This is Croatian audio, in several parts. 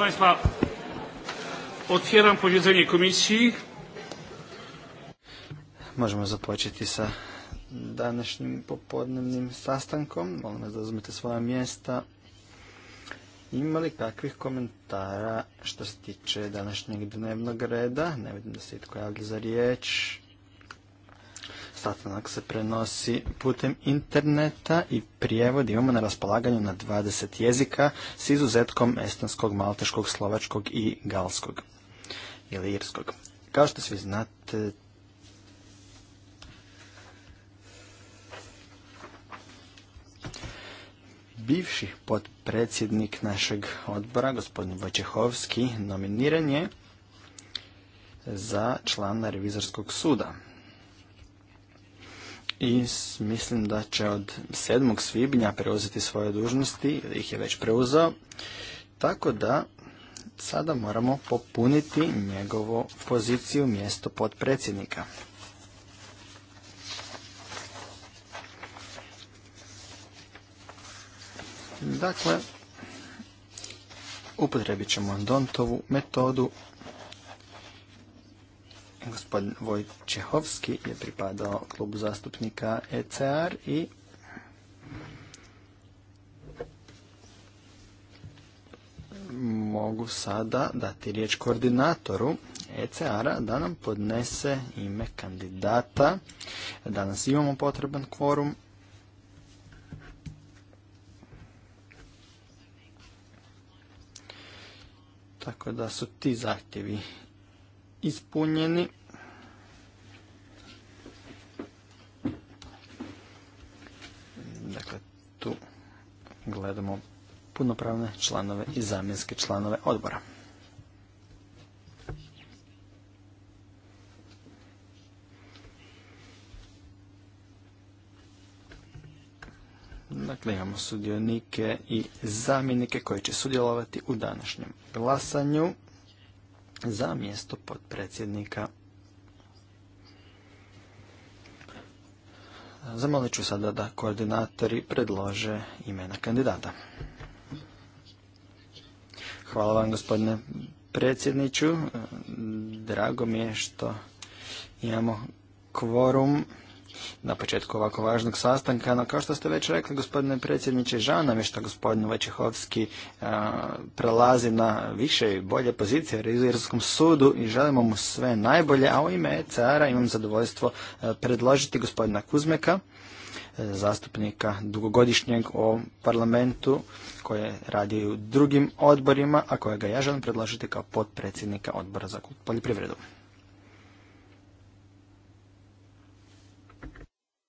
Państwa, otwieram posiedzenie komisji. Možemo započeti sa današnjim popodnevnim sastankom. Molim vas da uzmete svoja mjesta. Ima li kakvih komentara što se tiče današnjeg dnevnog reda? Ne vidim da se itko javlja za riječ. Sastanak se prenosi putem interneta i prijevod imamo na raspolaganju na 20 jezika s izuzetkom estonskog, malteškog, slovačkog i galskog ili irskog. Kao što svi znate, bivši podpredsjednik našeg odbora, gospodin Vojčehovski, nominiran je za člana revizorskog suda i mislim da će od 7. svibnja preuzeti svoje dužnosti, jer ih je već preuzeo, tako da sada moramo popuniti njegovu poziciju mjesto potpredsjednika. Dakle, upotrebit ćemo Dontovu metodu Gospodin Vojčehovski je pripadao klubu zastupnika ECR i mogu sada dati riječ koordinatoru ECR-a da nam podnese ime kandidata. Danas imamo potreban kvorum. Tako da su ti zahtjevi ispunjeni. Dakle, tu gledamo punopravne članove i zamjenske članove odbora. Dakle, imamo sudionike i zamjenike koji će sudjelovati u današnjem glasanju za mjesto potpredsjednika. Zamolit ću sada da koordinatori predlože imena kandidata. Hvala vam gospodine predsjedniću. Drago mi je što imamo kvorum na početku ovako važnog sastanka, no kao što ste već rekli, gospodine predsjedniče, žao nam je što gospodin Vojčehovski prelazi na više i bolje pozicije u Revizorskom sudu i želimo mu sve najbolje, a u ime ECR-a imam zadovoljstvo predložiti gospodina Kuzmeka zastupnika dugogodišnjeg o parlamentu koje radi u drugim odborima, a kojega ja želim predložiti kao potpredsjednika odbora za poljoprivredu.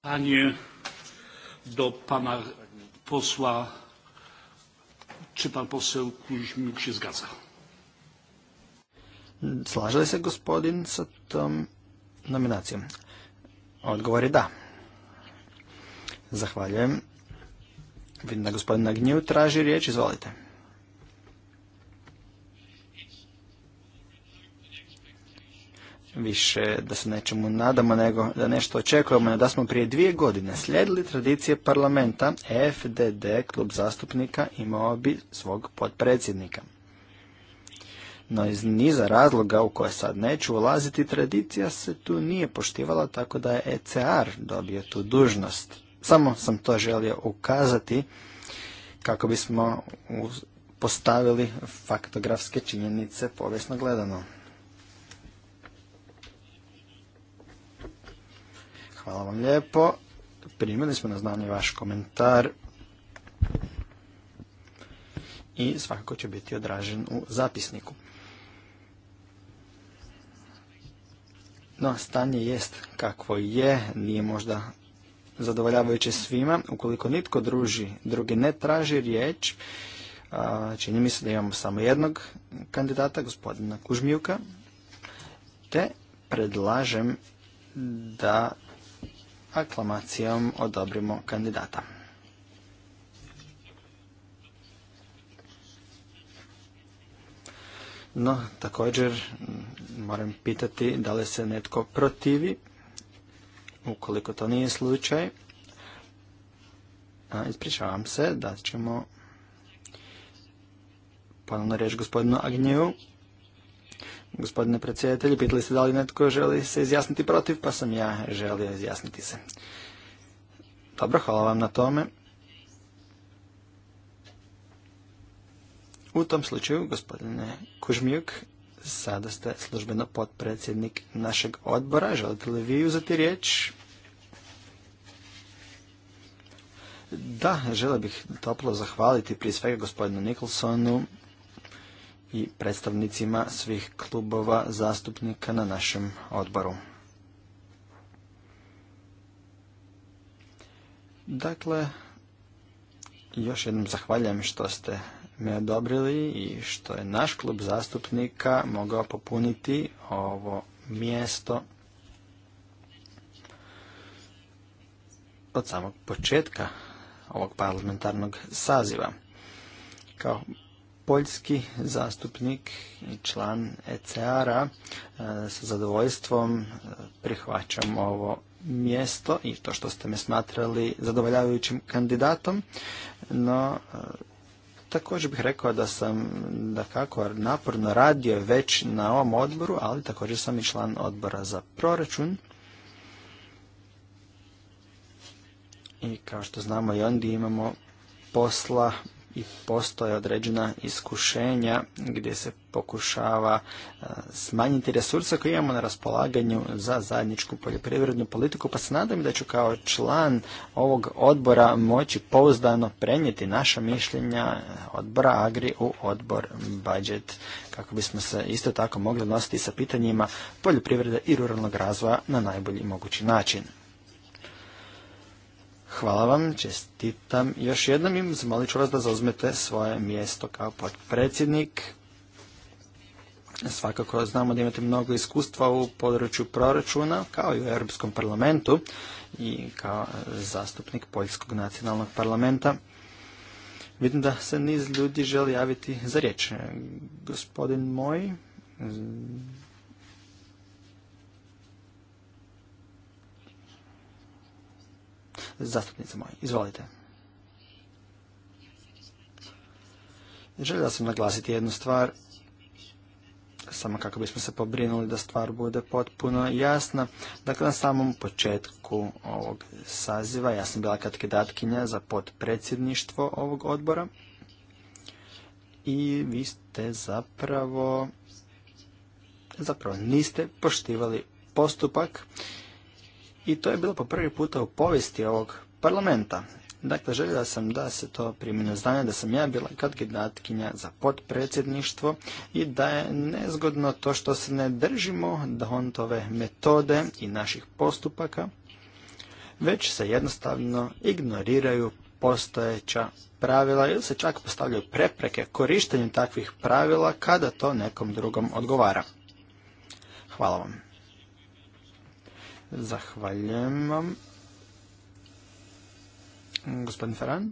Pytanie do pana posła, czy pan poseł Kuźmiuk się zgadza? Slaže się se gospodin sa tom nominacijom? Odgovor da. Zahvaljujem. Vidim da gospodin Nagnjev traži riječ, izvolite. više da se nečemu nadamo nego da nešto očekujemo da smo prije dvije godine slijedili tradicije parlamenta FDD klub zastupnika imao bi svog potpredsjednika. No iz niza razloga u koje sad neću ulaziti tradicija se tu nije poštivala tako da je ECR dobio tu dužnost. Samo sam to želio ukazati kako bismo postavili faktografske činjenice povijesno gledano. Hvala vam lijepo. Primili smo na znanje vaš komentar i svakako će biti odražen u zapisniku. No, stanje jest kakvo je, nije možda zadovoljavajuće svima. Ukoliko nitko druži, drugi ne traži riječ, čini mi se da imamo samo jednog kandidata, gospodina Kužmijuka, te predlažem da aklamacijom odobrimo kandidata. No, također moram pitati da li se netko protivi. Ukoliko to nije slučaj, ispričavam se da ćemo ponovno reći gospodinu Agnjevu Gospodine predsjedatelju, pitali ste da li netko želi se izjasniti protiv, pa sam ja želio izjasniti se. Dobro, hvala vam na tome. U tom slučaju, gospodine Kužmijuk, sada ste službeno potpredsjednik našeg odbora. Želite li vi uzeti riječ? Da, želio bih toplo zahvaliti prije svega gospodinu Nikolsonu i predstavnicima svih klubova zastupnika na našem odboru. Dakle, još jednom zahvaljujem što ste me odobrili i što je naš klub zastupnika mogao popuniti ovo mjesto od samog početka ovog parlamentarnog saziva. Kao poljski zastupnik i član ECR-a e, sa zadovoljstvom e, prihvaćam ovo mjesto i to što ste me smatrali zadovoljavajućim kandidatom, no e, također bih rekao da sam da kako naporno radio već na ovom odboru, ali također sam i član odbora za proračun. I kao što znamo i onda imamo posla i postoje određena iskušenja gdje se pokušava e, smanjiti resurse koje imamo na raspolaganju za zajedničku poljoprivrednu politiku, pa se nadam da ću kao član ovog odbora moći pouzdano prenijeti naša mišljenja odbora Agri u odbor budget, kako bismo se isto tako mogli nositi sa pitanjima poljoprivrede i ruralnog razvoja na najbolji mogući način. Hvala vam, čestitam još jednom i zamolit ću vas da zauzmete svoje mjesto kao potpredsjednik. Svakako znamo da imate mnogo iskustva u području proračuna, kao i u Europskom parlamentu i kao zastupnik Poljskog nacionalnog parlamenta. Vidim da se niz ljudi želi javiti za riječ. Gospodin moj, Zastupnice moje, izvolite. Želio sam naglasiti jednu stvar, samo kako bismo se pobrinuli da stvar bude potpuno jasna. Dakle, na samom početku ovog saziva ja sam bila kandidatkinja za potpredsjedništvo ovog odbora i vi ste zapravo, zapravo niste poštivali postupak i to je bilo po prvi puta u povijesti ovog parlamenta. Dakle, željela sam da se to primi znanja znanje, da sam ja bila kandidatkinja za potpredsjedništvo i da je nezgodno to što se ne držimo da metode i naših postupaka, već se jednostavno ignoriraju postojeća pravila ili se čak postavljaju prepreke korištenju takvih pravila kada to nekom drugom odgovara. Hvala vam. Zahvaljujem vam. Gospodin Ferran.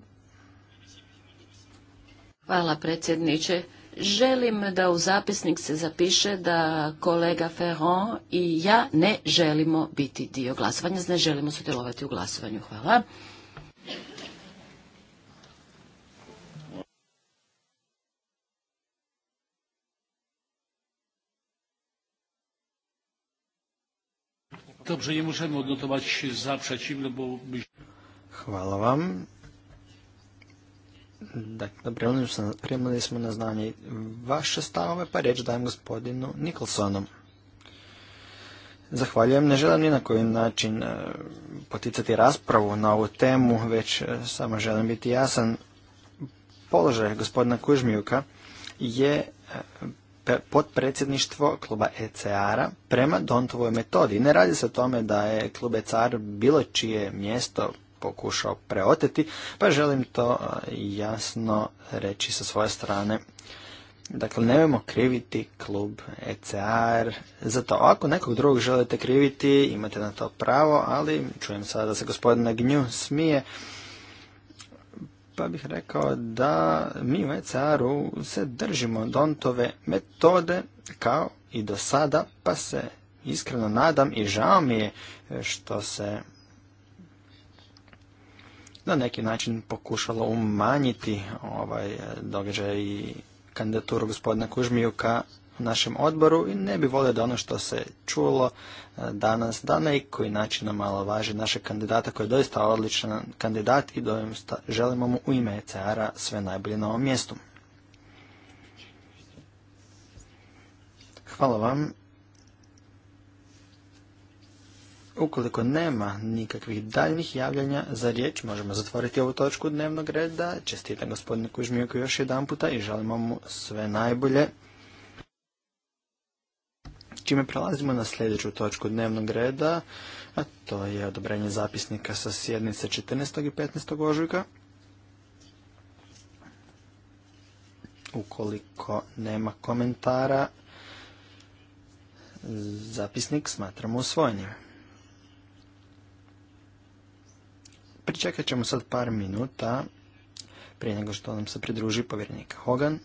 Hvala predsjedniče. Želim da u zapisnik se zapiše da kolega Ferron i ja ne želimo biti dio glasovanja, ne želimo sudjelovati u glasovanju. Hvala. Dobrze, nie możemy odnotować za przeciwne, bo... Hvala vam. Dakle, smo na znanje vaše stavove, pa reći dajem gospodinu Nikolsonu. Zahvaljujem, ne želim ni na koji način poticati raspravu na e, ovu temu, već e, samo želim biti jasan. Položaj gospodina Kužmijuka je e, potpredsjedništvo kluba ECR-a prema Dontovoj metodi. Ne radi se o tome da je klub ECR bilo čije mjesto pokušao preoteti, pa želim to e, jasno reći sa svoje strane. Dakle, nemojmo kriviti klub ECR za to. Ako nekog drugog želite kriviti, imate na to pravo, ali čujem sada da se gospodina Gnju smije pa bih rekao da mi u ECR-u se držimo Dontove metode kao i do sada, pa se iskreno nadam i žao mi je e, što se na neki način pokušalo umanjiti ovaj e, događaj i kandidaturu gospodina Kužmijuka našem odboru i ne bi volio da ono što se čulo e, danas, da na koji način važi našeg kandidata koji je doista odličan kandidat i doista želimo mu u ime ECR-a sve najbolje na ovom mjestu. Hvala vam. Ukoliko nema nikakvih daljnih javljanja za riječ, možemo zatvoriti ovu točku dnevnog reda. Čestitam gospodinu Kužmijuku još jedan puta i želimo mu sve najbolje čime prelazimo na sljedeću točku dnevnog reda, a to je odobrenje zapisnika sa sjednice 14. i 15. ožujka. Ukoliko nema komentara, zapisnik smatramo usvojenim. Pričekat ćemo sad par minuta prije nego što nam se pridruži povjerenik Hogan.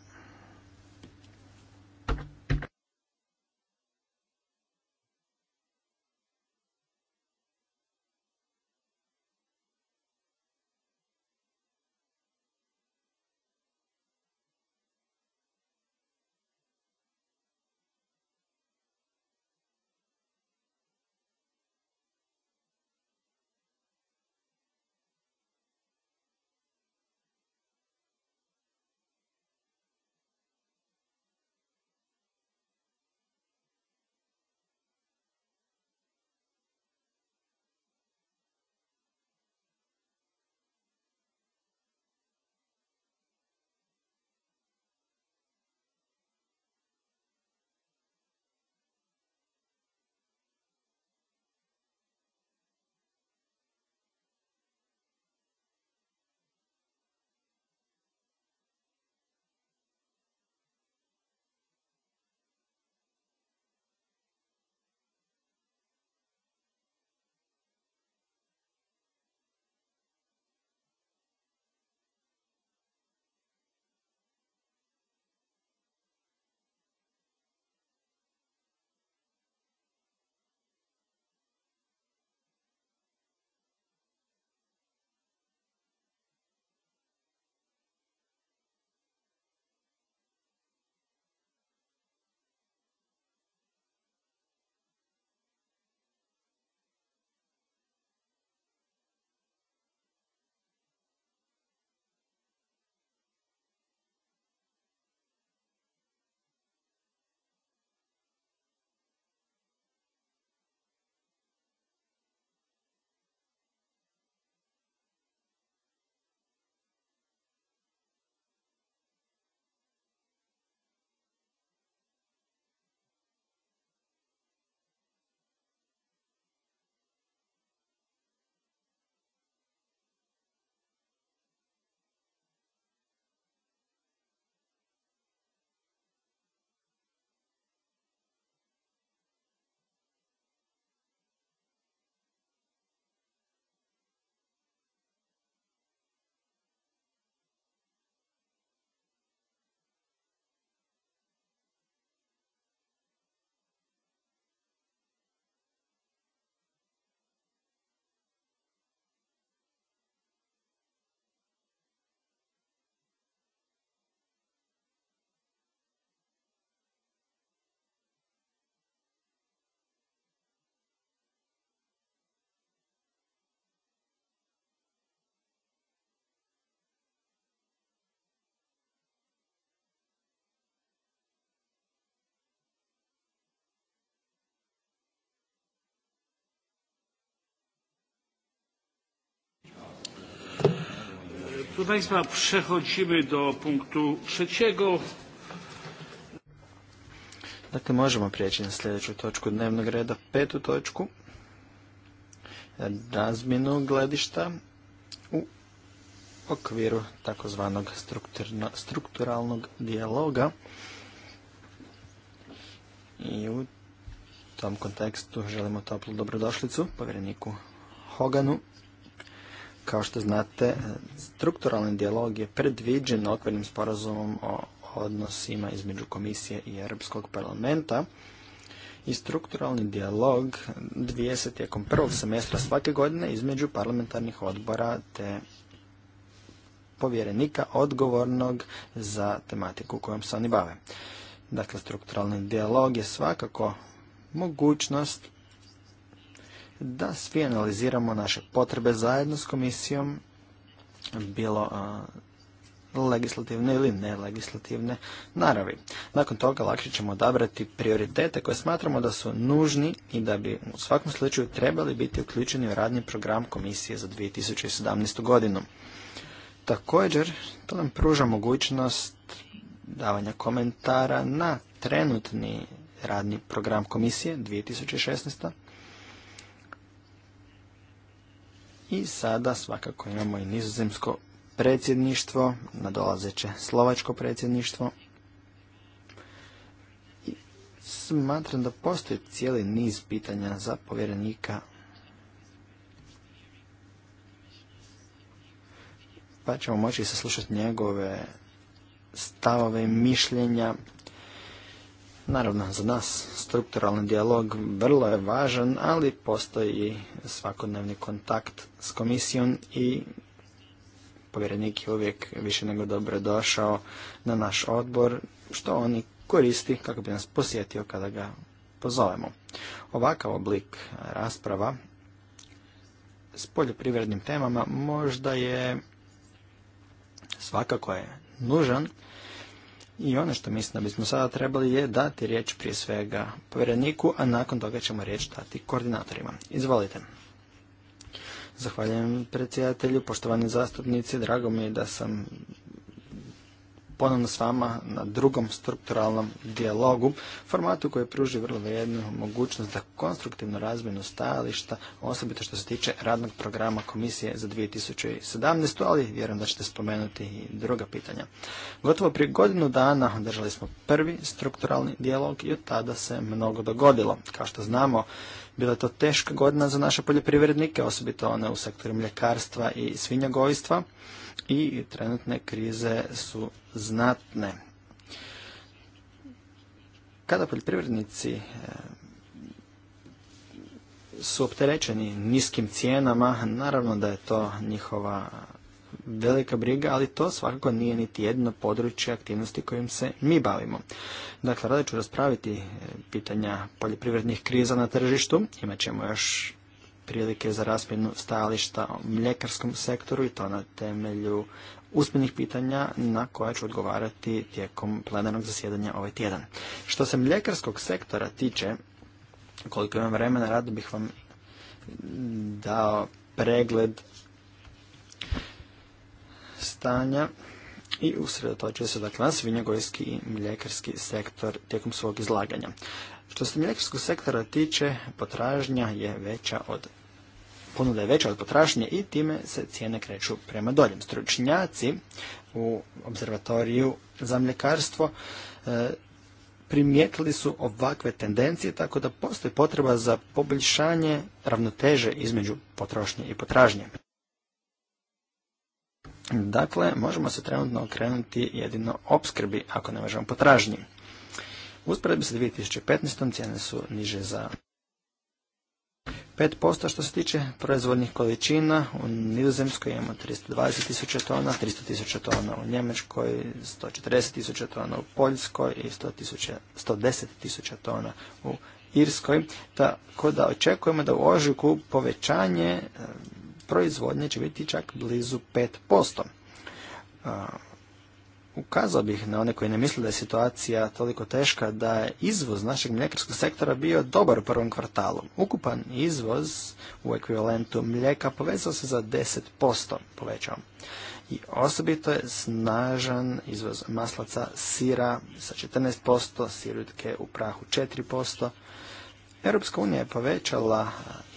Proszę Państwa, przechodzimy do punktu trzeciego. Dakle, možemo prijeći na sljedeću točku dnevnog reda, petu točku, razmjenu gledišta u okviru takozvanog strukturalnog dijaloga i u tom kontekstu želimo toplu dobrodošlicu povjereniku Hoganu kao što znate, strukturalni dijalog je predviđen okvirnim sporazumom o odnosima između komisije i Europskog parlamenta i strukturalni dijalog dvije se tijekom prvog semestra svake godine između parlamentarnih odbora te povjerenika odgovornog za tematiku kojom se oni bave. Dakle, strukturalni dijalog je svakako mogućnost da svi analiziramo naše potrebe zajedno s komisijom, bilo legislativne ili nelegislativne naravi. Nakon toga lakše ćemo odabrati prioritete koje smatramo da su nužni i da bi u svakom slučaju trebali biti uključeni u radni program komisije za 2017. godinu. Također, to nam pruža mogućnost davanja komentara na trenutni radni program komisije 2016. I sada svakako imamo i nizozemsko predsjedništvo, nadolazeće slovačko predsjedništvo. I smatram da postoji cijeli niz pitanja za povjerenika pa ćemo moći saslušati njegove stavove i mišljenja Naravno, za nas strukturalni dijalog vrlo je važan, ali postoji i svakodnevni kontakt s komisijom i povjerenik je uvijek više nego dobro došao na naš odbor, što oni koristi kako bi nas posjetio kada ga pozovemo. Ovakav oblik rasprava s poljoprivrednim temama možda je svakako je nužan, i ono što mislim da bismo sada trebali je dati riječ prije svega povjereniku, a nakon toga ćemo riječ dati koordinatorima. Izvolite. Zahvaljujem predsjedatelju, poštovani zastupnici, drago mi je da sam ponovno s vama na drugom strukturalnom dijalogu, formatu koji pruži vrlo vrijednu mogućnost za konstruktivnu razmjenu stajališta, osobito što se tiče radnog programa Komisije za 2017. ali vjerujem da ćete spomenuti i druga pitanja. Gotovo prije godinu dana održali smo prvi strukturalni dijalog i od tada se mnogo dogodilo. Kao što znamo, bila je to teška godina za naše poljoprivrednike, osobito one u sektoru mljekarstva i svinjogojstva i trenutne krize su znatne. Kada poljoprivrednici e, su opterećeni niskim cijenama, naravno da je to njihova velika briga, ali to svakako nije niti jedno područje aktivnosti kojim se mi bavimo. Dakle, radiću ću raspraviti e, pitanja poljoprivrednih kriza na tržištu, imat ćemo još prilike za raspinu stajališta o mljekarskom sektoru i to na temelju usmenih pitanja na koja ću odgovarati tijekom plenarnog zasjedanja ovaj tjedan. Što se mljekarskog sektora tiče, koliko imam vremena, rado bih vam dao pregled stanja i usredotočio se dakle na svinjogojski i mljekarski sektor tijekom svog izlaganja. Što se mljekarskog sektora tiče, potražnja je veća od ponuda je veća od potražnje i time se cijene kreću prema doljem. Stručnjaci u observatoriju za mljekarstvo e, primijetili su ovakve tendencije, tako da postoji potreba za poboljšanje ravnoteže između potrošnje i potražnje. Dakle, možemo se trenutno okrenuti jedino opskrbi ako ne možemo potražnji usporedbi sa 2015. cijene su niže za 5% što se tiče proizvodnih količina, u Nizozemskoj imamo 320 tisuća tona, 300 tisuća tona u Njemačkoj, 140 tisuća tona u Poljskoj i 100 110 tisuća tona u Irskoj, tako da očekujemo da u ožujku povećanje eh, proizvodnje će biti čak blizu 5%. Ukazao bih na one koji ne misle da je situacija toliko teška da je izvoz našeg mljekarskog sektora bio dobar u prvom kvartalu. Ukupan izvoz u ekvivalentu mlijeka povezao se za 10%, povećao. I osobito je snažan izvoz maslaca sira sa 14%, sirutke u prahu 4%, Europska unija je povećala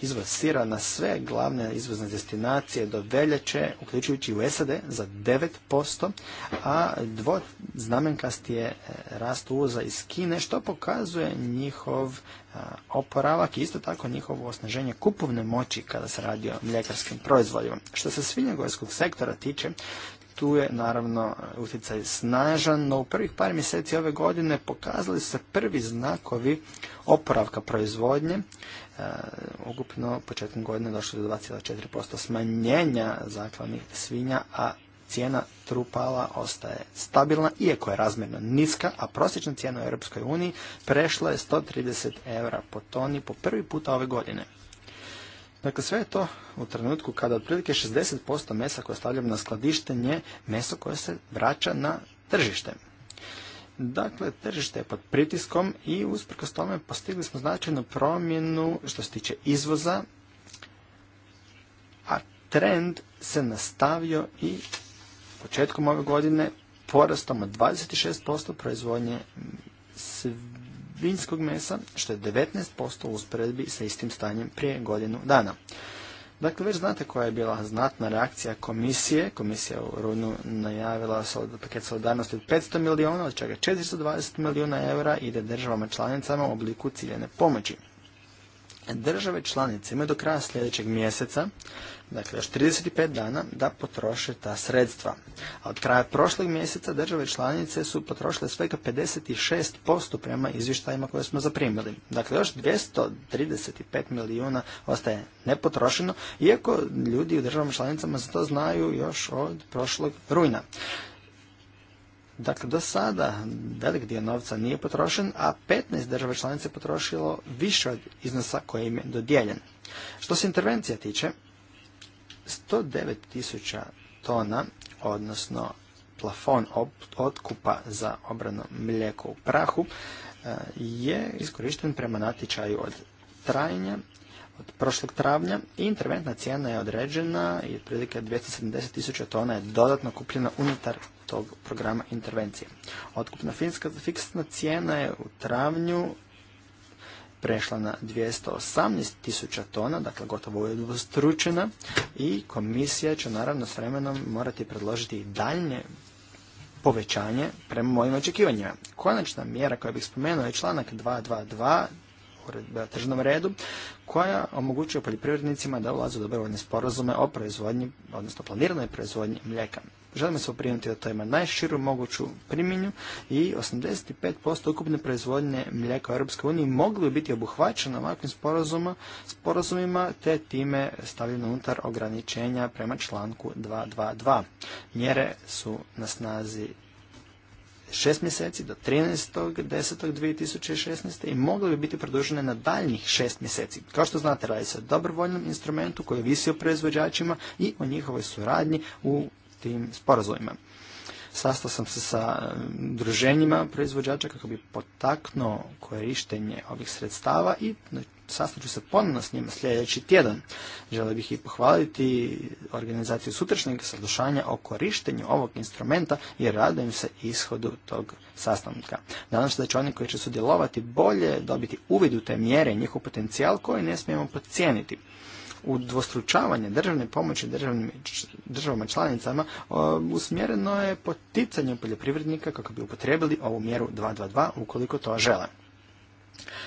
izvoz sira na sve glavne izvozne destinacije do veljače, uključujući u SAD, za 9%, a dvoznamenkasti je e, rast uvoza iz Kine, što pokazuje njihov e, oporavak i isto tako njihovo osnaženje kupovne moći kada se radi o mljekarskim proizvodima. Što se svinjogojskog sektora tiče, tu je naravno utjecaj snažan, no u prvih par mjeseci ove godine pokazali se prvi znakovi oporavka proizvodnje. ugupno e, ukupno početkom godine došlo do 2,4% smanjenja zaklanih svinja, a cijena trupala ostaje stabilna, iako je razmjerno niska, a prosječna cijena u EU prešla je 130 eura po toni po prvi puta ove godine. Dakle, sve je to u trenutku kada otprilike 60% mesa koje stavljamo na skladištenje, meso koje se vraća na tržište. Dakle, tržište je pod pritiskom i usprkos tome postigli smo značajnu promjenu što se tiče izvoza, a trend se nastavio i početkom ove godine porastom od 26% proizvodnje svinjskog mesa, što je 19% u usporedbi sa istim stanjem prije godinu dana. Dakle, već znate koja je bila znatna reakcija komisije. Komisija u rujnu najavila paket solidarnosti od 500 miliona, od čega 420 milijuna eura ide državama članicama u obliku ciljene pomoći države članice imaju do kraja sljedećeg mjeseca, dakle još 35 dana, da potroše ta sredstva. A od kraja prošlog mjeseca države članice su potrošile svega 56% prema izvještajima koje smo zaprimili. Dakle, još 235 milijuna ostaje nepotrošeno, iako ljudi u državama članicama za to znaju još od prošlog rujna. Dakle, do sada velik dio novca nije potrošen, a 15 država članica potrošilo više od iznosa koji im je dodijeljen. Što se intervencija tiče, 109 tisuća tona, odnosno plafon otkupa za obrano mlijeko u prahu, e, je iskorišten prema natječaju od trajanja, od prošlog travnja i interventna cijena je određena i otprilike 270 tisuća tona je dodatno kupljena unutar tog programa intervencije. Otkupna finska fiksna cijena je u travnju prešla na 218 tisuća tona, dakle gotovo udvostručena i komisija će naravno s vremenom morati predložiti i daljnje povećanje prema mojim očekivanjima. Konačna mjera koja bih spomenuo je članak 222 uredbe o tržnom redu koja omogućuje poljoprivrednicima da ulaze u dobrovoljne sporazume o proizvodnji, odnosno planiranoj proizvodnji mlijeka želimo se oprinuti da to ima najširu moguću primjenju i 85% ukupne proizvodnje mlijeka u EU moglo mogli bi biti obuhvaćeno ovakvim sporazumima te time stavljeno unutar ograničenja prema članku 222. Mjere su na snazi 6 mjeseci do 13.10.2016. i mogle bi biti produžene na daljnjih 6 mjeseci. Kao što znate, radi se o dobrovoljnom instrumentu koji visi o proizvođačima i o njihovoj suradnji u tim sporazumima. Sastao sam se sa e, druženjima proizvođača kako bi potaknuo korištenje ovih sredstava i sastat ću se ponovno s njima sljedeći tjedan. Želio bih i pohvaliti organizaciju sutrašnjeg saslušanja o korištenju ovog instrumenta i radujem se ishodu tog sastanka. Nadam se da će oni koji će sudjelovati bolje dobiti uvid u te mjere i njihov potencijal koji ne smijemo podcijeniti udvostručavanje državne pomoći državnim, državama članicama usmjereno je poticanju poljoprivrednika kako bi upotrebili ovu mjeru 222 ukoliko to žele.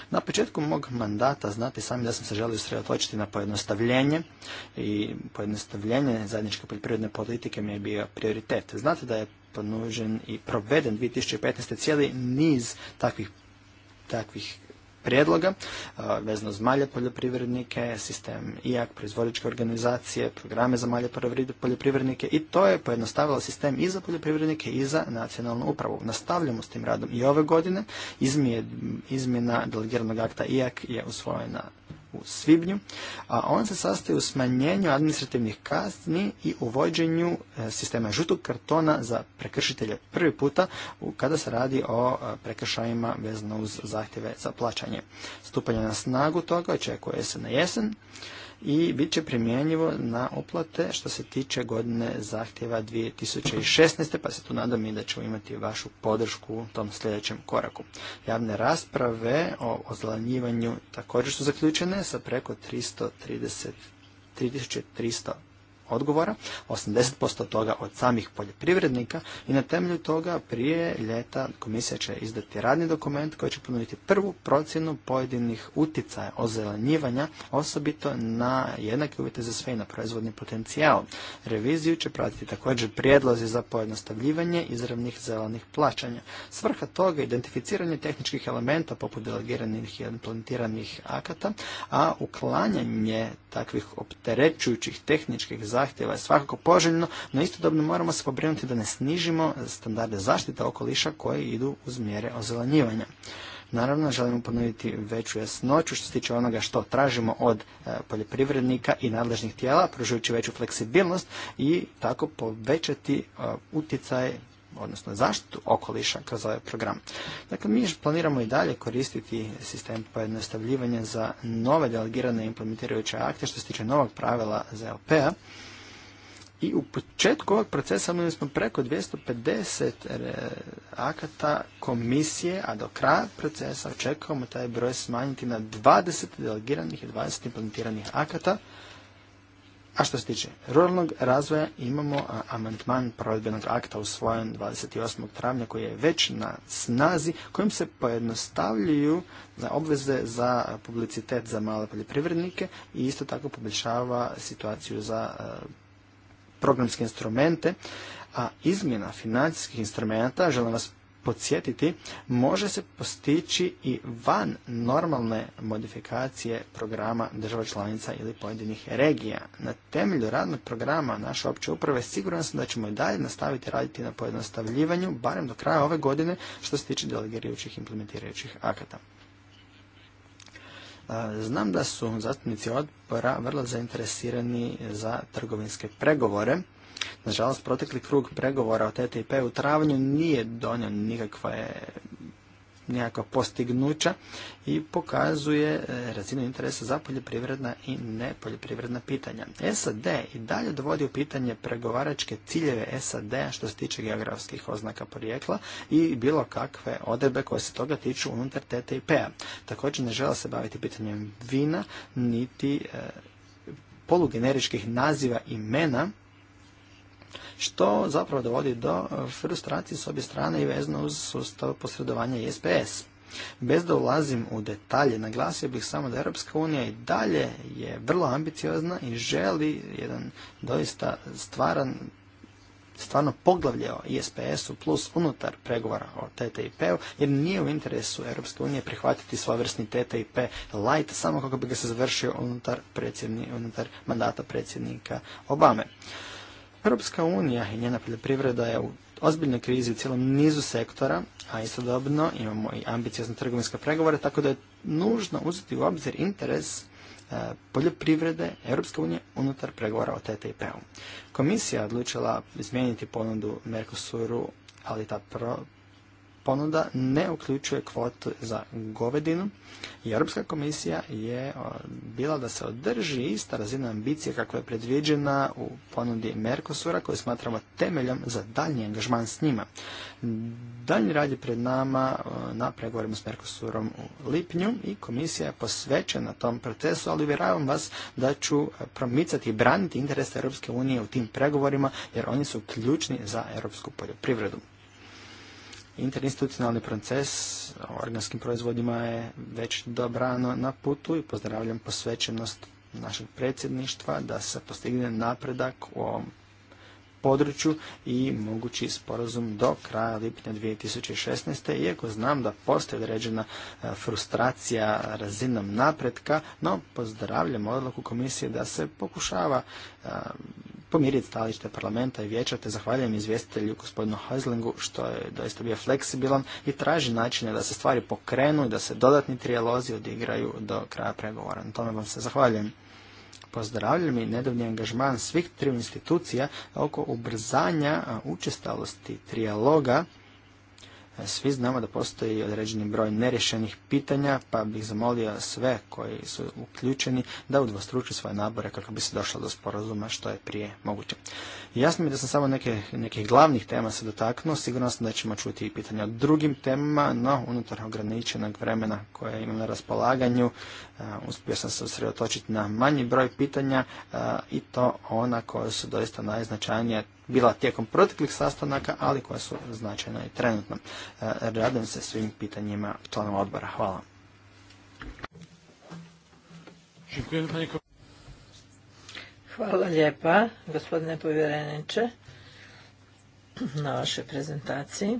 Na početku mog mandata znate sami da sam se želio sredotočiti na pojednostavljenje i pojednostavljenje zajedničke poljoprivredne politike mi je bio prioritet. Znate da je ponuđen i proveden 2015. cijeli niz takvih takvih prijedloga e, vezano za malje poljoprivrednike, sistem IAK, proizvođačke organizacije, programe za malje poljoprivrednike i to je pojednostavilo sistem i za poljoprivrednike i za nacionalnu upravu. Nastavljamo s tim radom i ove godine. Izmjena delegiranog akta IAK je usvojena u svibnju, a on se sastoji u smanjenju administrativnih kazni i uvođenju e, sistema žutog kartona za prekršitelje prvi puta kada se radi o e, prekršajima vezano uz zahtjeve za plaćanje. Stupanje na snagu toga očekuje se na jesen i bit će primjenjivo na oplate što se tiče godine zahtjeva 2016. pa se tu nadam i da ćemo imati vašu podršku u tom sljedećem koraku. Javne rasprave o ozlanjivanju također su zaključene sa preko 330 3300 odgovora, 80% toga od samih poljoprivrednika i na temelju toga prije ljeta komisija će izdati radni dokument koji će ponuditi prvu procjenu pojedinih utjecaja ozelenjivanja, osobito na jednake uvjete za sve i na proizvodni potencijal. Reviziju će pratiti također prijedlozi za pojednostavljivanje izravnih zelenih plaćanja. Svrha toga je identificiranje tehničkih elementa poput delegiranih i implementiranih akata, a uklanjanje takvih opterećujućih tehničkih zahtjeva je svakako poželjno, no istodobno moramo se pobrinuti da ne snižimo standarde zaštite okoliša koje idu uz mjere ozelanjivanja. Naravno, želimo ponuditi veću jasnoću što se tiče onoga što tražimo od e, poljoprivrednika i nadležnih tijela, pružujući veću fleksibilnost i tako povećati e, utjecaj odnosno zaštitu okoliša kroz ovaj program. Dakle, mi planiramo i dalje koristiti sistem pojednostavljivanja za nove delegirane implementirajuće akte što se tiče novog pravila ZLP-a i u početku ovog procesa imali smo preko 250 e, akata komisije, a do kraja procesa očekujemo taj broj smanjiti na 20 delegiranih i 20 implementiranih akata. A što se tiče ruralnog razvoja, imamo amandman provedbenog akta usvojen 28. travnja koji je već na snazi, kojim se pojednostavljuju obveze za publicitet za male poljoprivrednike i isto tako poboljšava situaciju za e, programske instrumente, a izmjena financijskih instrumenta, želim vas podsjetiti, može se postići i van normalne modifikacije programa država članica ili pojedinih regija. Na temelju radnog programa naše opće uprave siguran sam da ćemo i dalje nastaviti raditi na pojednostavljivanju, barem do kraja ove godine, što se tiče delegirajućih implementirajućih akata. Znam da su zastupnici odbora vrlo zainteresirani za trgovinske pregovore. Nažalost, protekli krug pregovora o TTIP u travnju nije donio nikakve nekakva postignuća i pokazuje e, razinu interesa za poljoprivredna i nepoljoprivredna pitanja. SAD i dalje dovodi u pitanje pregovaračke ciljeve SAD-a što se tiče geografskih oznaka porijekla i bilo kakve odrebe koje se toga tiču unutar TTIP-a. Također ne žele se baviti pitanjem vina niti e, polugeneričkih naziva imena što zapravo dovodi do e, frustracije s obje strane i vezano uz sustav posredovanja i SPS. Bez da ulazim u detalje, naglasio bih samo da Europska unija i dalje je vrlo ambiciozna i želi jedan doista stvaran stvarno poglavlje o ISPS-u plus unutar pregovora o TTIP-u, jer nije u interesu Europske unije prihvatiti svojevrsni TTIP light samo kako bi ga se završio unutar, unutar mandata predsjednika Obame. Europska unija i njena poljoprivreda je u ozbiljnoj krizi u cijelom nizu sektora, a istodobno imamo i ambiciozne trgovinske pregovore, tako da je nužno uzeti u obzir interes e, poljoprivrede Europske unije unutar pregovora o TTIP-u. Komisija je odlučila izmijeniti ponudu Mercosuru, ali ta pro ponuda ne uključuje kvotu za govedinu i Europska komisija je bila da se održi ista razina ambicije kakva je predviđena u ponudi Mercosura koju smatramo temeljom za daljnji angažman s njima. Daljnji rad je pred nama na pregovorima s Mercosurom u lipnju i komisija je posvećena tom procesu, ali uvjeravam vas da ću promicati i braniti interese Europske unije u tim pregovorima jer oni su ključni za europsku poljoprivredu. Interinstitucionalni proces o organskim proizvodima je već dobrano na putu i pozdravljam posvećenost našeg predsjedništva da se postigne napredak u ovom području i mogući sporazum do kraja lipnja 2016. Iako znam da postoji određena e, frustracija razinom napretka, no pozdravljam odluku komisije da se pokušava e, pomiriti stajalište parlamenta i vijeća, te zahvaljujem izvjestitelju gospodinu Häuslingu, što je doista bio fleksibilan i traži načine da se stvari pokrenu i da se dodatni trijalozi odigraju do kraja pregovora. Na tome vam se zahvaljujem. Pozdravljam i nedavni angažman svih tri institucija oko ubrzanja učestalosti trijaloga svi znamo da postoji određeni broj nerješenih pitanja, pa bih zamolio sve koji su uključeni da udvostruče svoje nabore kako bi se došlo do sporazuma što je prije moguće. Jasno mi je da sam samo neke, nekih glavnih tema se dotaknuo, sigurno sam da ćemo čuti i pitanja o drugim temama, no unutar ograničenog vremena koje imam na raspolaganju e, uspio sam se usredotočiti na manji broj pitanja e, i to ona koja su doista najznačajnija bila tijekom proteklih sastanaka, ali koja su značajna i trenutno. E, Radim se svim pitanjima članova odbora. Hvala. Hvala lijepa, gospodine povjereniče, na vašoj prezentaciji.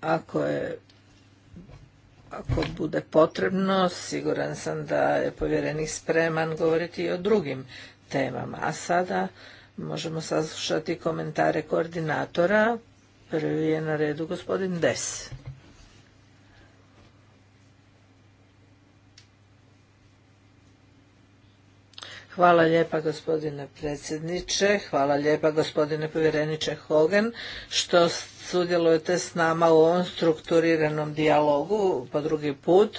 Ako je ako bude potrebno, siguran sam da je povjerenik spreman govoriti i o drugim temama. A sada možemo saslušati komentare koordinatora. Prvi je na redu gospodin Des. Hvala lijepa gospodine predsjedniče, hvala lijepa gospodine povjereniče Hogan što sudjelujete s nama u ovom strukturiranom dijalogu po drugi put.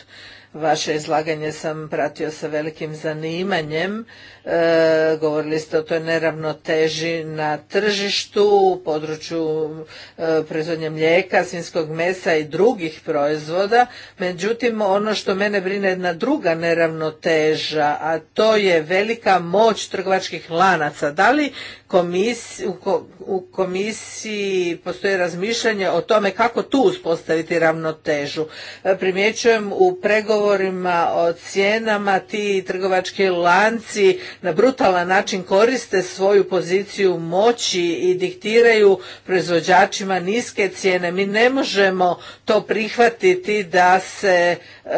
Vaše izlaganje sam pratio sa velikim zanimanjem E, govorili ste o toj neravnoteži na tržištu u području e, proizvodnje mlijeka, svinskog mesa i drugih proizvoda. Međutim, ono što mene brine je jedna druga neravnoteža, a to je velika moć trgovačkih lanaca. Da li u, komisiji postoje razmišljanje o tome kako tu uspostaviti ravnotežu? E, primjećujem u pregovorima o cijenama ti trgovački lanci na brutalan način koriste svoju poziciju moći i diktiraju proizvođačima niske cijene. Mi ne možemo to prihvatiti da se e,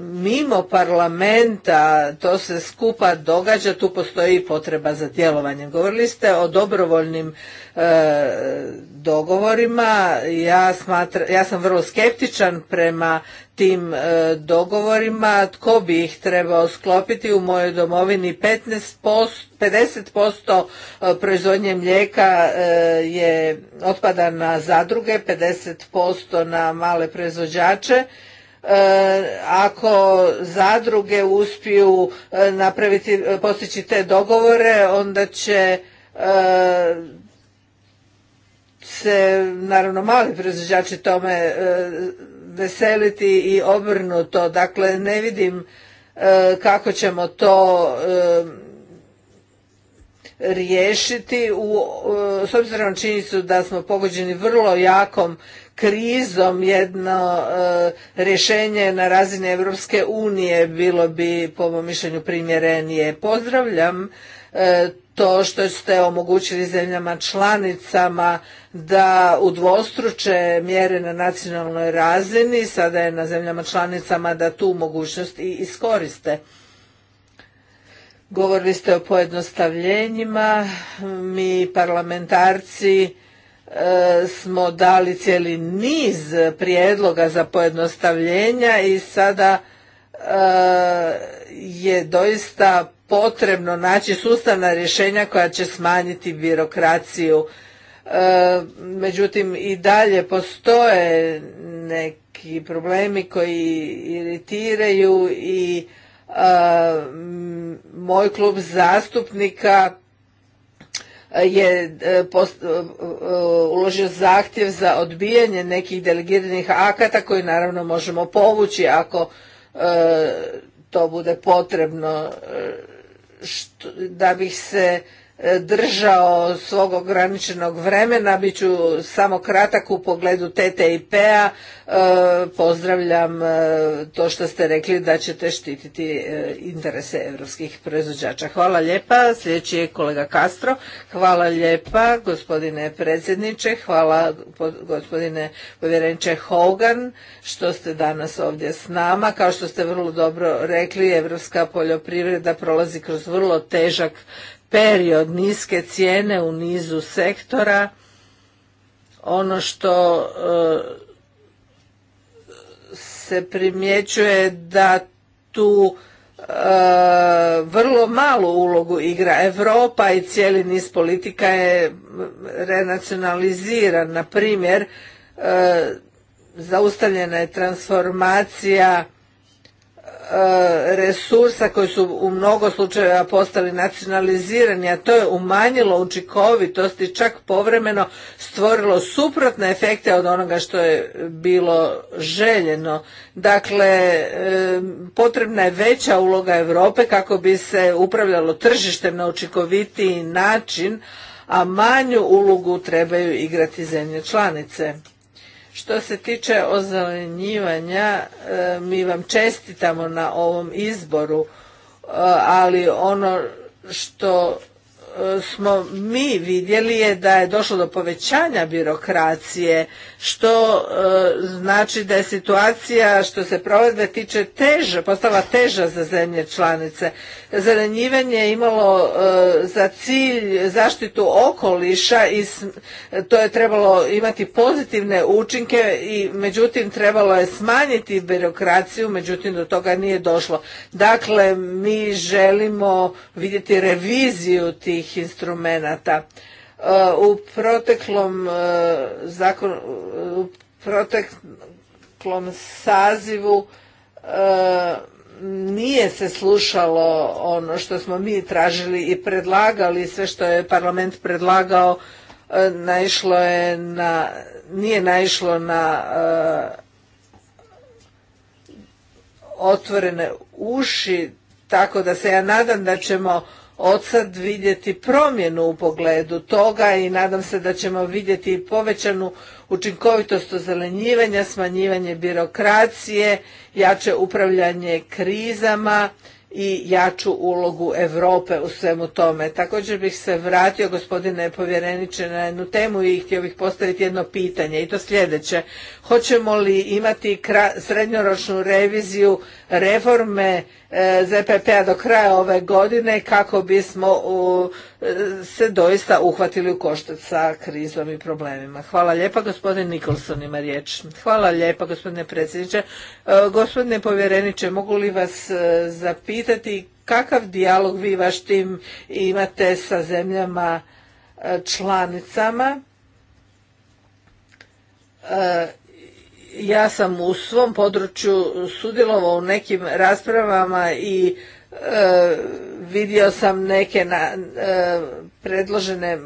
mimo parlamenta to se skupa događa, tu postoji potreba za djelovanjem. Govorili ste o dobrovoljnim e, dogovorima, ja, smatra, ja sam vrlo skeptičan prema tim e, dogovorima, tko bi ih trebao sklopiti u mojoj domovini 15%, 50% e, proizvodnje mlijeka e, je otpada na zadruge, 50% na male proizvođače. Ako zadruge uspiju napraviti, postići te dogovore, onda će se naravno mali proizvođači tome veseliti i obrnuto. Dakle, ne vidim e, kako ćemo to e, riješiti u, e, s obzirom činjenicu da smo pogođeni vrlo jakom krizom jedno rješenje na razini Europske unije bilo bi po mom mišljenju primjerenije. Pozdravljam to što ste omogućili zemljama članicama da udvostruče mjere na nacionalnoj razini, sada je na zemljama članicama da tu mogućnost i iskoriste. Govorili ste o pojednostavljenjima, mi parlamentarci e, smo dali cijeli niz prijedloga za pojednostavljenja i sada e, je doista potrebno naći sustavna rješenja koja će smanjiti birokraciju. E, međutim, i dalje postoje neki problemi koji iritiraju i e, moj klub zastupnika je e, uložio zahtjev za odbijanje nekih delegiranih akata koji naravno možemo povući ako to bude potrebno što, da bi se E, držao svog ograničenog vremena. Biću samo kratak u pogledu TTIP-a. E, pozdravljam e, to što ste rekli da ćete štititi interese europskih proizvođača. Hvala lijepa. Sljedeći je kolega Castro. Hvala lijepa gospodine predsjedniče. Hvala gospodine povjerenče Hogan što ste danas ovdje s nama. Kao što ste vrlo dobro rekli, evropska poljoprivreda prolazi kroz vrlo težak period niske cijene u nizu sektora ono što e, se primjećuje da tu e, vrlo malu ulogu igra Europa i cijeli niz politika je renacionaliziran na primjer e, zaustavljena je transformacija E, resursa koji su u mnogo slučajeva postali nacionalizirani, a to je umanjilo učinkovitost i čak povremeno stvorilo suprotne efekte od onoga što je bilo željeno. Dakle, e, potrebna je veća uloga Europe kako bi se upravljalo tržištem na učinkovitiji način, a manju ulogu trebaju igrati zemlje članice. Što se tiče ozelenjivanja, e, mi vam čestitamo na ovom izboru, e, ali ono što smo mi vidjeli je da je došlo do povećanja birokracije, što e, znači da je situacija što se provedbe tiče teže, postala teža za zemlje članice. Zelenjivanje je imalo e, za cilj zaštitu okoliša i to je trebalo imati pozitivne učinke i međutim trebalo je smanjiti birokraciju, međutim do toga nije došlo. Dakle, mi želimo vidjeti reviziju tih instrumenata. E, u proteklom e, zakonu, u proteklom sazivu e, nije se slušalo ono što smo mi tražili i predlagali, sve što je parlament predlagao naišlo je na, nije naišlo na otvorene uši, tako da se ja nadam da ćemo od sad vidjeti promjenu u pogledu toga i nadam se da ćemo vidjeti povećanu učinkovitost ozelenjivanja, smanjivanje birokracije, jače upravljanje krizama i jaču ulogu Europe u svemu tome. Također bih se vratio, gospodine povjereniče, na jednu temu i htio bih postaviti jedno pitanje i to sljedeće. Hoćemo li imati srednjoročnu reviziju reforme E, ZPP-a do kraja ove godine kako bismo e, se doista uhvatili u koštac sa krizom i problemima. Hvala lijepa, gospodin Nikolson ima riječ. Hvala lijepa, gospodine predsjedniče. E, gospodine povjereniče, mogu li vas zapitati kakav dijalog vi vaš tim imate sa zemljama članicama ja sam u svom području sudjelovao u nekim raspravama i e, vidio sam neke na, e, predložene e,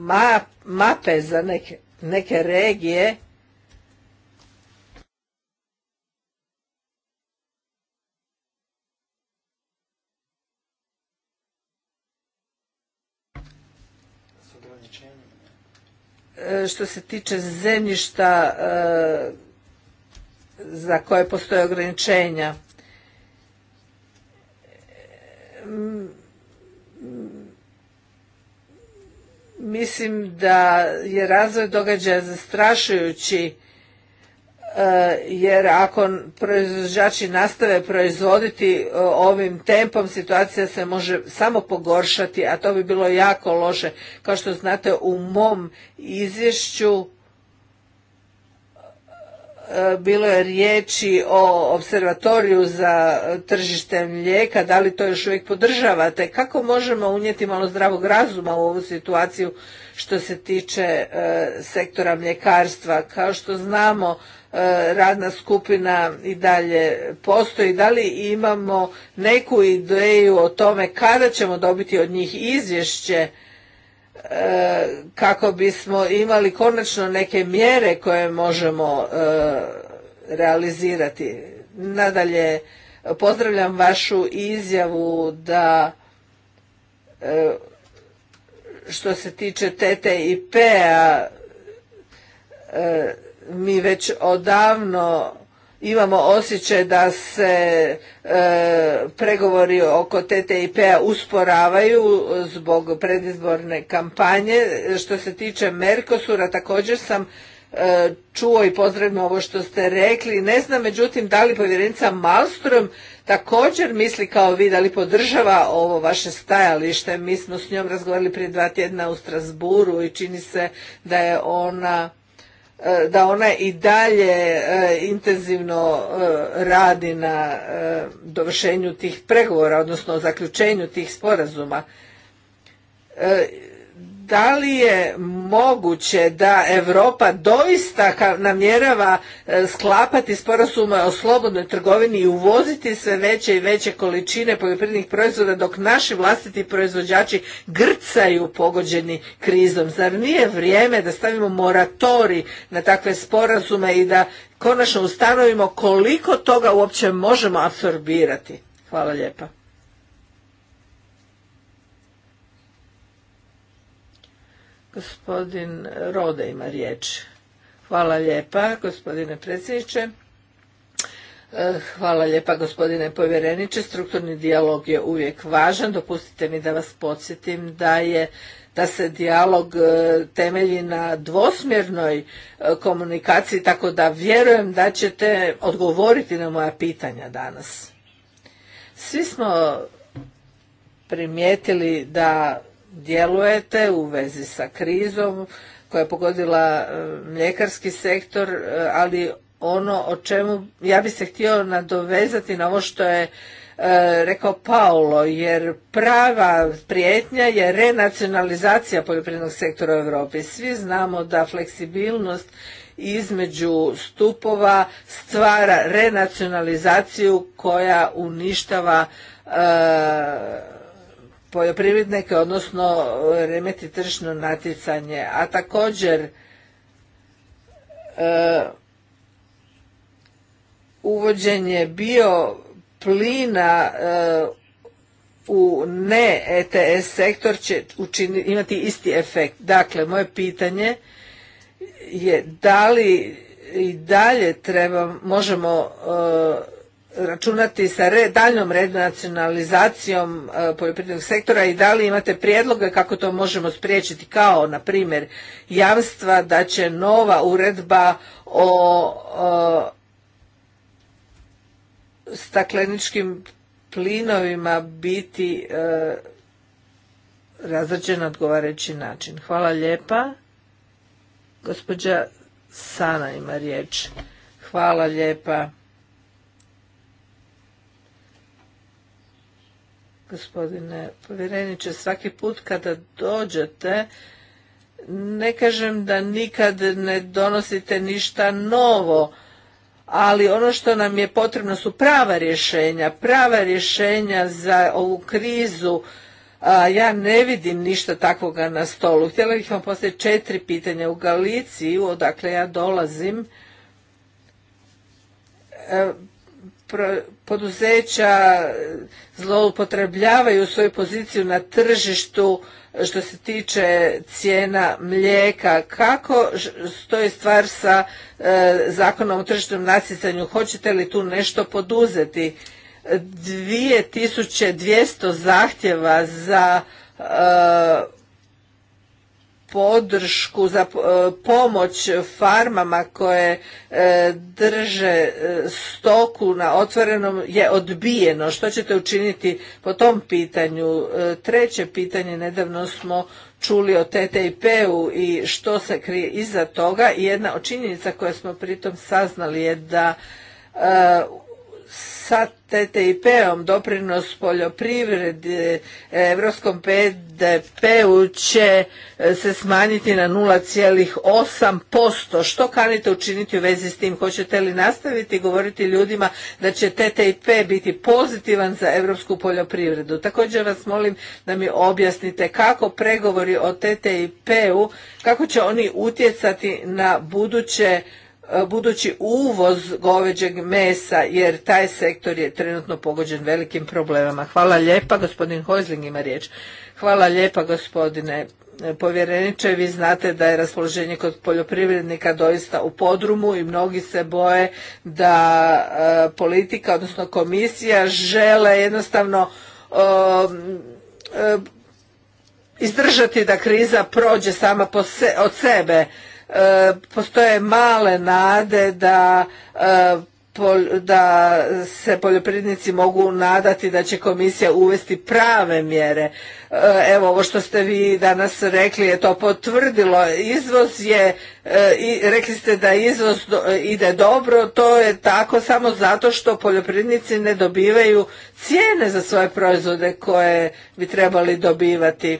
ma, mape za neke, neke regije što se tiče zemljišta e, za koje postoje ograničenja. Mislim da je razvoj događaja zastrašujući Eh, jer ako proizvođači nastave proizvoditi eh, ovim tempom situacija se može samo pogoršati, a to bi bilo jako loše. Kao što znate u mom izvješću eh, bilo je riječi o observatoriju za tržište mlijeka, da li to još uvijek podržavate? Kako možemo unijeti malo zdravog razuma u ovu situaciju što se tiče sektora mljekarstva? Kao što znamo, E, radna skupina i dalje postoji, da li imamo neku ideju o tome kada ćemo dobiti od njih izvješće e, kako bismo imali konačno neke mjere koje možemo e, realizirati. Nadalje, pozdravljam vašu izjavu da što se tiče TTIP-a mi već odavno imamo osjećaj da se e, pregovori oko TTIP-a usporavaju zbog predizborne kampanje. Što se tiče Merkosura također sam e, čuo i pozdravim ovo što ste rekli. Ne znam međutim da li povjerenica Malstrom također misli kao vi, da li podržava ovo vaše stajalište. Mi smo s njom razgovarali prije dva tjedna u Strasburu i čini se da je ona E, da ona i dalje e, intenzivno e, radi na dovršenju tih pregovora, odnosno zaključenju tih sporazuma da li je moguće da Europa doista namjerava e, sklapati sporazume o slobodnoj trgovini i uvoziti sve veće i veće količine poljoprivrednih proizvoda dok naši vlastiti proizvođači grcaju pogođeni krizom? Zar nije vrijeme da stavimo moratori na takve sporazume i da konačno ustanovimo koliko toga uopće možemo apsorbirati? Hvala lijepa. Gospodin Rode ima riječ. Hvala lijepa, gospodine predsjedniče. E, hvala lijepa gospodine povjereniče. Strukturni dijalog je uvijek važan. Dopustite mi da vas podsjetim da je da se dijalog e, temelji na dvosmjernoj e, komunikaciji, tako da vjerujem da ćete odgovoriti na moja pitanja danas. Svi smo primijetili da djelujete u vezi sa krizom koja je pogodila e, mljekarski sektor, e, ali ono o čemu ja bi se htio nadovezati na ovo što je e, rekao Paolo, jer prava prijetnja je renacionalizacija poljoprivrednog sektora u Europi. Svi znamo da fleksibilnost između stupova stvara renacionalizaciju koja uništava poljoprivrednike, odnosno e, remeti tržišno natjecanje, a također e, uvođenje bio plina e, u ne ETS sektor će imati isti efekt. Dakle, moje pitanje je da li i dalje treba, možemo računati sa re, daljnom renacionalizacijom e, poljoprivrednog sektora i da li imate prijedloge kako to možemo spriječiti kao na primjer javstva da će nova uredba o, e, stakleničkim plinovima biti e, odgovarajući način. Hvala lijepa. Gospođa Sana ima riječ. Hvala lijepa. gospodine povjereniče. Svaki put kada dođete, ne kažem da nikad ne donosite ništa novo, ali ono što nam je potrebno su prava rješenja, prava rješenja za ovu krizu. ja ne vidim ništa takvoga na stolu. Htjela bih vam postaviti četiri pitanja. U Galiciju, odakle ja dolazim, e, poduzeća eh, zloupotrebljavaju svoju poziciju na tržištu eh, što se tiče cijena mlijeka. Kako stoji stvar sa eh, zakonom o tržišnom nasjecanju? Hoćete li tu nešto poduzeti? 2200 zahtjeva za podršku za e, pomoć farmama koje e, drže e, stoku na otvorenom je odbijeno. Što ćete učiniti po tom pitanju? Treće pitanje, nedavno smo čuli o TTIP-u i što se krije iza toga. Jedna od činjenica koje smo pritom saznali je da sa TTIP-om doprinos poljoprivredi evropskom PDP-u će e, se smanjiti na 0,8%. Što kanite učiniti u vezi s tim? Hoćete li nastaviti govoriti ljudima da će TTIP biti pozitivan za evropsku poljoprivredu? Također vas molim da mi objasnite kako pregovori o TTIP-u, kako će oni utjecati na buduće E, budući uvoz goveđeg mesa jer taj sektor je trenutno pogođen velikim problemama. Hvala lijepa, gospodin Hojzling ima riječ. Hvala lijepa gospodine e, povjereniče, vi znate da je raspoloženje kod poljoprivrednika doista u podrumu i mnogi se boje da e, politika, odnosno komisija žele jednostavno izdržati da kriza prođe sama od sebe E, postoje male nade da e, da se poljoprivrednici mogu nadati da će komisija uvesti prave mjere. E, evo ovo što ste vi danas rekli je to potvrdilo. Izvoz je, rekli ste da izvoz ide dobro, to je tako samo zato što poljoprivrednici ne dobivaju cijene za svoje proizvode koje bi trebali dobivati.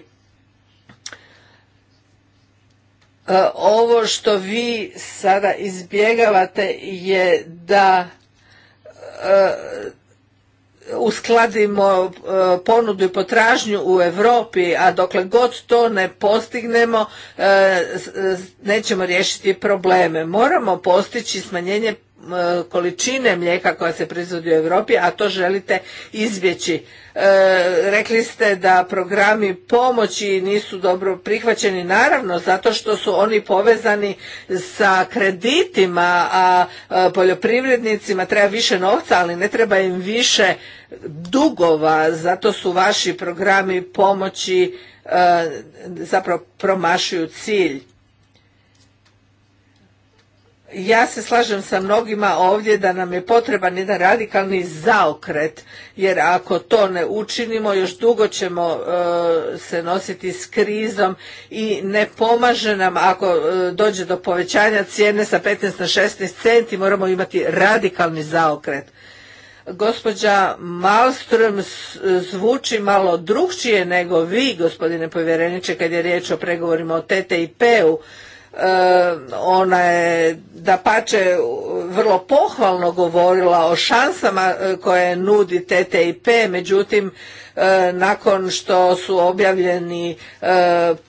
E, ovo što vi sada izbjegavate je da e, uskladimo e, ponudu i potražnju u Europi, a dokle god to ne postignemo nećemo riješiti probleme. Moramo postići smanjenje E, količine mlijeka koja se proizvodi u Europi, a to želite izbjeći. E, rekli ste da programi pomoći nisu dobro prihvaćeni naravno zato što su oni povezani sa kreditima a, e, poljoprivrednicima treba više novca ali ne treba im više dugova zato su vaši programi pomoći zapravo promašuju cilj ja se slažem sa mnogima ovdje da nam je potreban jedan radikalni zaokret, jer ako to ne učinimo, još dugo ćemo e, se nositi s krizom i ne pomaže nam ako e, dođe do povećanja cijene sa 15 na 16 centi, moramo imati radikalni zaokret. Gospođa Malström zvuči malo drugčije nego vi, gospodine povjereniče, kad je riječ o pregovorima o TTIP-u Ehm, ona je da pače vrlo pohvalno govorila o šansama e, koje nudi TTIP, međutim E, nakon što su objavljeni e,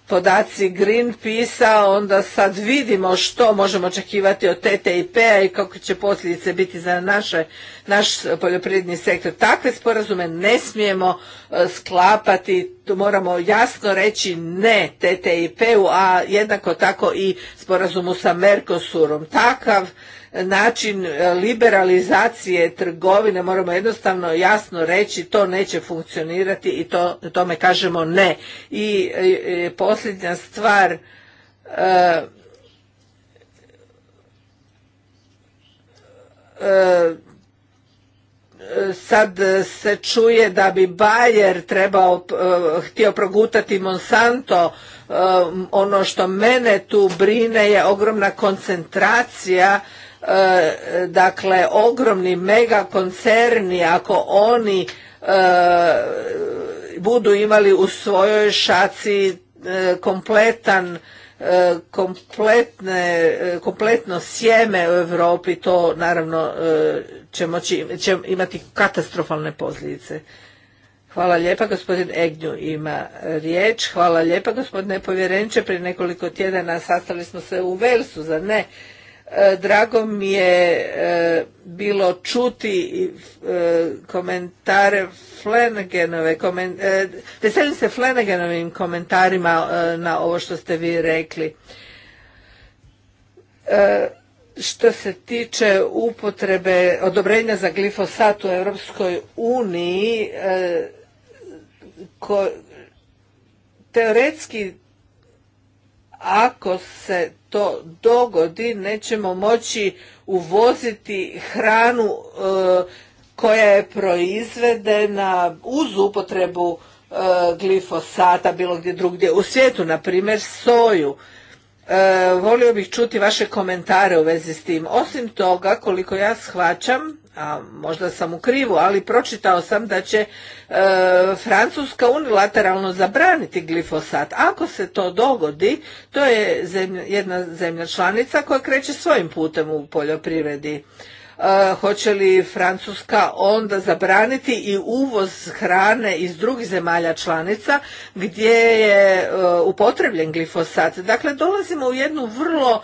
podaci Greenpeace-a, onda sad vidimo što možemo očekivati od TTIP-a i kako će posljedice biti za naše, naš poljoprivredni sektor. Takve sporazume ne smijemo e, sklapati, tu moramo jasno reći ne TTIP-u, a jednako tako i sporazumu sa Mercosurom. Takav način e, liberalizacije trgovine moramo jednostavno jasno reći to neće funkcionirati i to, tome kažemo ne. I e, e, posljednja stvar sad se čuje da bi Bayer trebao htio progutati Monsanto ono što mene tu brine je ogromna koncentracija E, dakle ogromni megakoncerni ako oni e, budu imali u svojoj šaci e, kompletan kompletne, kompletno sjeme u Europi to naravno će, imati katastrofalne posljedice. Hvala lijepa, gospodin Egnju ima riječ. Hvala lijepa, gospodine Povjerenče, Prije nekoliko tjedana sastali smo se u Velsu, za ne? E, drago mi je e, bilo čuti e, komentare Flanaganove, koment, veselim se Flanaganovim komentarima na ovo što ste vi rekli. Što se tiče upotrebe odobrenja za glifosat u Europskoj uniji, teoretski ako se to dogodi nećemo moći uvoziti hranu e, koja je proizvedena uz upotrebu e, glifosata bilo gdje drugdje u svijetu na primjer soju e, volio bih čuti vaše komentare u vezi s tim osim toga koliko ja shvaćam a možda sam u krivu, ali pročitao sam da će e, Francuska unilateralno zabraniti glifosat. Ako se to dogodi, to je jedna zemlja članica koja kreće svojim putem u poljoprivredi. E, hoće li Francuska onda zabraniti i uvoz hrane iz drugih zemalja članica gdje je e, upotrebljen glifosat? Dakle, dolazimo u jednu vrlo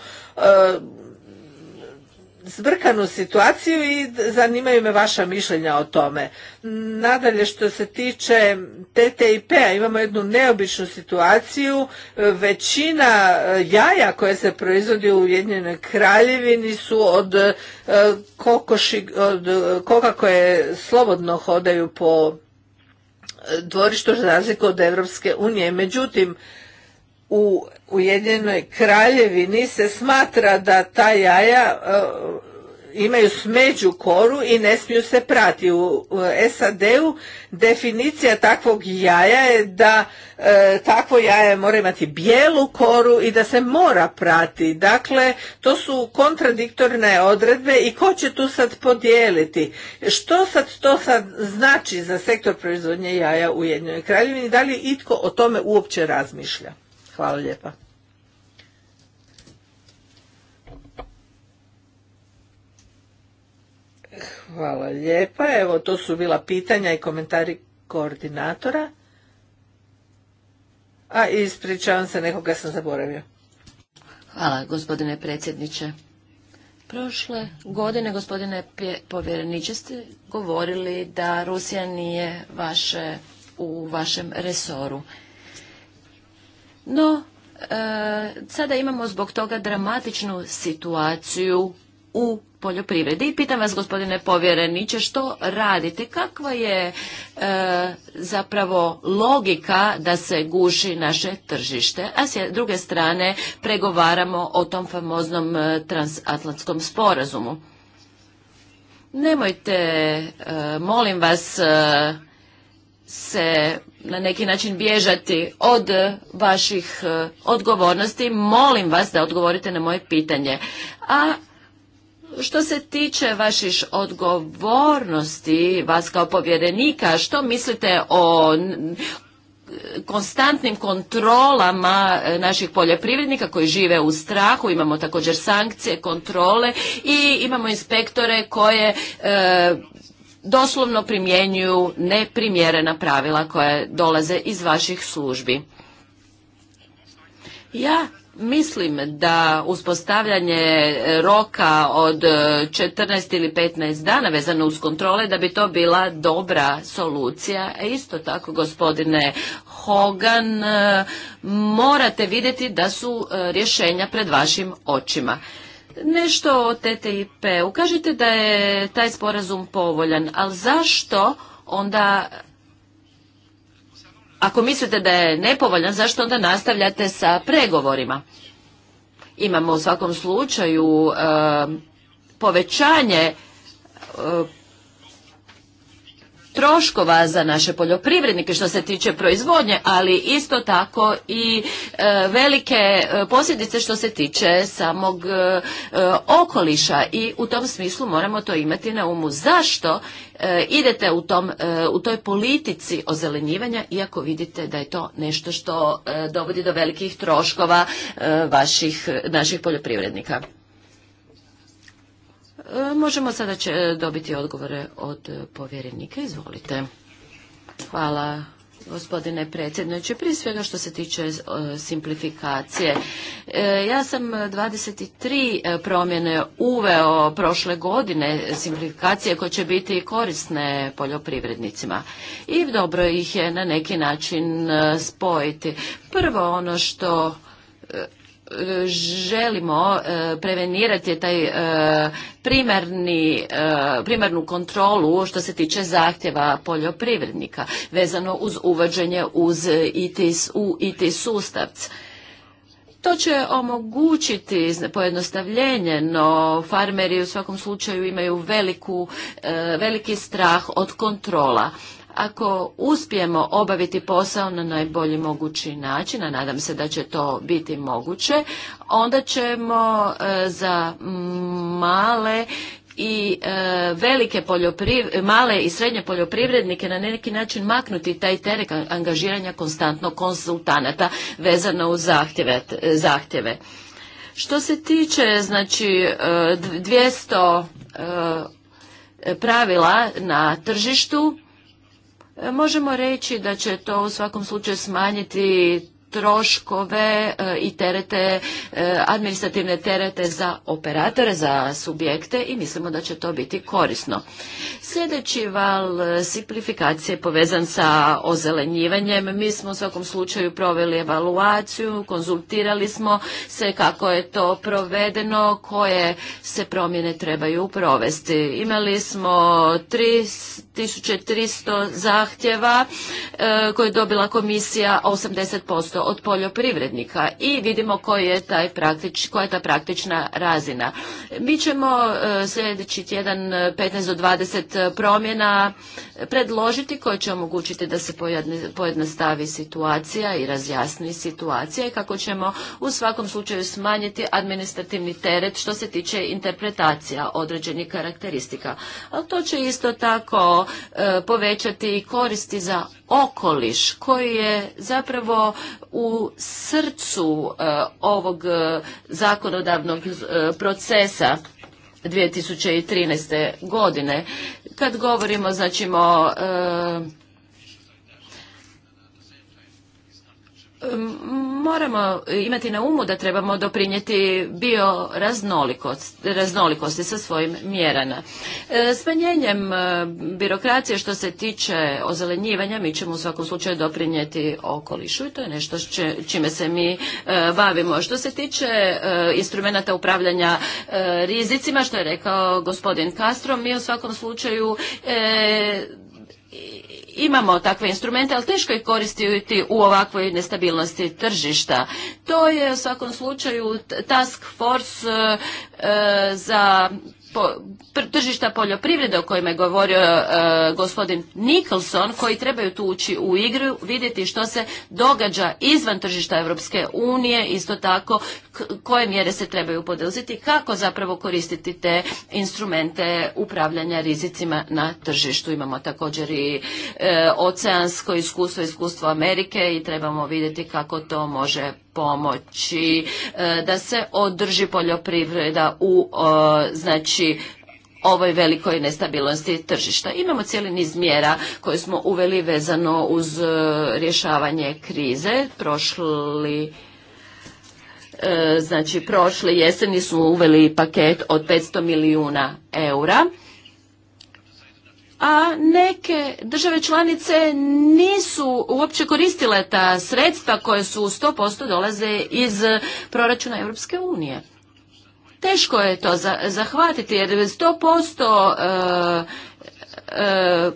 zbrkanu situaciju i zanimaju me vaša mišljenja o tome. Nadalje što se tiče TTIP-a imamo jednu neobičnu situaciju. Većina e, jaja koje se proizvodi u Ujedinjenoj kraljevini su od e, kokoši, od e, koga koje slobodno hodaju po dvorištu za razliku od Europske unije. Međutim, u Ujedinjenoj kraljevini se smatra da ta jaja e, imaju smeđu koru i ne smiju se prati. U SAD-u definicija takvog jaja je da e, takvo jaje mora imati bijelu koru i da se mora prati. Dakle, to su kontradiktorne odredbe i ko će tu sad podijeliti? Što sad to sad znači za sektor proizvodnje jaja u Ujedinjenoj kraljevini? Da li itko o tome uopće razmišlja? Hvala lijepa. Hvala lijepa. Evo, to su bila pitanja i komentari koordinatora. A ispričavam se, nekoga sam zaboravio. Hvala, gospodine predsjedniče. Prošle godine, gospodine povjereniče, ste govorili da Rusija nije vaše, u vašem resoru. No, e, sada imamo zbog toga dramatičnu situaciju u poljoprivredi. I pitam vas, gospodine povjereniče, što radite? Kakva je e, zapravo logika da se guši naše tržište? A s druge strane, pregovaramo o tom famoznom e, transatlantskom sporazumu. Nemojte, e, molim vas, se na neki način bježati od vaših odgovornosti. Molim vas da odgovorite na moje pitanje. A što se tiče vaših odgovornosti, vas kao povjerenika, što mislite o konstantnim kontrolama e, naših poljoprivrednika koji žive u strahu, imamo također sankcije, kontrole i imamo inspektore koje e, doslovno primjenjuju neprimjerena pravila koja dolaze iz vaših službi. Ja Mislim da uspostavljanje roka od 14 e, ili 15 dana vezano uz kontrole da bi to bila dobra solucija. E isto tako gospodine Hogan e, morate vidjeti da su e, rješenja pred vašim očima. Nešto o TTIP-u. da je taj sporazum povoljan, ali zašto onda ako mislite da je nepovoljan, zašto onda nastavljate sa pregovorima? Imamo u svakom slučaju eh, povećanje eh, troškova za naše poljoprivrednike što se tiče proizvodnje, ali isto tako i e, velike e, posljedice što se tiče samog e, okoliša i u tom smislu moramo to imati na umu. Zašto idete u, tom, u toj politici ozelenjivanja iako vidite da je to nešto što dovodi do velikih troškova vaših, naših poljoprivrednika? E, možemo sada e, dobiti odgovore od e, povjerenika. Izvolite. Hvala gospodine predsjedniče. Prije svega što se tiče simplifikacije. Ja sam 23 promjene uveo prošle godine simplifikacije koje će biti korisne poljoprivrednicima. I dobro ih je na neki način spojiti. Prvo ono što želimo e, prevenirati taj e, primarni, e, primarnu kontrolu što se tiče zahtjeva poljoprivrednika vezano uz uvođenje uz ITIS, u IT sustav. To će omogućiti pojednostavljenje, no farmeri u svakom slučaju imaju veliku, veliki strah od kontrola. Ako uspijemo obaviti posao na najbolji mogući način, a nadam se da će to biti moguće, onda ćemo e, za male i e, velike male i srednje poljoprivrednike na neki način maknuti taj teret angažiranja konstantno konsultanata vezano uz zahtjeve, zahtjeve. Što se tiče znači 200 e, pravila na tržištu Možemo reći da će to u svakom slučaju smanjiti troškove e, i terete, e, administrativne terete za operatore, za subjekte i mislimo da će to biti korisno. Sljedeći val e, simplifikacije povezan sa ozelenjivanjem. Mi smo u svakom slučaju proveli evaluaciju, konzultirali smo se kako je to provedeno, koje se promjene trebaju provesti. Imali smo 3300 zahtjeva koje je dobila komisija 80% od poljoprivrednika i vidimo koji je taj praktič, koja je ta praktična razina. Mi ćemo e, sljedeći tjedan 15 e, do 20 e, promjena predložiti koje će omogućiti da se pojednostavi situacija i razjasni situacija i kako ćemo u svakom slučaju smanjiti administrativni teret što se tiče interpretacija određenih karakteristika. Ali to će isto tako povećati i koristi za okoliš koji je zapravo u srcu e, ovog e, zakonodavnog e, procesa 2013. godine. Kad govorimo znači o moramo imati na umu da trebamo doprinijeti bioraznolikosti sa svojim mjerama. E, smanjenjem e, birokracije što se tiče ozelenjivanja mi ćemo u svakom slučaju doprinijeti okolišu i to je nešto čime se mi e, bavimo. Što se tiče instrumenta upravljanja rizicima, što je rekao gospodin Castro, mi u svakom slučaju imamo takve instrumente, ali teško ih koristiti u ovakvoj nestabilnosti tržišta. To je u svakom slučaju task force eh, za po, tržišta poljoprivrede o kojima je govorio e, gospodin Nicholson koji trebaju tu ući u igru, vidjeti što se događa izvan tržišta Europske unije, isto tako koje mjere se trebaju poduzeti, kako zapravo koristiti te instrumente upravljanja rizicima na tržištu. Imamo također i e, oceansko iskustvo, iskustvo Amerike i trebamo vidjeti kako to može pomoći, e, da se održi poljoprivreda u e, znači ovoj velikoj nestabilnosti tržišta. Imamo cijeli niz mjera koje smo uveli vezano uz e, rješavanje krize. Prošli znači prošle jeseni smo uveli paket od 500 milijuna eura a neke države članice nisu uopće koristile ta sredstva koje su 100% dolaze iz proračuna Europske unije. Teško je to zahvatiti jer 100% posto e, e,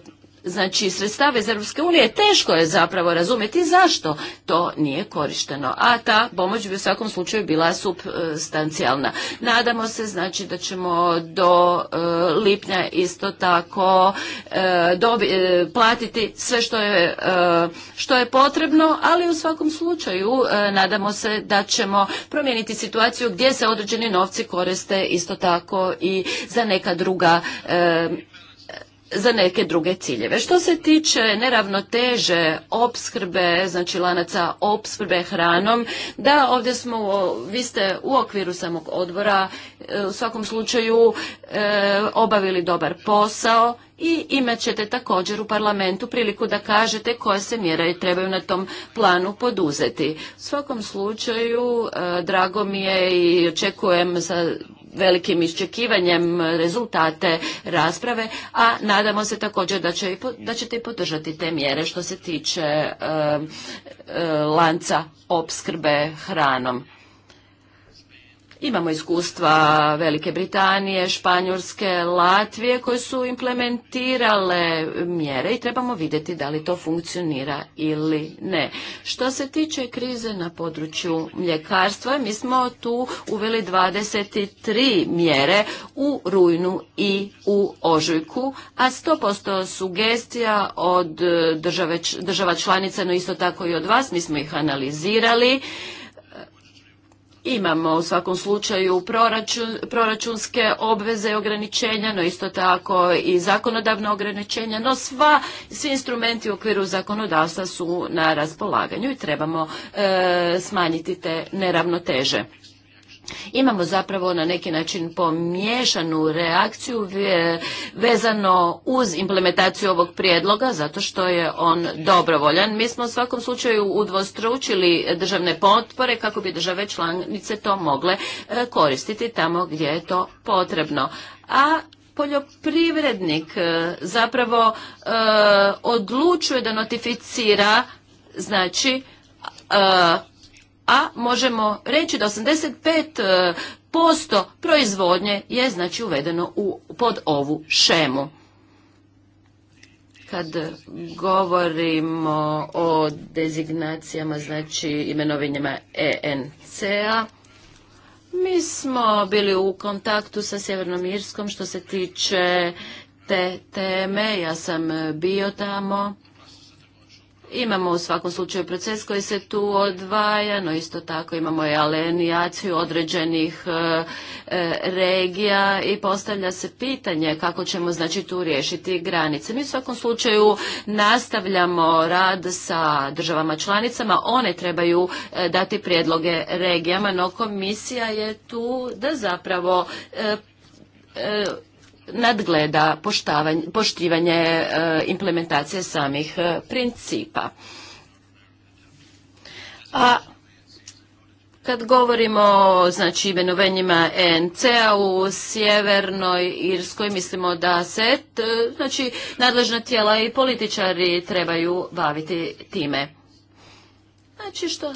znači sredstava iz Europske unije, teško je zapravo razumjeti zašto to nije korišteno. A ta pomoć bi u svakom slučaju bila substancijalna. Nadamo se znači da ćemo do e, lipnja isto tako e, e, platiti sve što je, što je potrebno, ali u svakom slučaju nadamo se da ćemo promijeniti situaciju gdje se određeni novci koriste isto tako i za neka druga za neke druge ciljeve. Što se tiče neravnoteže opskrbe, znači lanaca opskrbe hranom, da ovdje smo, vi ste u okviru samog odbora e, u svakom slučaju e, obavili dobar posao i imat ćete također u parlamentu priliku da kažete koje se mjere trebaju na tom planu poduzeti. U svakom slučaju, e, drago mi je i očekujem sa velikim iščekivanjem rezultate rasprave, a nadamo se također da, će, da ćete i podržati te mjere što se tiče eh, eh, lanca opskrbe hranom. Imamo iskustva Velike Britanije, Španjolske, Latvije koje su implementirale mjere i trebamo vidjeti da li to funkcionira ili ne. Što se tiče krize na području mljekarstva, mi smo tu uveli 23 mjere u rujnu i u ožujku, a 100% sugestija od države, država članica, no isto tako i od vas, mi smo ih analizirali Imamo u svakom slučaju proračun, proračunske obveze i ograničenja, no isto tako i zakonodavna ograničenja, no sva, svi instrumenti u okviru zakonodavstva su na raspolaganju i trebamo e, smanjiti te neravnoteže. Imamo zapravo na neki način pomiješanu reakciju vezano uz implementaciju ovog prijedloga zato što je on dobrovoljan. Mi smo u svakom slučaju udvostručili državne potpore kako bi države članice to mogle e, koristiti tamo gdje je to potrebno. A poljoprivrednik e, zapravo e, odlučuje da notificira znači a možemo reći da 85% proizvodnje je znači uvedeno u, pod ovu šemu. Kad govorimo o dezignacijama, znači imenovinjama ENCA, mi smo bili u kontaktu sa Sjevernom Irskom što se tiče te teme. Ja sam bio tamo Imamo u svakom slučaju proces koji se tu odvaja, no isto tako imamo i alenijaciju određenih e, e, regija i postavlja se pitanje kako ćemo znači tu riješiti granice. Mi u svakom slučaju nastavljamo rad sa državama članicama, one trebaju e, dati prijedloge regijama, no komisija je tu da zapravo nadgleda poštivanje e, implementacije samih e, principa. A kad govorimo o znači, imenovanjima ENC-a u Sjevernoj Irskoj, mislimo da se znači, nadležna tijela i političari trebaju baviti time. Znači što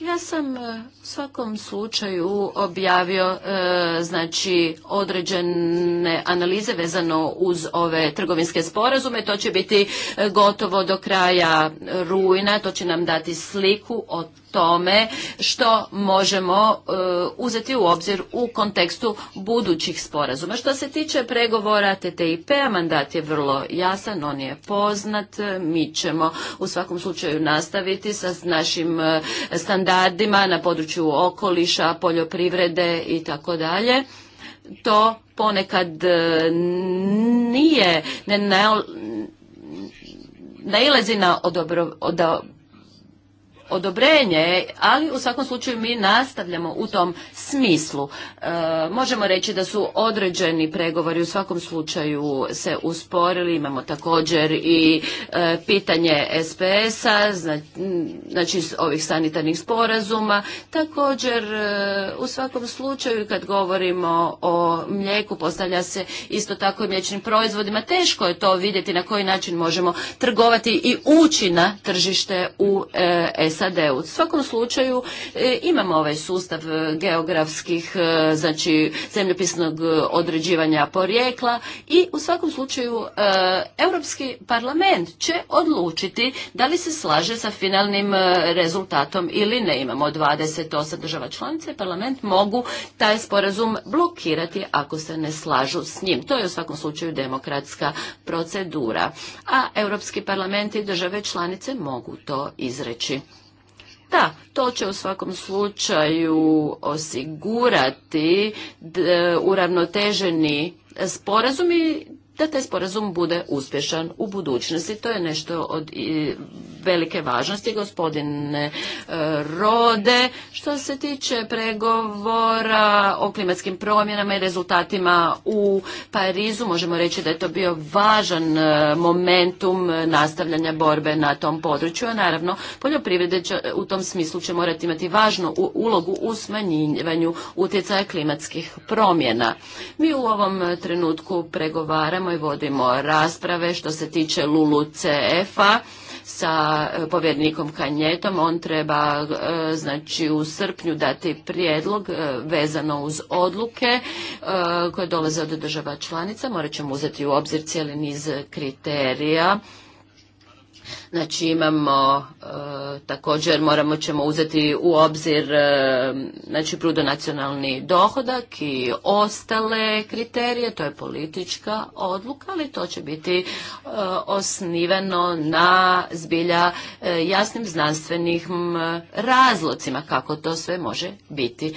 ja sam e, u svakom slučaju objavio e, znači određene analize vezano uz ove trgovinske sporazume. To će biti e, gotovo do kraja rujna. To će nam dati sliku o tome što možemo uzeti u obzir u kontekstu budućih sporazuma. Što se tiče pregovora TTIP-a, mandat je vrlo jasan, on je poznat, mi ćemo u svakom slučaju nastaviti sa našim standardima na području okoliša, poljoprivrede i tako dalje. To ponekad nije, ne, nailazi na odobro, odobrenje, ali u svakom slučaju mi nastavljamo u tom smislu. E, možemo reći da su određeni pregovori u svakom slučaju se usporili, imamo također i e, pitanje SPS-a, znači ovih sanitarnih sporazuma, također e, u svakom slučaju kad govorimo o mlijeku postavlja se isto tako i mliječnim proizvodima, teško je to vidjeti na koji način možemo trgovati i ući na tržište u SAD-u. U svakom slučaju e, imamo ovaj sustav e, geografskih, e, znači zemljopisnog određivanja porijekla i u svakom slučaju Europski parlament će odlučiti da li se slaže sa finalnim rezultatom ili ne. Imamo 28 država članice i parlament mogu taj sporazum blokirati ako se ne slažu s njim. To je u svakom slučaju demokratska procedura. A Europski parlament i države članice mogu to izreći. To će u svakom slučaju osigurati uravnoteženi sporazumi da taj sporazum bude uspješan u budućnosti. To je nešto od velike važnosti, gospodine e, Rode. Što se tiče pregovora o klimatskim promjenama i rezultatima u Parizu, možemo reći da je to bio važan e, momentum nastavljanja borbe na tom području, naravno poljoprivrede u tom smislu će morati imati važnu ulogu u smanjivanju utjecaja klimatskih promjena. Mi u ovom trenutku pregovaramo i vodimo rasprave što se tiče Lulu CF-a sa e, povjednikom Kanjetom. On treba e, znači u srpnju dati prijedlog e, vezano uz odluke koje dolaze od država članica. Morat ćemo uzeti u obzir cijeli niz kriterija Znači imamo e, također moramo ćemo uzeti u obzir e, znači prudo nacionalni dohodak i ostale kriterije, to je politička odluka, ali to će biti e, osnivano na zbilja jasnim znanstvenim razlocima kako to sve može biti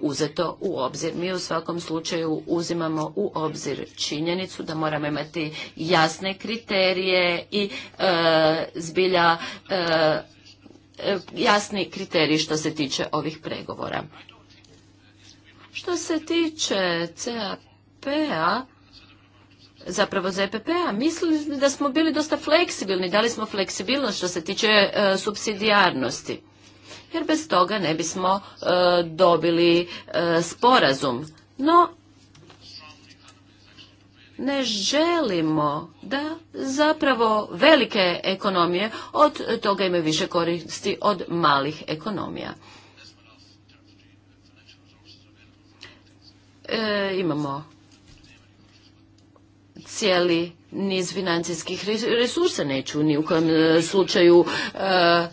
uzeto u obzir. Mi u svakom slučaju uzimamo u obzir činjenicu da moramo imati jasne kriterije i zbilja e, e, jasni kriteriji što se tiče ovih pregovora. Što se tiče CAP-a, zapravo ZPP-a, mislili da smo bili dosta fleksibilni, dali smo fleksibilnost što se tiče supsidijarnosti? E, subsidijarnosti. Jer bez toga ne bismo dobili sporazum. No, ne želimo da zapravo velike ekonomije od toga imaju više koristi od malih ekonomija. E, imamo cijeli niz financijskih resursa, neću ni u kojem e, slučaju e,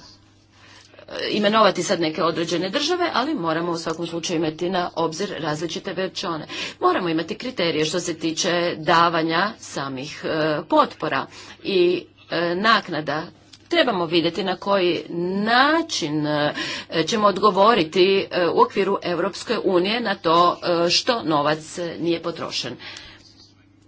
imenovati sad neke određene države, ali moramo u svakom slučaju imati na obzir različite veličone. Moramo imati kriterije što se tiče davanja samih e, potpora i e, naknada trebamo vidjeti na koji način e, ćemo odgovoriti u okviru Europske unije na to što novac nije potrošen.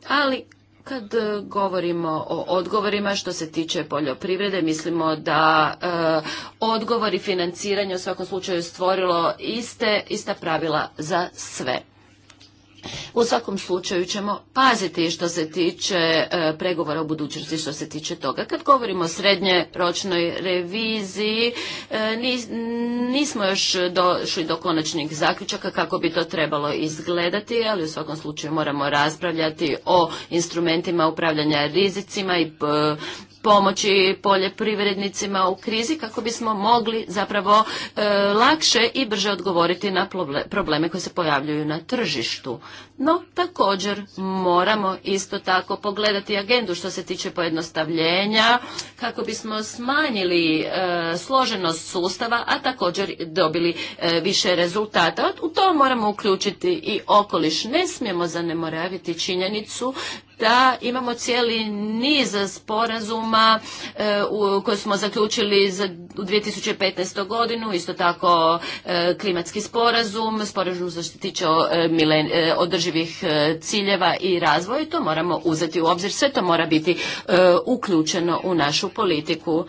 Ali kad e, govorimo o odgovorima što se tiče poljoprivrede, mislimo da odgovori e, odgovor financiranje u svakom slučaju stvorilo iste, ista pravila za sve. U svakom slučaju ćemo paziti što se tiče e, pregovora o budućnosti, što se tiče toga. Kad govorimo o srednje ročnoj reviziji, e, nismo još došli do konačnih zaključaka kako bi to trebalo izgledati, ali u svakom slučaju moramo raspravljati o instrumentima upravljanja rizicima i e, pomoći poljoprivrednicima u krizi kako bismo mogli zapravo e, lakše i brže odgovoriti na probleme koji se pojavljuju na tržištu. No, također moramo isto tako pogledati agendu što se tiče pojednostavljenja kako bismo smanjili e, složenost sustava, a također dobili e, više rezultata. U to moramo uključiti i okoliš. Ne smijemo zanemoraviti činjenicu da imamo cijeli niz sporazuma e, koje smo zaključili za, u 2015. godinu, isto tako e, klimatski sporazum, sporazum što se tiče e, održivih ciljeva i razvoja. To moramo uzeti u obzir, sve to mora biti uključeno u našu politiku.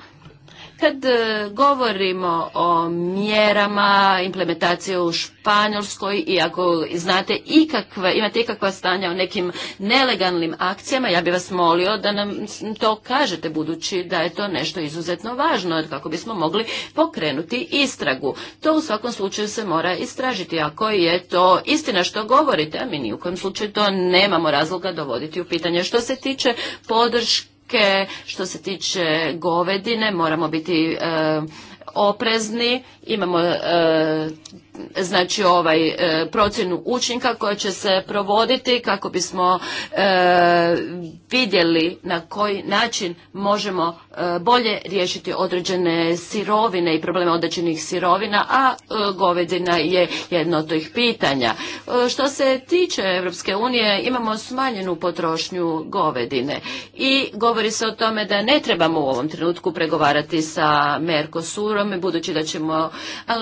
Kad e, govorimo o mjerama, implementacije u Španjolskoj i ako znate ikakve, imate ikakva stanja o nekim nelegalnim akcijama, ja bih vas molio da nam to kažete budući da je to nešto izuzetno važno kako bismo mogli pokrenuti istragu. To u svakom slučaju se mora istražiti ako je to istina što govorite, a mi ni u kojem slučaju to nemamo razloga dovoditi u pitanje. Što se tiče podrške što se tiče govedine, moramo biti e, oprezni imamo e, znači ovaj e, procjenu učinka koja će se provoditi kako bismo e, vidjeli na koji način možemo bolje riješiti određene sirovine i probleme određenih sirovina, a govedina je jedno od tih pitanja. Što se tiče Europske unije, imamo smanjenu potrošnju govedine i govori se o tome da ne trebamo u ovom trenutku pregovarati sa Mercosurom, budući da ćemo E,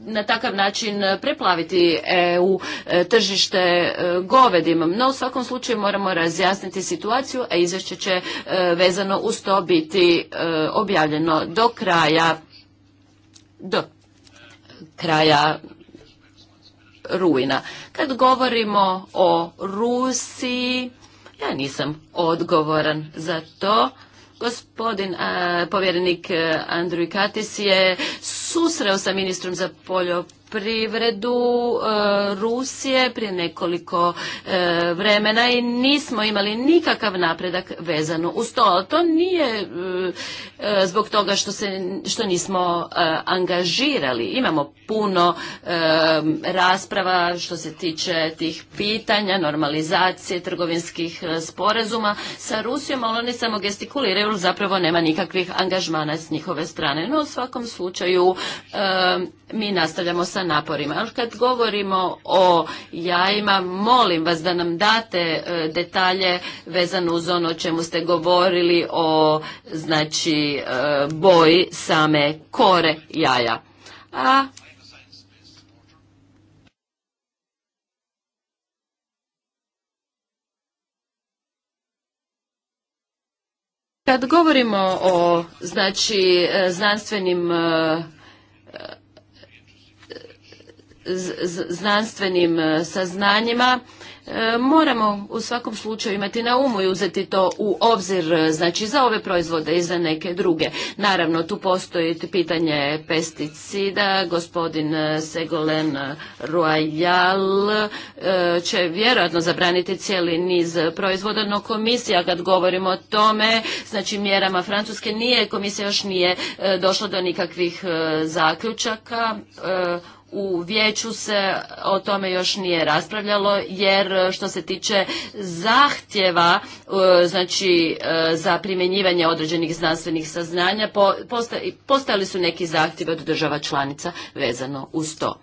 na takav način preplaviti EU e, tržište e, govedima. No u svakom slučaju moramo razjasniti situaciju, a izvješće će vezano uz to biti objavljeno do kraja do kraja rujna. Kad govorimo o Rusiji, ja nisam odgovoran za to. Gospodin povjerenik Andruj Katis je susreo sa ministrom za poljoprivredu privredu e, Rusije prije nekoliko e, vremena i nismo imali nikakav napredak vezano uz to. To nije e, zbog toga što, se, što nismo angažirali. Imamo puno rasprava što se tiče tih pitanja, normalizacije trgovinskih sporazuma sa Rusijom, ali oni samo gestikuliraju, zapravo nema nikakvih angažmana s njihove strane. No u svakom slučaju mi nastavljamo sa naporima. Ali kad govorimo o jajima, molim vas da nam date e, detalje vezano uz ono o čemu ste govorili o znači e, boji same kore jaja. Kad govorimo o znači e, znanstvenim znanstvenim e, saznanjima e, moramo u svakom slučaju imati na umu i uzeti to u obzir e, znači za ove proizvode i za neke druge. Naravno tu postoji pitanje pesticida, gospodin Segolen Royal će vjerojatno zabraniti cijeli niz proizvoda, no komisija kad govorimo o tome, znači mjerama Francuske nije, komisija još nije došla do nikakvih zaključaka u vijeću se o tome još nije raspravljalo jer što se tiče zahtjeva e, znači e, za primjenjivanje određenih znanstvenih saznanja postali su neki zahtjevi od država članica vezano uz to.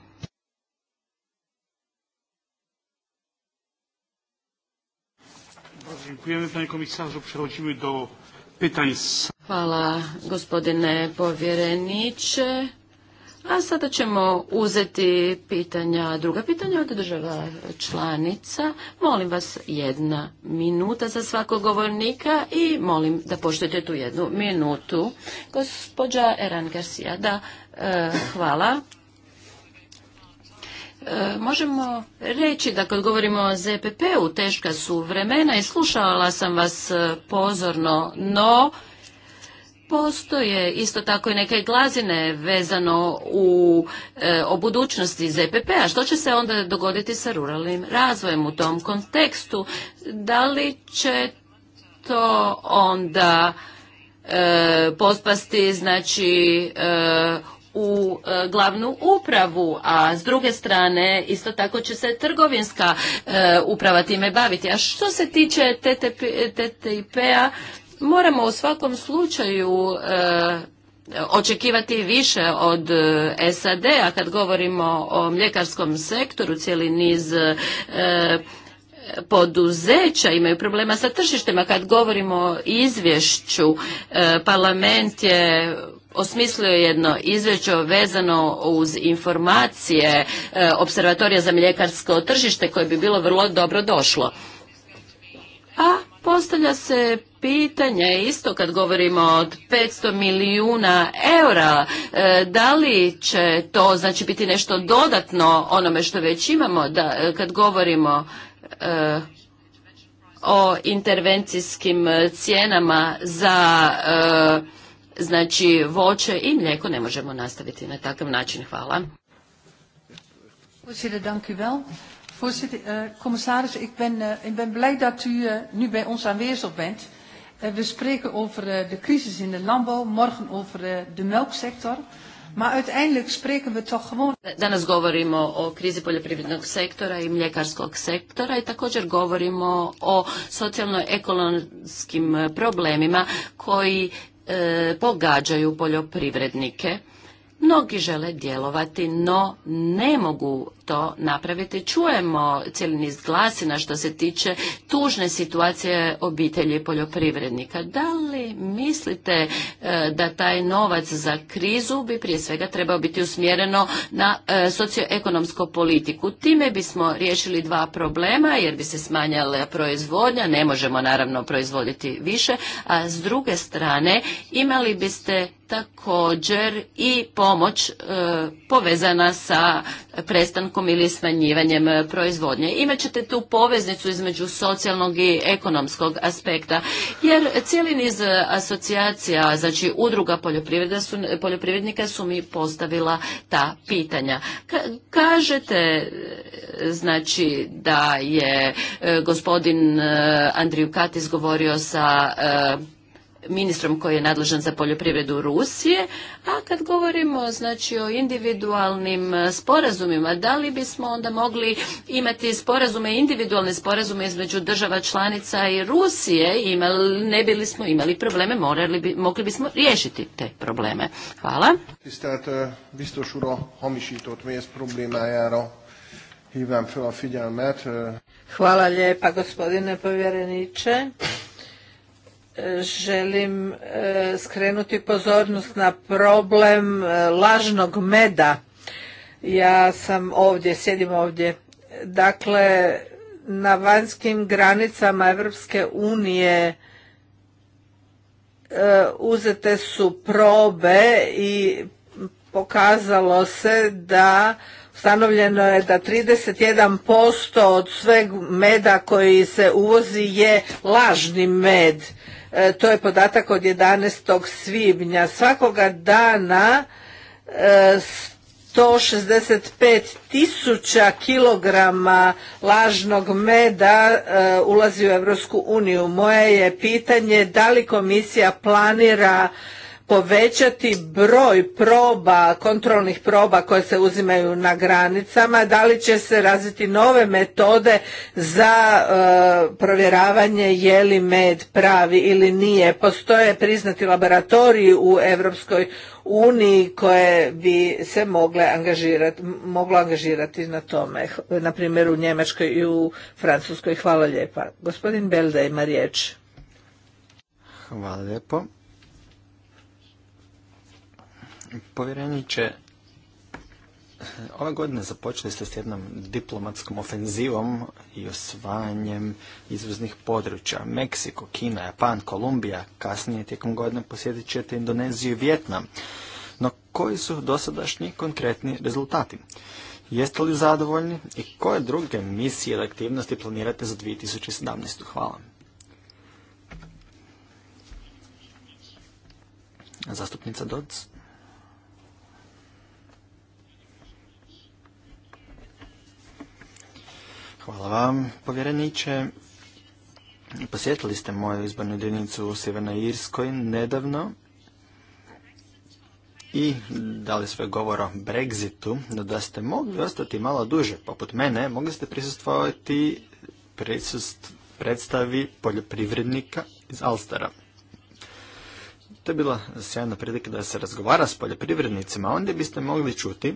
Hvala gospodine povjereniče. A sada ćemo uzeti pitanja, druga pitanja od država članica. Molim vas jedna minuta za svakog govornika i molim da poštujete tu jednu minutu. Gospođa Eran Garcia, da, e, hvala. E, možemo reći da kad govorimo o ZPP-u teška su vremena i slušala sam vas pozorno, no Postoje isto tako i neke glazine vezano u, e, o budućnosti ZPP-a. Što će se onda dogoditi sa ruralnim razvojem u tom kontekstu? Da li će to onda e, pospasti znači e, u e, glavnu upravu, a s druge strane isto tako će se trgovinska e, uprava time baviti. A što se tiče TTIP-a, moramo u svakom slučaju eh, očekivati više od eh, SAD, a kad govorimo o mljekarskom sektoru, cijeli niz eh, poduzeća imaju problema sa tržištima. Kad govorimo o izvješću, parlament je osmislio jedno izvješće vezano uz informacije Observatorija za mljekarsko tržište koje bi bilo vrlo dobro došlo. A Postavlja se pitanje isto kad govorimo od 500 milijuna eura, e, da li će to znači biti nešto dodatno onome što već imamo da, e, kad govorimo e, o intervencijskim cijenama za znači voće i mlijeko ne možemo nastaviti na takav način. Hvala. Voorzitter, uh, commissaris, ik ben, uh, ik ben blij dat u uh, nu bij ons aanwezig bent. Uh, we spreken over uh, de crisis in de landbouw, morgen over de melksector. Maar uiteindelijk spreken we toch gewoon... Danas govorimo o krizi poljoprivrednog sektora i mljekarskog sektora i također govorimo o socijalno-ekonomskim problemima koji pogađaju poljoprivrednike. Mnogi žele djelovati, no ne mogu to napraviti. Čujemo cijeli niz glasina što se tiče tužne situacije obitelji poljoprivrednika. Da li mislite e, da taj novac za krizu bi prije svega trebao biti usmjereno na e, socioekonomsku politiku? Time bismo riješili dva problema jer bi se smanjala proizvodnja, ne možemo naravno proizvoditi više, a s druge strane imali biste također i pomoć e, povezana sa prestankom ili smanjivanjem e, proizvodnje. Imaćete tu poveznicu između socijalnog i ekonomskog aspekta, jer cijeli niz e, asocijacija, znači udruga poljoprivrednika su mi postavila ta pitanja. kažete e, znači da je gospodin Andriju Katis govorio sa ministrom koji je nadležan za poljoprivredu Rusije, a kad govorimo znači o individualnim e, sporazumima, da li bismo onda mogli imati sporazume, individualne sporazume između država članica i Rusije, imali, ne bili smo imali probleme, morali bi, mogli bismo riješiti te probleme. Hvala. E, hamisított e. Hvala lijepa gospodine povjereniče želim e, skrenuti pozornost na problem e, lažnog meda. Ja sam ovdje, sjedim ovdje. Dakle, na vanjskim granicama Evropske unije e, uzete su probe i pokazalo se da ustanovljeno je da 31% od sveg meda koji se uvozi je lažni med E, to je podatak od 11. svibnja. Svakoga dana 165 e, tisuća kilograma lažnog meda e, ulazi u EU. uniju. Moje je pitanje da li komisija planira povećati broj proba, kontrolnih proba koje se uzimaju na granicama, da li će se razviti nove metode za e, provjeravanje je li med pravi ili nije. Postoje priznati laboratoriji u Europskoj uniji koje bi se mogle angažirati, moglo angažirati na tome, na primjer u Njemačkoj i u Francuskoj. Hvala lijepa. Gospodin Belda ima riječ. Hvala lijepo. Povjereniče, ove godine započeli ste s jednom diplomatskom ofenzivom i osvajanjem izvoznih područja. Meksiko, Kina, Japan, Kolumbija, kasnije tijekom godine posjetit ćete Indoneziju i Vjetnam. No koji su dosadašnji konkretni rezultati? Jeste li zadovoljni i koje druge misije ili aktivnosti planirate za 2017. Hvala. Zastupnica Dodds. Hvala vam, povjereniče. Posjetili ste moju izbornu jedinicu u Sjevernoj Irskoj nedavno i dali svoj govor o Brexitu, no da ste mogli ostati malo duže, poput mene, mogli ste prisustvovati prisust, predstavi poljoprivrednika iz Alstara. To je bila sjajna prilika da se razgovara s poljoprivrednicima, onda biste mogli čuti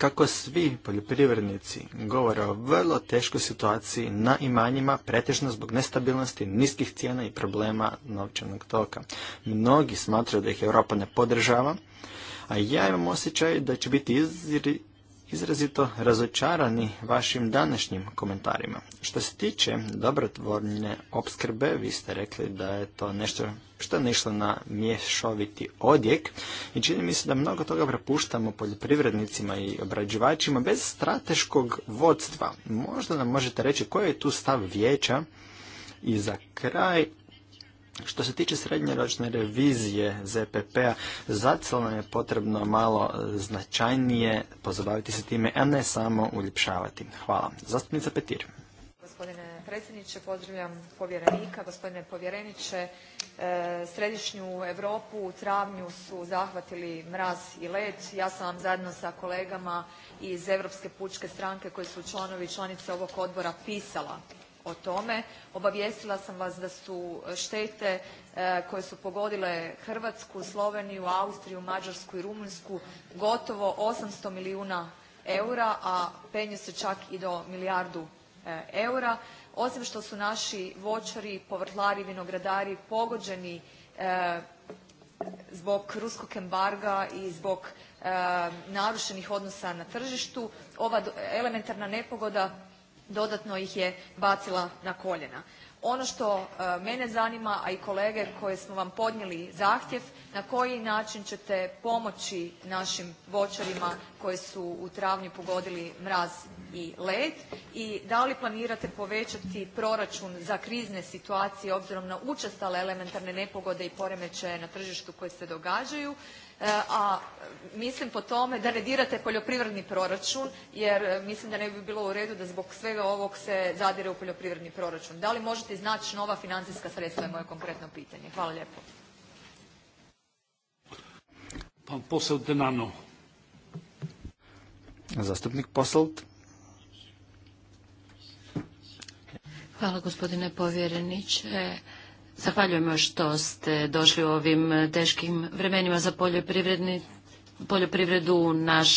kako svi poljoprivrednici govore o vrlo teškoj situaciji na imanjima, pretežno zbog nestabilnosti, niskih cijena i problema novčanog toka. Mnogi smatraju da ih Europa ne podržava, a ja imam osjećaj da će biti izrazito razočarani vašim današnjim komentarima. Što se tiče dobrotvorne opskrbe, vi ste rekli da je to nešto što je na mješoviti odjek i čini mi se da mnogo toga prepuštamo poljoprivrednicima i obrađivačima bez strateškog vodstva. Možda nam možete reći koji je tu stav vijeća i za kraj što se tiče srednjeročne revizije ZPP-a, zacelo je potrebno malo e, značajnije pozabaviti se time, a ne samo uljepšavati. Hvala. Zastupnica Petir. Gospodine predsjedniče, pozdravljam povjerenika. Gospodine povjereniče, e, središnju Europu u travnju su zahvatili mraz i led. Ja sam vam zajedno sa kolegama iz Europske pučke stranke koji su članovi i članice ovog odbora pisala o tome. Obavijestila sam vas da su e, štete e, koje su pogodile Hrvatsku, Sloveniju, Austriju, Mađarsku i Rumunjsku gotovo 800 milijuna eura, a penju se čak i do milijardu e, eura. Osim što su naši voćari, povrtlari, vinogradari pogođeni zbog ruskog embarga i zbog narušenih odnosa na tržištu, ova elementarna nepogoda dodatno ih je bacila na koljena. Ono što e, mene zanima, a i kolege koje smo vam podnijeli zahtjev, na koji način ćete pomoći našim voćarima koje su u travnju pogodili mraz i led i da li planirate povećati proračun za krizne situacije obzirom na učestale elementarne nepogode i poremećaje na tržištu koji se događaju E, a mislim po tome da ne dirate poljoprivredni proračun jer e, mislim da ne bi bilo u redu da zbog svega ovog se zadire u poljoprivredni proračun. Da li možete iznaći nova financijska sredstva je moje konkretno pitanje. Hvala lijepo. Zastupnik Hvala gospodine Zahvaljujemo što ste došli u ovim teškim vremenima za poljoprivredni poljoprivredu naš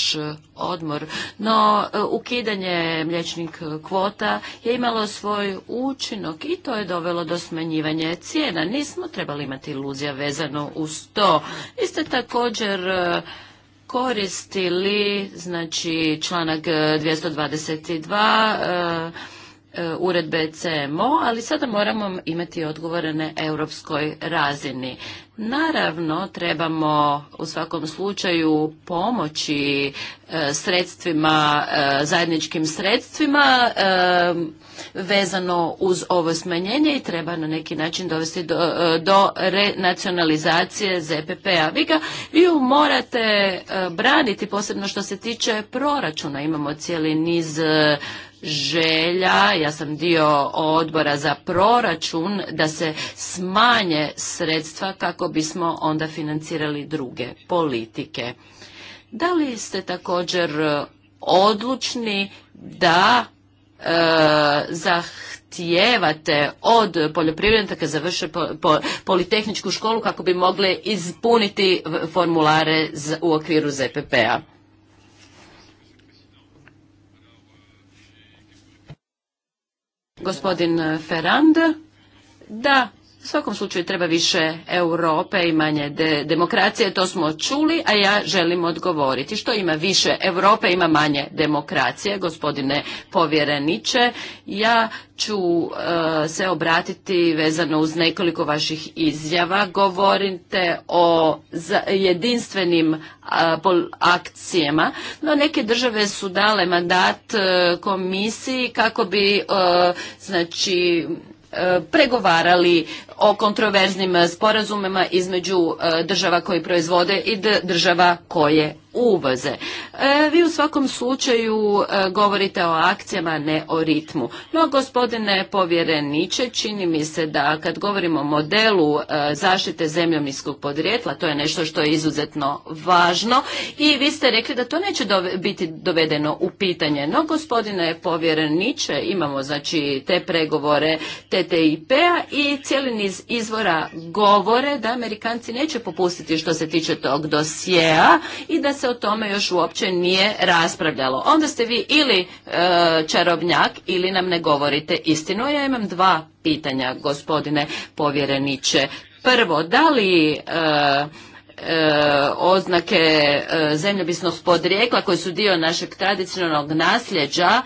odmor. No, ukidanje mlječnih kvota je imalo svoj učinok i to je dovelo do smanjivanja cijena. Nismo trebali imati iluzija vezano uz to. ste također e, koristili, znači članak 222, E, uredbe CMO, ali sada moramo imati odgovore na europskoj razini. Naravno, trebamo u svakom slučaju pomoći e, sredstvima, e, zajedničkim sredstvima vezano uz ovo smanjenje i treba na neki način dovesti do, renacionalizacije ZPP-a. Vi ga vi morate braniti, posebno što se tiče proračuna. Imamo cijeli niz želja, ja sam dio odbora za proračun, da se smanje sredstva kako bismo onda financirali druge politike. Da li ste također odlučni da e, zahtijevate od poljoprivrednika završe po, politehničku školu kako bi mogle ispuniti formulare u okviru ZPP-a? gospodin Ferrand. Da, u svakom slučaju treba više Europe i manje demokracije, to smo čuli, a ja želim odgovoriti. Što ima više Europe, ima manje demokracije, gospodine povjereniče. Ja ću e, se obratiti vezano uz nekoliko vaših izjava. Govorite o jedinstvenim akcijama, no neke države su dale mandat e, komisiji kako bi e, znači pregovarali o kontroverznim sporazumima između e, država koje proizvode i država koje uvoze. E, vi u svakom slučaju e, govorite o akcijama, ne o ritmu. No, gospodine povjereniče, čini mi se da kad govorimo o modelu e, zaštite zemljomiskog podrijetla, to je nešto što je izuzetno važno i vi ste rekli da to neće biti dovedeno u pitanje. No, gospodine povjereniče, imamo znači te pregovore TTIP-a i cijeli niz izvora govore da Amerikanci neće popustiti što se tiče tog dosjea i da se se o tome još uopće nije raspravljalo. Onda ste vi ili e, čarobnjak ili nam ne govorite istinu. Ja imam dva pitanja, gospodine povjereniče. Prvo, da li... E, e, oznake e, zemljopisnog podrijekla koje su dio našeg tradicionalnog nasljeđa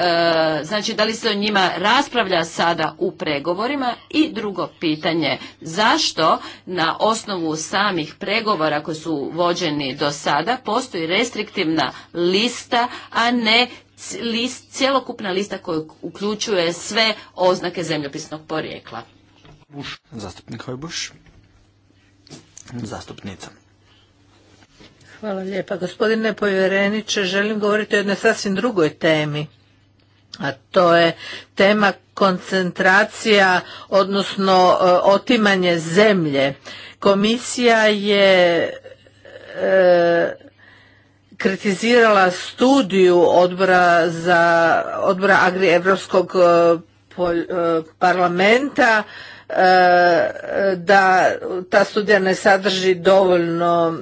E, znači da li se o njima raspravlja sada u pregovorima i drugo pitanje zašto na osnovu samih pregovora koji su vođeni do sada postoji restriktivna lista a ne list, cjelokupna lista koja uključuje sve oznake zemljopisnog porijekla. Zastupnik Hojbuš. Zastupnica. Hvala lijepa. Gospodine povjereniče, želim govoriti o jednoj sasvim drugoj temi a to je tema koncentracija odnosno e, otimanje zemlje komisija je e, kritizirala studiju odbora za agri europskog e, parlamenta da ta studija ne sadrži dovoljno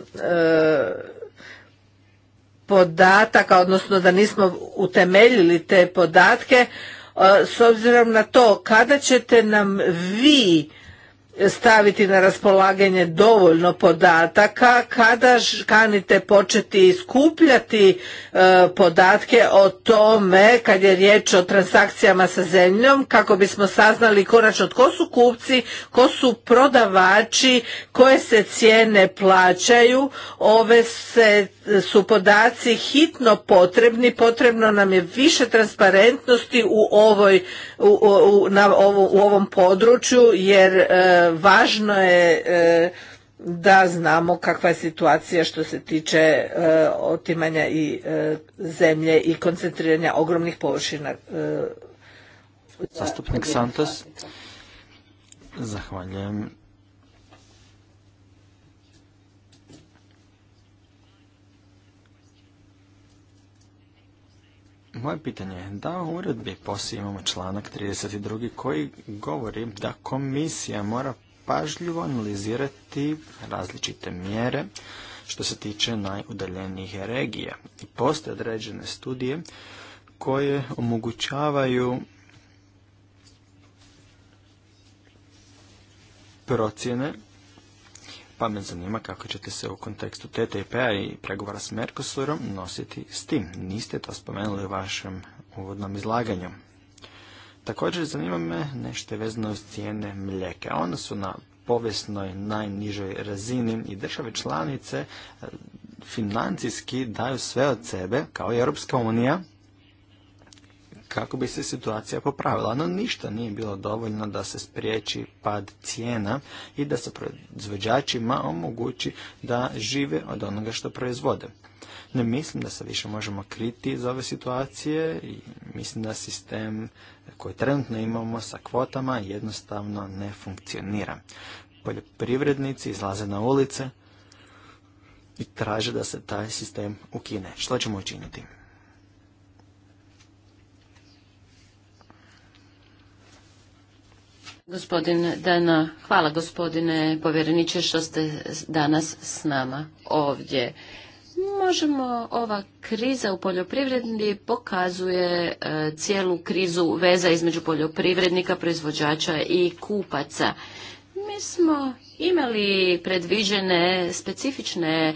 podataka, odnosno da nismo utemeljili te podatke, e, s obzirom na to kada ćete nam vi staviti na raspolaganje dovoljno podataka kada kanite početi skupljati e, podatke o tome kad je riječ o transakcijama sa zemljom kako bismo saznali konačno tko su kupci, ko su prodavači, koje se cijene plaćaju. Ove se, su podaci hitno potrebni, potrebno nam je više transparentnosti u, ovoj, u, u, na, u ovom području jer e, važno je e, da znamo kakva je situacija što se tiče e, otimanja i e, zemlje i koncentriranja ogromnih površina. Zastupnik Santos. Zahvaljujem. Moje pitanje je da u uredbi poslije imamo članak 32. koji govori da komisija mora pažljivo analizirati različite mjere što se tiče najudaljenijih regija. I postoje određene studije koje omogućavaju procjene pa me zanima kako ćete se u kontekstu TTIP-a i pregovora s Mercosurom nositi s tim. Niste to spomenuli u vašem uvodnom izlaganju. Također zanima me nešto vezano s cijene mlijeka. One su na povijesnoj najnižoj razini i države članice e, financijski daju sve od sebe, kao i Europska unija, kako bi se situacija popravila. No ništa nije bilo dovoljno da se spriječi pad cijena i da se proizvođačima omogući da žive od onoga što proizvode. Ne mislim da se više možemo kriti iz ove situacije i mislim da sistem koji trenutno imamo sa kvotama jednostavno ne funkcionira. Poljoprivrednici izlaze na ulice i traže da se taj sistem ukine. Što ćemo učiniti? Gospodine Dana, hvala gospodine povjereniče što ste danas s nama ovdje. Možemo, ova kriza u poljoprivredni pokazuje e, cijelu krizu veza između poljoprivrednika, proizvođača i kupaca smo imali predviđene specifične e,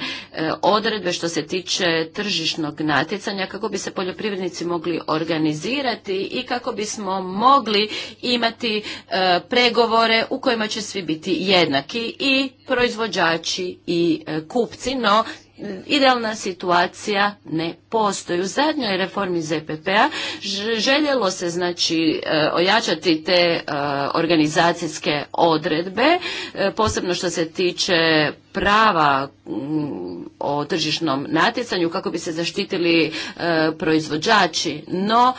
odredbe što se tiče tržišnog natjecanja kako bi se poljoprivrednici mogli organizirati i kako bismo mogli imati e, pregovore u kojima će svi biti jednaki i proizvođači i e, kupci, no idealna situacija ne postoji. U zadnjoj reformi ZPP-a željelo se znači e, ojačati te e, organizacijske odredbe, e, posebno što se tiče prava mm, o tržišnom natjecanju kako bi se zaštitili proizvođači, no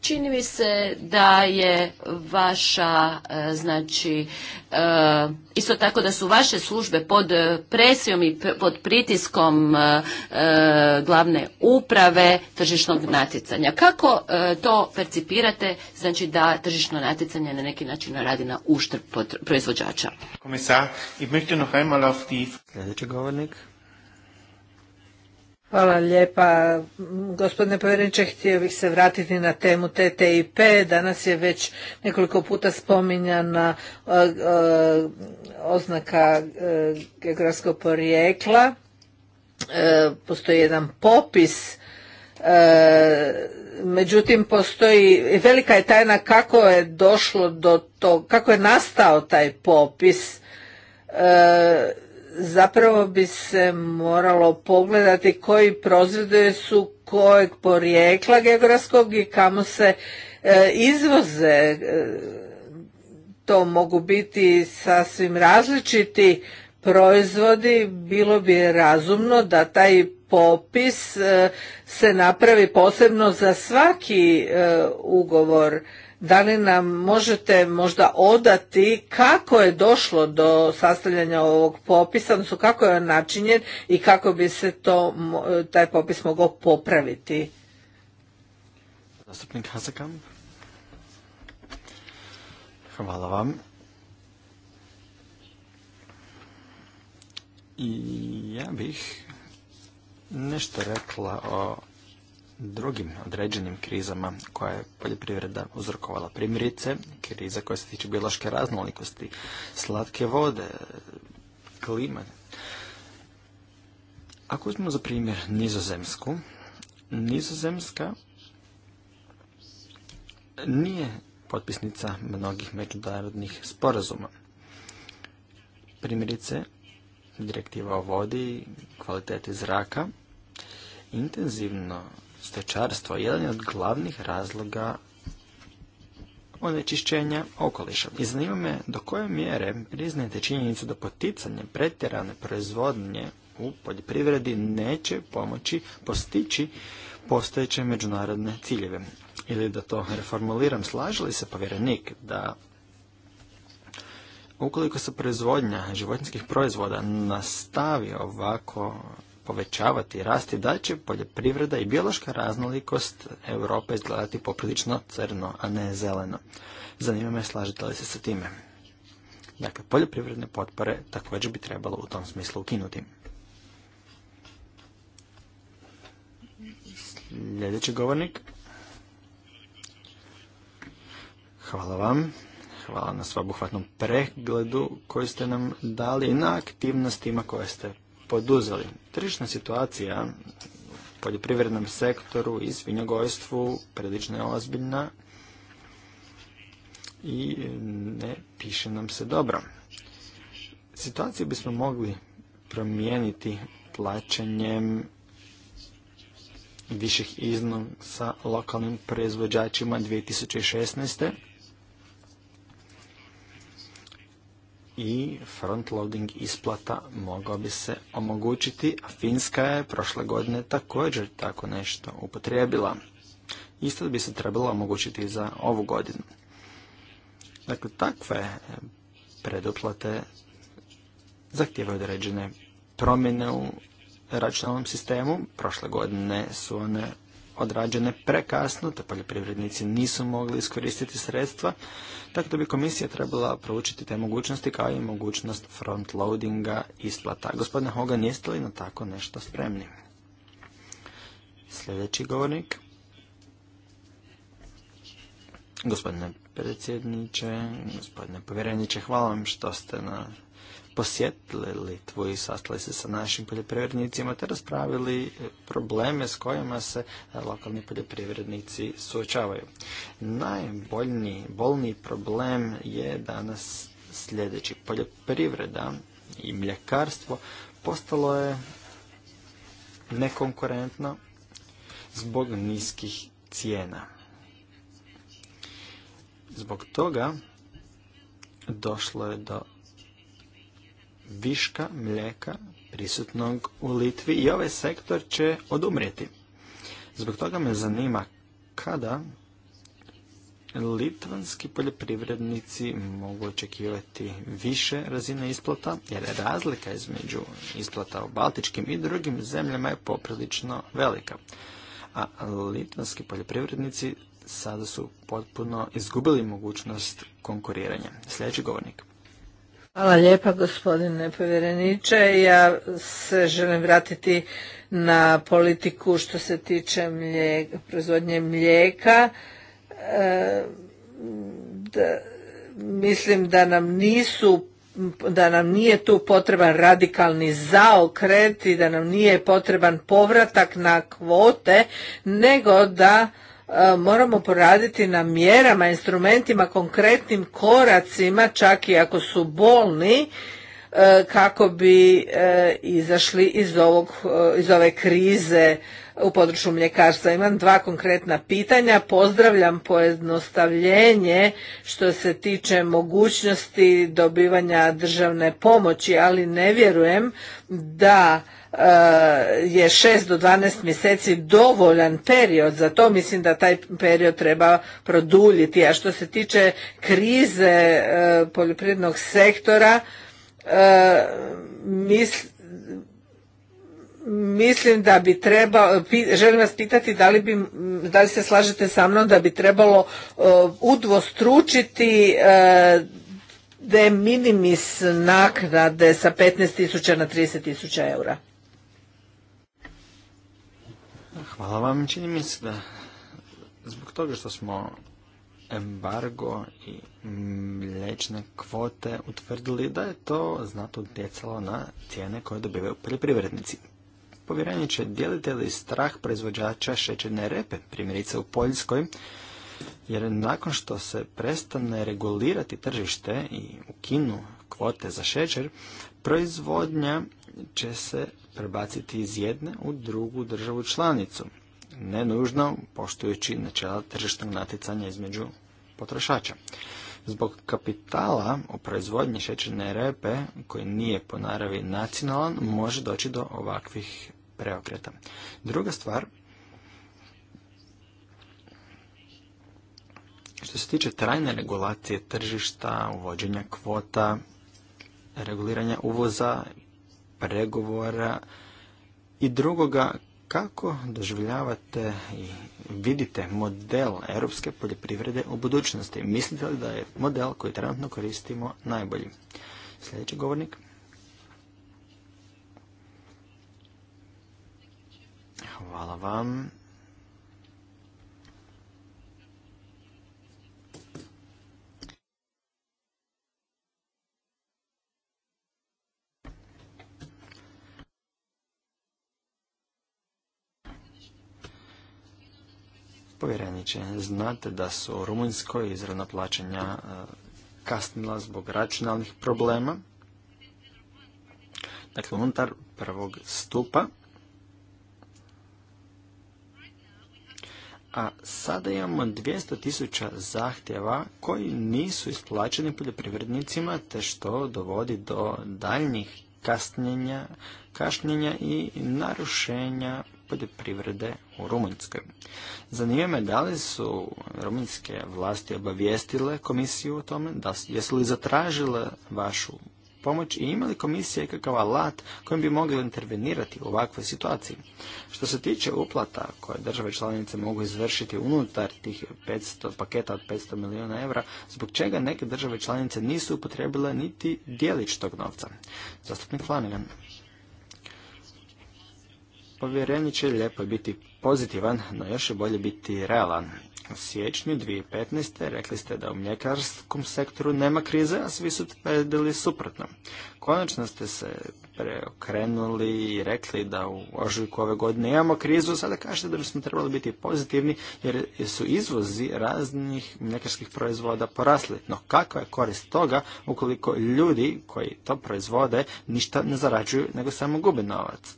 Čini mi se da je vaša, e, znači, e, isto tako da su vaše službe pod presijom i pod pritiskom e, glavne uprave tržišnog natjecanja. Kako to percipirate, znači da tržišno natjecanje na neki način radi na uštrb proizvođača? Komisar, Sljedeći govornik. Hvala lijepa. Gospodine povjereniče, htio bih se vratiti na temu TTIP. Danas je već nekoliko puta spominjana e, e, oznaka e, geografskog porijekla. Postoji jedan popis međutim postoji velika je tajna kako je došlo do tog kako je nastao taj popis zapravo bi se moralo pogledati koji prozvode su kojeg porijekla geografskog i kamo se e, izvoze. E, to mogu biti sasvim različiti proizvodi, bilo bi razumno da taj popis e, se napravi posebno za svaki ugovor da li nam možete možda odati kako je došlo do sastavljanja ovog popisa, odnosno kako je on načinjen i kako bi se to, taj popis mogao popraviti? Zastupnik Hasekam. Hvala vam. I ja bih nešto rekla o drugim određenim krizama koje je poljoprivreda uzrokovala. Primjerice, kriza koja se tiče biološke raznolikosti, slatke vode, klima. Ako uzmemo za primjer nizozemsku, nizozemska nije potpisnica mnogih međunarodnih sporazuma. Primjerice, direktiva o vodi, kvaliteti zraka, intenzivno stočarstvo jedan je od glavnih razloga onečišćenja okoliša. I zanima me do koje mjere priznajete činjenicu da poticanje pretjerane proizvodnje u poljoprivredi neće pomoći postići postojeće međunarodne ciljeve. Ili da to reformuliram, slaže li se povjerenik da ukoliko se proizvodnja životinskih proizvoda nastavi ovako povećavati i rasti, da će poljoprivreda i biološka raznolikost Europe izgledati poprilično crno, a ne zeleno. Zanima me slažete li se sa time. Dakle, poljoprivredne potpore također bi trebalo u tom smislu ukinuti. Sljedeći govornik. Hvala vam. Hvala na svobuhvatnom pregledu koji ste nam dali i na aktivnostima koje ste poduzeli. Tržišna situacija u poljoprivrednom sektoru i svinjogojstvu prilično je ozbiljna i ne piše nam se dobro. Situaciju bismo mogli promijeniti plaćanjem viših iznosa lokalnim proizvođačima 2016. i front loading isplata mogao bi se omogućiti, a Finska je prošle godine također tako nešto upotrijebila. Isto bi se trebalo omogućiti za ovu godinu. Dakle, takve e, preduplate zahtijevaju određene promjene u računalnom sistemu. Prošle godine su one odrađene prekasno, te poljoprivrednici nisu mogli iskoristiti sredstva, tako da bi komisija trebala proučiti te mogućnosti kao i mogućnost front frontloadinga isplata. Gospodine Hogan, jeste li na tako nešto spremni? Sljedeći govornik. Gospodine predsjedniče, gospodine povjereniče, hvala vam što ste na posjetili Litvu i sastali se sa našim poljoprivrednicima te raspravili e, probleme s kojima se e, lokalni poljoprivrednici suočavaju. bolni problem je danas sljedeći. Poljoprivreda i mljekarstvo postalo je nekonkurentno zbog niskih cijena. Zbog toga došlo je do viška mlijeka prisutnog u Litvi i ovaj sektor će odumrijeti. Zbog toga me zanima kada litvanski poljoprivrednici mogu očekivati više razine isplata, jer razlika između isplata u baltičkim i drugim zemljama je poprilično velika. A litvanski poljoprivrednici sada su potpuno izgubili mogućnost konkuriranja. Sljedeći govornik. Hvala lijepa gospodine povjereniče. Ja se želim vratiti na politiku što se tiče mlijeka, proizvodnje mlijeka. E, mislim da nam nisu da nam nije tu potreban radikalni zaokret i da nam nije potreban povratak na kvote, nego da E, moramo poraditi na mjerama, instrumentima, konkretnim koracima, čak i ako su bolni, e, kako bi e, izašli iz, ovog, iz ove krize u području mljekarstva. Imam dva konkretna pitanja. Pozdravljam pojednostavljenje što se tiče mogućnosti dobivanja državne pomoći, ali ne vjerujem da je 6 do 12 mjeseci dovoljan period za to mislim da taj period treba produljiti a što se tiče krize e, poljoprivrednog sektora e, mislim da bi trebalo, želim vas pitati da li, bi, da li se slažete sa mnom da bi trebalo e, udvostručiti de minimis naknade sa 15.000 na 30.000 eura. Hvala vam. Čini mi se da zbog toga što smo embargo i mlječne kvote utvrdili da je to znatno utjecalo na cijene koje dobivaju poljoprivrednici. će dijelite li strah proizvođača šećerne repe, primjerice u Poljskoj, jer nakon što se prestane regulirati tržište i ukinu kvote za šećer, proizvodnja će se prebaciti iz jedne u drugu državu članicu, ne nužno poštujući načela tržišnog natjecanja između potrošača. Zbog kapitala u proizvodnji šećerne repe, koji nije po naravi nacionalan, može doći do ovakvih preokreta. Druga stvar, što se tiče trajne regulacije tržišta, uvođenja kvota, reguliranja uvoza, pregovora i drugoga kako doživljavate i vidite model europske poljoprivrede u budućnosti? Mislite li da je model koji trenutno koristimo najbolji? Sljedeći govornik. Hvala vam. Povjereniče, znate da su u Rumunjskoj izravna plaćanja e, kasnila zbog računalnih problema. Dakle, unutar prvog stupa. A sada imamo 200.000 tisuća zahtjeva koji nisu isplaćeni poljoprivrednicima, te što dovodi do daljnjih kasnjenja, kašnjenja i narušenja poljoprivrede u Rumunjskoj. Zanima me da li su rumunjske vlasti obavijestile komisiju o tome, da jesu li zatražile vašu pomoć i imali li komisija ikakav alat kojim bi mogli intervenirati u ovakvoj situaciji. Što se tiče uplata koje države članice mogu izvršiti unutar tih 500 paketa od 500 milijuna eura, zbog čega neke države članice nisu upotrebile niti dijelić tog novca. Zastupnik Flanagan će lijepo biti pozitivan, no još je bolje biti realan. U siječnju 2015. rekli ste da u mljekarskom sektoru nema krize, a svi su tvrdili suprotno. Konačno ste se preokrenuli i rekli da u ožujku ove godine imamo krizu, sada kažete da bismo trebali biti pozitivni jer su izvozi raznih mljekarskih proizvoda porasli. No kakva je korist toga ukoliko ljudi koji to proizvode ništa ne zarađuju nego samo gube novac?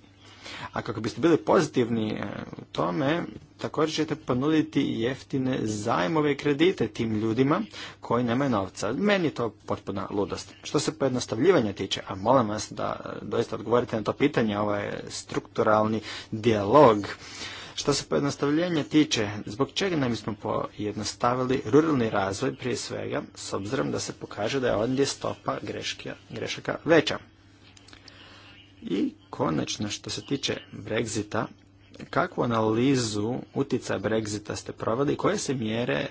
A kako biste bili pozitivni e, u tome, također ćete ponuditi jeftine zajmove i kredite tim ljudima koji nemaju novca. Meni je to potpuna ludost. Što se pojednostavljivanja tiče, a molim vas da e, doista odgovorite na to pitanje, ovaj strukturalni dijalog. Što se pojednostavljenja tiče, zbog čega nam smo pojednostavili ruralni razvoj prije svega, s obzirom da se pokaže da je ondje stopa grešaka veća. I konačno što se tiče Brexita, kakvu analizu utjecaja Brexita ste proveli i koje se mjere e,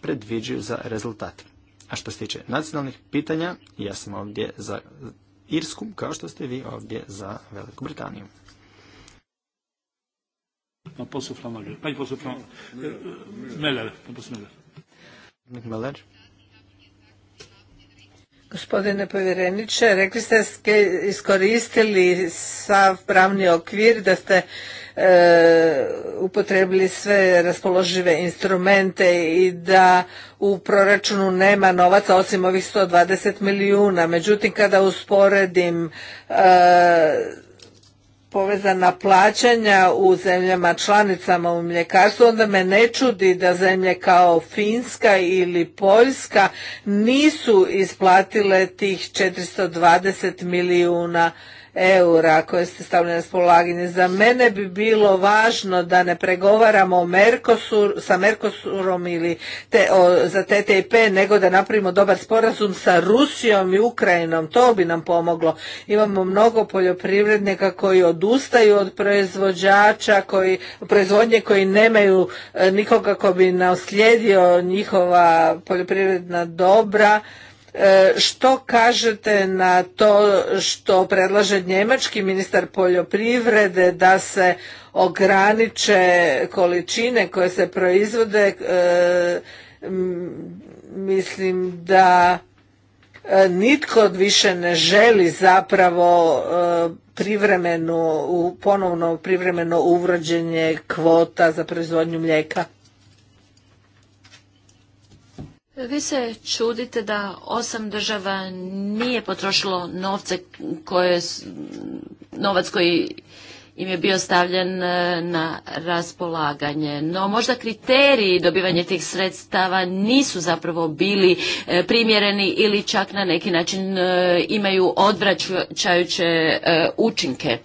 predviđuju za rezultat? A što se tiče nacionalnih pitanja, ja sam ovdje za Irsku, kao što ste vi ovdje za Veliku Britaniju. E, e, Meler. Gospodine povjereniče, rekli ste iskoristili sav pravni okvir, da ste e, upotrebili sve raspoložive instrumente i da u proračunu nema novaca osim ovih 120 milijuna. Međutim, kada usporedim e, povezana plaćanja u zemljama članicama u mljekarstvu, onda me ne čudi da zemlje kao Finska ili Poljska nisu isplatile tih 420 milijuna eura koje ste stavili na Za mene bi bilo važno da ne pregovaramo sa Mercosurom ili za TTP, nego da napravimo dobar sporazum sa Rusijom i Ukrajinom. To bi nam pomoglo. Imamo mnogo poljoprivrednika koji odustaju od proizvođača, koji, proizvodnje koji nemaju e, nikoga ko bi naslijedio njihova poljoprivredna dobra E, što kažete na to što predlaže njemački ministar poljoprivrede da se ograniče količine koje se proizvode? E, mislim da e, nitko više ne želi zapravo privremeno, ponovno privremeno uvođenje kvota za proizvodnju mlijeka. Vi se čudite da osam država nije potrošilo novce koje, novac koji im je bio stavljen e, na raspolaganje. No možda kriteriji dobivanja tih sredstava nisu zapravo bili e, primjereni ili čak na neki način e, imaju odvraćajuće učinke.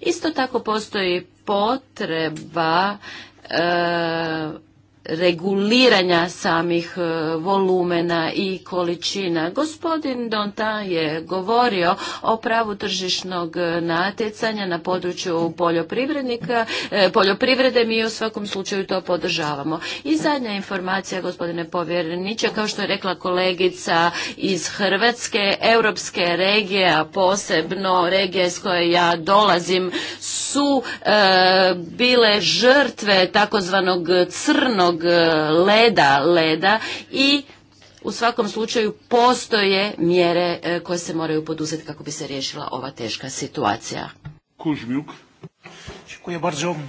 Isto tako postoji potreba reguliranja samih e, volumena i količina. Gospodin Donta je govorio o pravu tržišnog e, natjecanja na području poljoprivrednika, e, poljoprivrede mi u svakom slučaju to podržavamo. I zadnja informacija gospodine povjereniče, kao što je rekla kolegica iz Hrvatske, europske regije, a posebno regije s koje ja dolazim su bile žrtve takozvanog crnog E, leda leda i u svakom slučaju postoje mjere e, koje se moraju poduzeti kako bi se riješila ova teška situacija. Kužmjuk.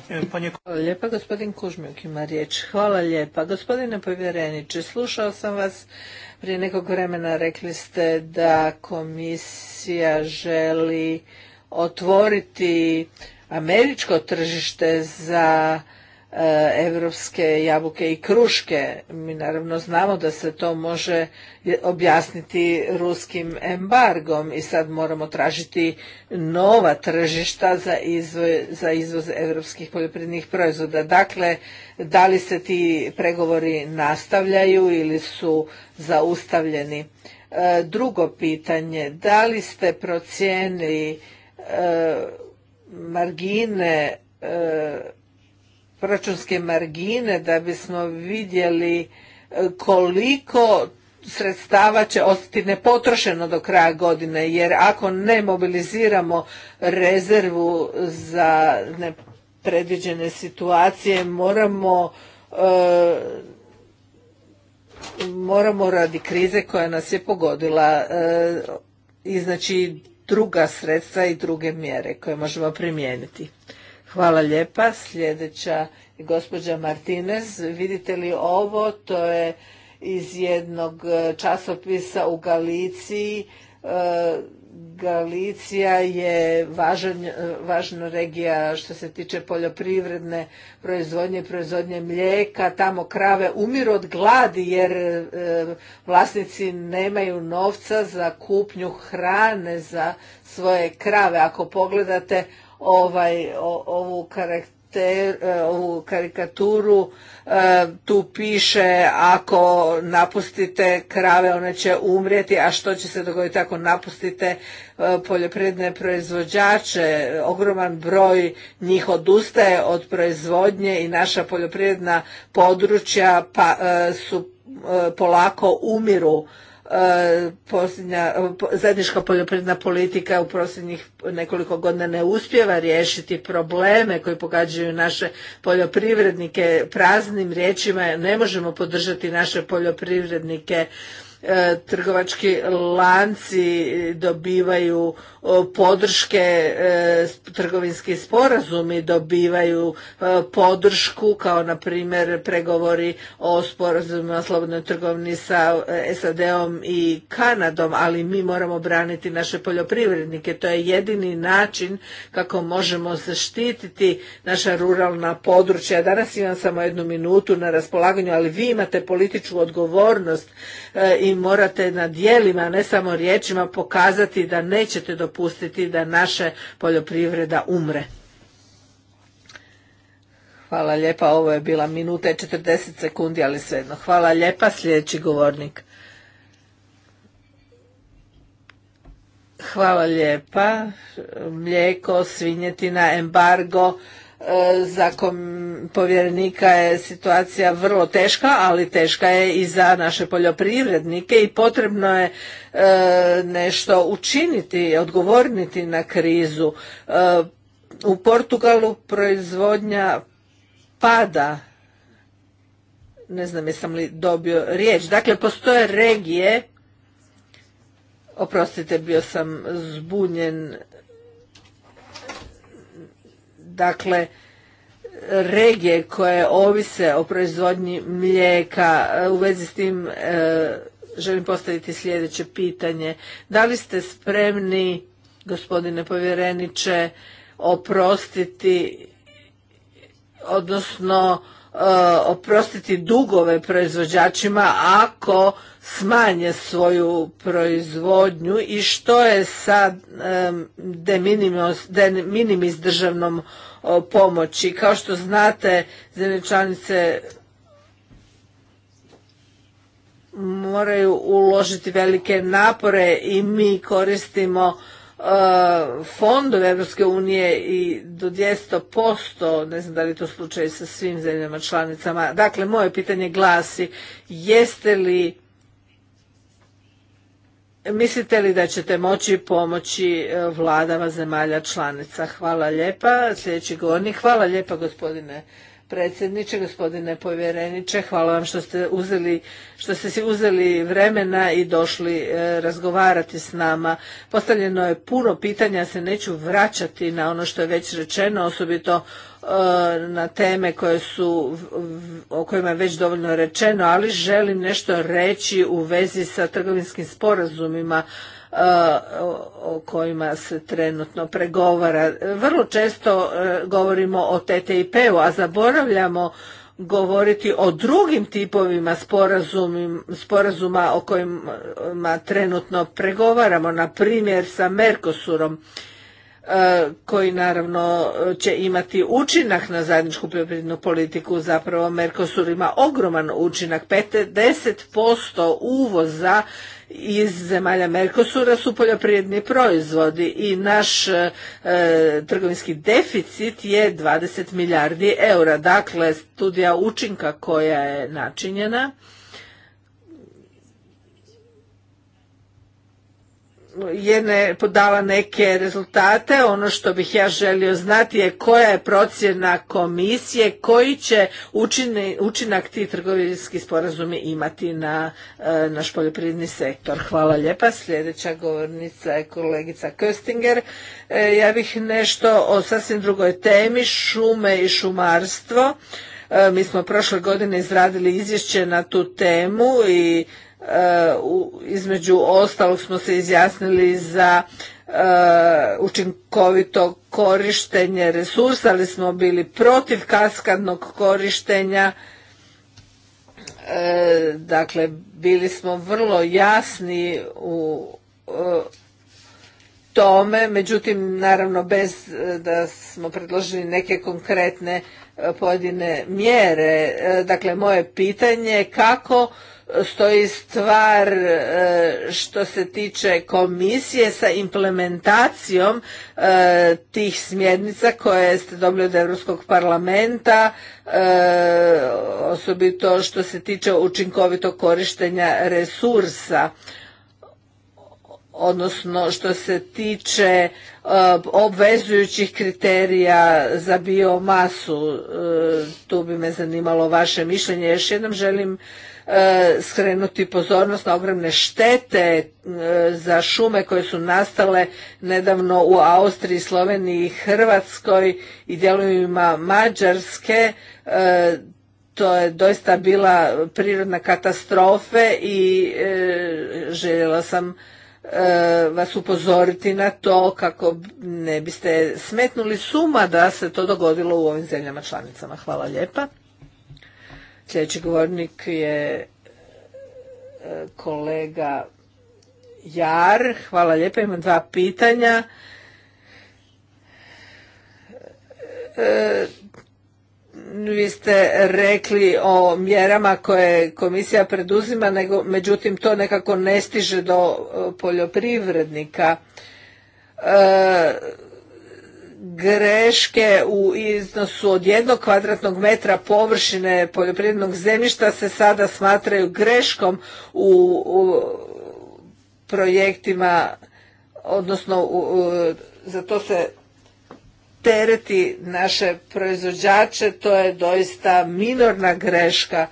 E, Hvala lijepa, gospodin Kužmjuk ima riječ. Hvala lijepa. Gospodine povjereniče, slušao sam vas prije nekog vremena, rekli ste da komisija želi otvoriti američko tržište za Eh, evropske jabuke i kruške. Mi naravno znamo da se to može objasniti ruskim embargom i sad moramo tražiti nova tržišta za izvoz, za izvoz evropskih poljoprivrednih proizvoda. Dakle, da li se ti pregovori nastavljaju ili su zaustavljeni? Eh, drugo pitanje, da li ste procijenili eh, margine proračunske margine da bismo vidjeli e, koliko sredstava će ostati nepotrošeno do kraja godine, jer ako ne mobiliziramo rezervu za nepredviđene situacije, moramo e, moramo radi krize koja nas je pogodila i e, iznaći druga sredstva i druge mjere koje možemo primijeniti. Hvala lijepa. Sljedeća je gospođa Martinez. Vidite li ovo? To je iz jednog e, časopisa u Galiciji. E, Galicija je e, važna regija što se tiče poljoprivredne proizvodnje proizvodnje mlijeka. Tamo krave umiru od gladi jer vlasnici nemaju novca za kupnju hrane za svoje krave. Ako pogledate ovaj, ovu karakter e, ovu karikaturu e, tu piše ako napustite krave one će umrijeti a što će se dogoditi ako napustite e, poljoprivredne proizvođače ogroman broj njih odustaje od proizvodnje i naša poljoprivredna područja pa, su polako umiru E, posljednja e, zajednička poljoprivredna politika u posljednjih nekoliko godina ne uspjeva riješiti probleme koji pogađaju naše poljoprivrednike praznim riječima ne možemo podržati naše poljoprivrednike E, trgovački lanci dobivaju podrške, e, trgovinski sporazumi dobivaju e, podršku kao na primjer pregovori o sporazumima o slobodnoj trgovini sa SAD-om i Kanadom, ali mi moramo braniti naše poljoprivrednike. To je jedini način kako možemo zaštititi naša ruralna područja. Danas imam samo jednu minutu na raspolaganju, ali vi imate političku odgovornost i morate na dijelima, ne samo riječima, pokazati da nećete dopustiti da naše poljoprivreda umre. Hvala lijepa, ovo je bila minuta i 40 sekundi, ali svejedno. Hvala lijepa, sljedeći govornik. Hvala lijepa. Mlijeko, svinjetina, embargo, E, za povjerenika je situacija vrlo teška, ali teška je i za naše poljoprivrednike i potrebno je e, nešto učiniti, odgovorniti na krizu. E, u Portugalu proizvodnja pada, ne znam jesam li dobio riječ, dakle postoje regije, oprostite bio sam zbunjen dakle regije koje ovise o proizvodnji mlijeka e, u vezi s tim e, želim postaviti sljedeće pitanje da li ste spremni gospodine povjereniče oprostiti odnosno e, oprostiti dugove proizvođačima ako smanje svoju proizvodnju i što je sa de minimis, de minimis državnom pomoći. Kao što znate, zemlje članice moraju uložiti velike napore i mi koristimo e, fondove Europske unije i do 200%, ne znam da li je to slučaj sa svim zemljama članicama. Dakle, moje pitanje glasi, jeste li Mislite li da ćete moći pomoći e, vladama zemalja članica? Hvala lijepa. Sljedeći govornik. Hvala lijepa gospodine predsjedniče, gospodine povjereniče. Hvala vam što ste, uzeli, što ste si uzeli vremena i došli e, razgovarati s nama. Postavljeno je puno pitanja, se neću vraćati na ono što je već rečeno, osobito E, na teme koje su, o kojima je već dovoljno rečeno, ali želim nešto reći u vezi sa trgovinskim sporazumima e, o kojima se trenutno pregovara. Vrlo često e, govorimo o TTIP-u, a zaboravljamo govoriti o drugim tipovima sporazuma o kojima trenutno pregovaramo, na primjer sa Merkosurom E, koji naravno e, će imati učinak na zajedničku poljoprivrednu politiku. Zapravo Mercosur ima ogroman učinak. 5-10% uvoza iz zemalja Merkosura su poljoprivredni proizvodi i naš e, trgovinski deficit je 20 milijardi eura. Dakle, studija učinka koja je načinjena je ne podala neke rezultate. Ono što bih ja želio znati je koja je procjena komisije, koji će učinak ti trgovinski sporazumi imati na e, naš poljoprivredni sektor. Hvala lijepa. Sljedeća govornica je kolegica Köstinger. E, ja bih nešto o sasvim drugoj temi, šume i šumarstvo. E, mi smo prošle godine izradili izvješće na tu temu i između ostalog smo se izjasnili za e, učinkovito korištenje resursa, ali smo bili protiv kaskadnog korištenja. E, dakle, bili smo vrlo jasni u e, tome, međutim, naravno, bez da smo predložili neke konkretne pojedine mjere. Dakle, moje pitanje je kako stoji stvar e, što se tiče komisije sa implementacijom e, tih smjernica koje ste dobili od Europskog parlamenta, e, osobito što se tiče učinkovitog korištenja resursa odnosno što se tiče obvezujućih kriterija za biomasu. Tu bi me zanimalo vaše mišljenje. Još jednom želim E, skrenuti pozornost na ogromne štete e, za šume koje su nastale nedavno u Austriji, Sloveniji i Hrvatskoj i dijelovima Mađarske. E, to je doista bila prirodna katastrofe i željela sam vas upozoriti na to kako ne biste smetnuli suma da se to dogodilo u ovim zemljama članicama. Hvala lijepa. Sljedeći govornik je e, kolega Jar. Hvala lijepa, imam dva pitanja. E, vi ste rekli o mjerama koje komisija preduzima, nego međutim to nekako ne stiže do e, poljoprivrednika greške u iznosu od jednog kvadratnog metra površine poljoprivrednog zemljišta se sada smatraju greškom u, projektima, odnosno za to se tereti naše proizvođače, to je doista minorna greška.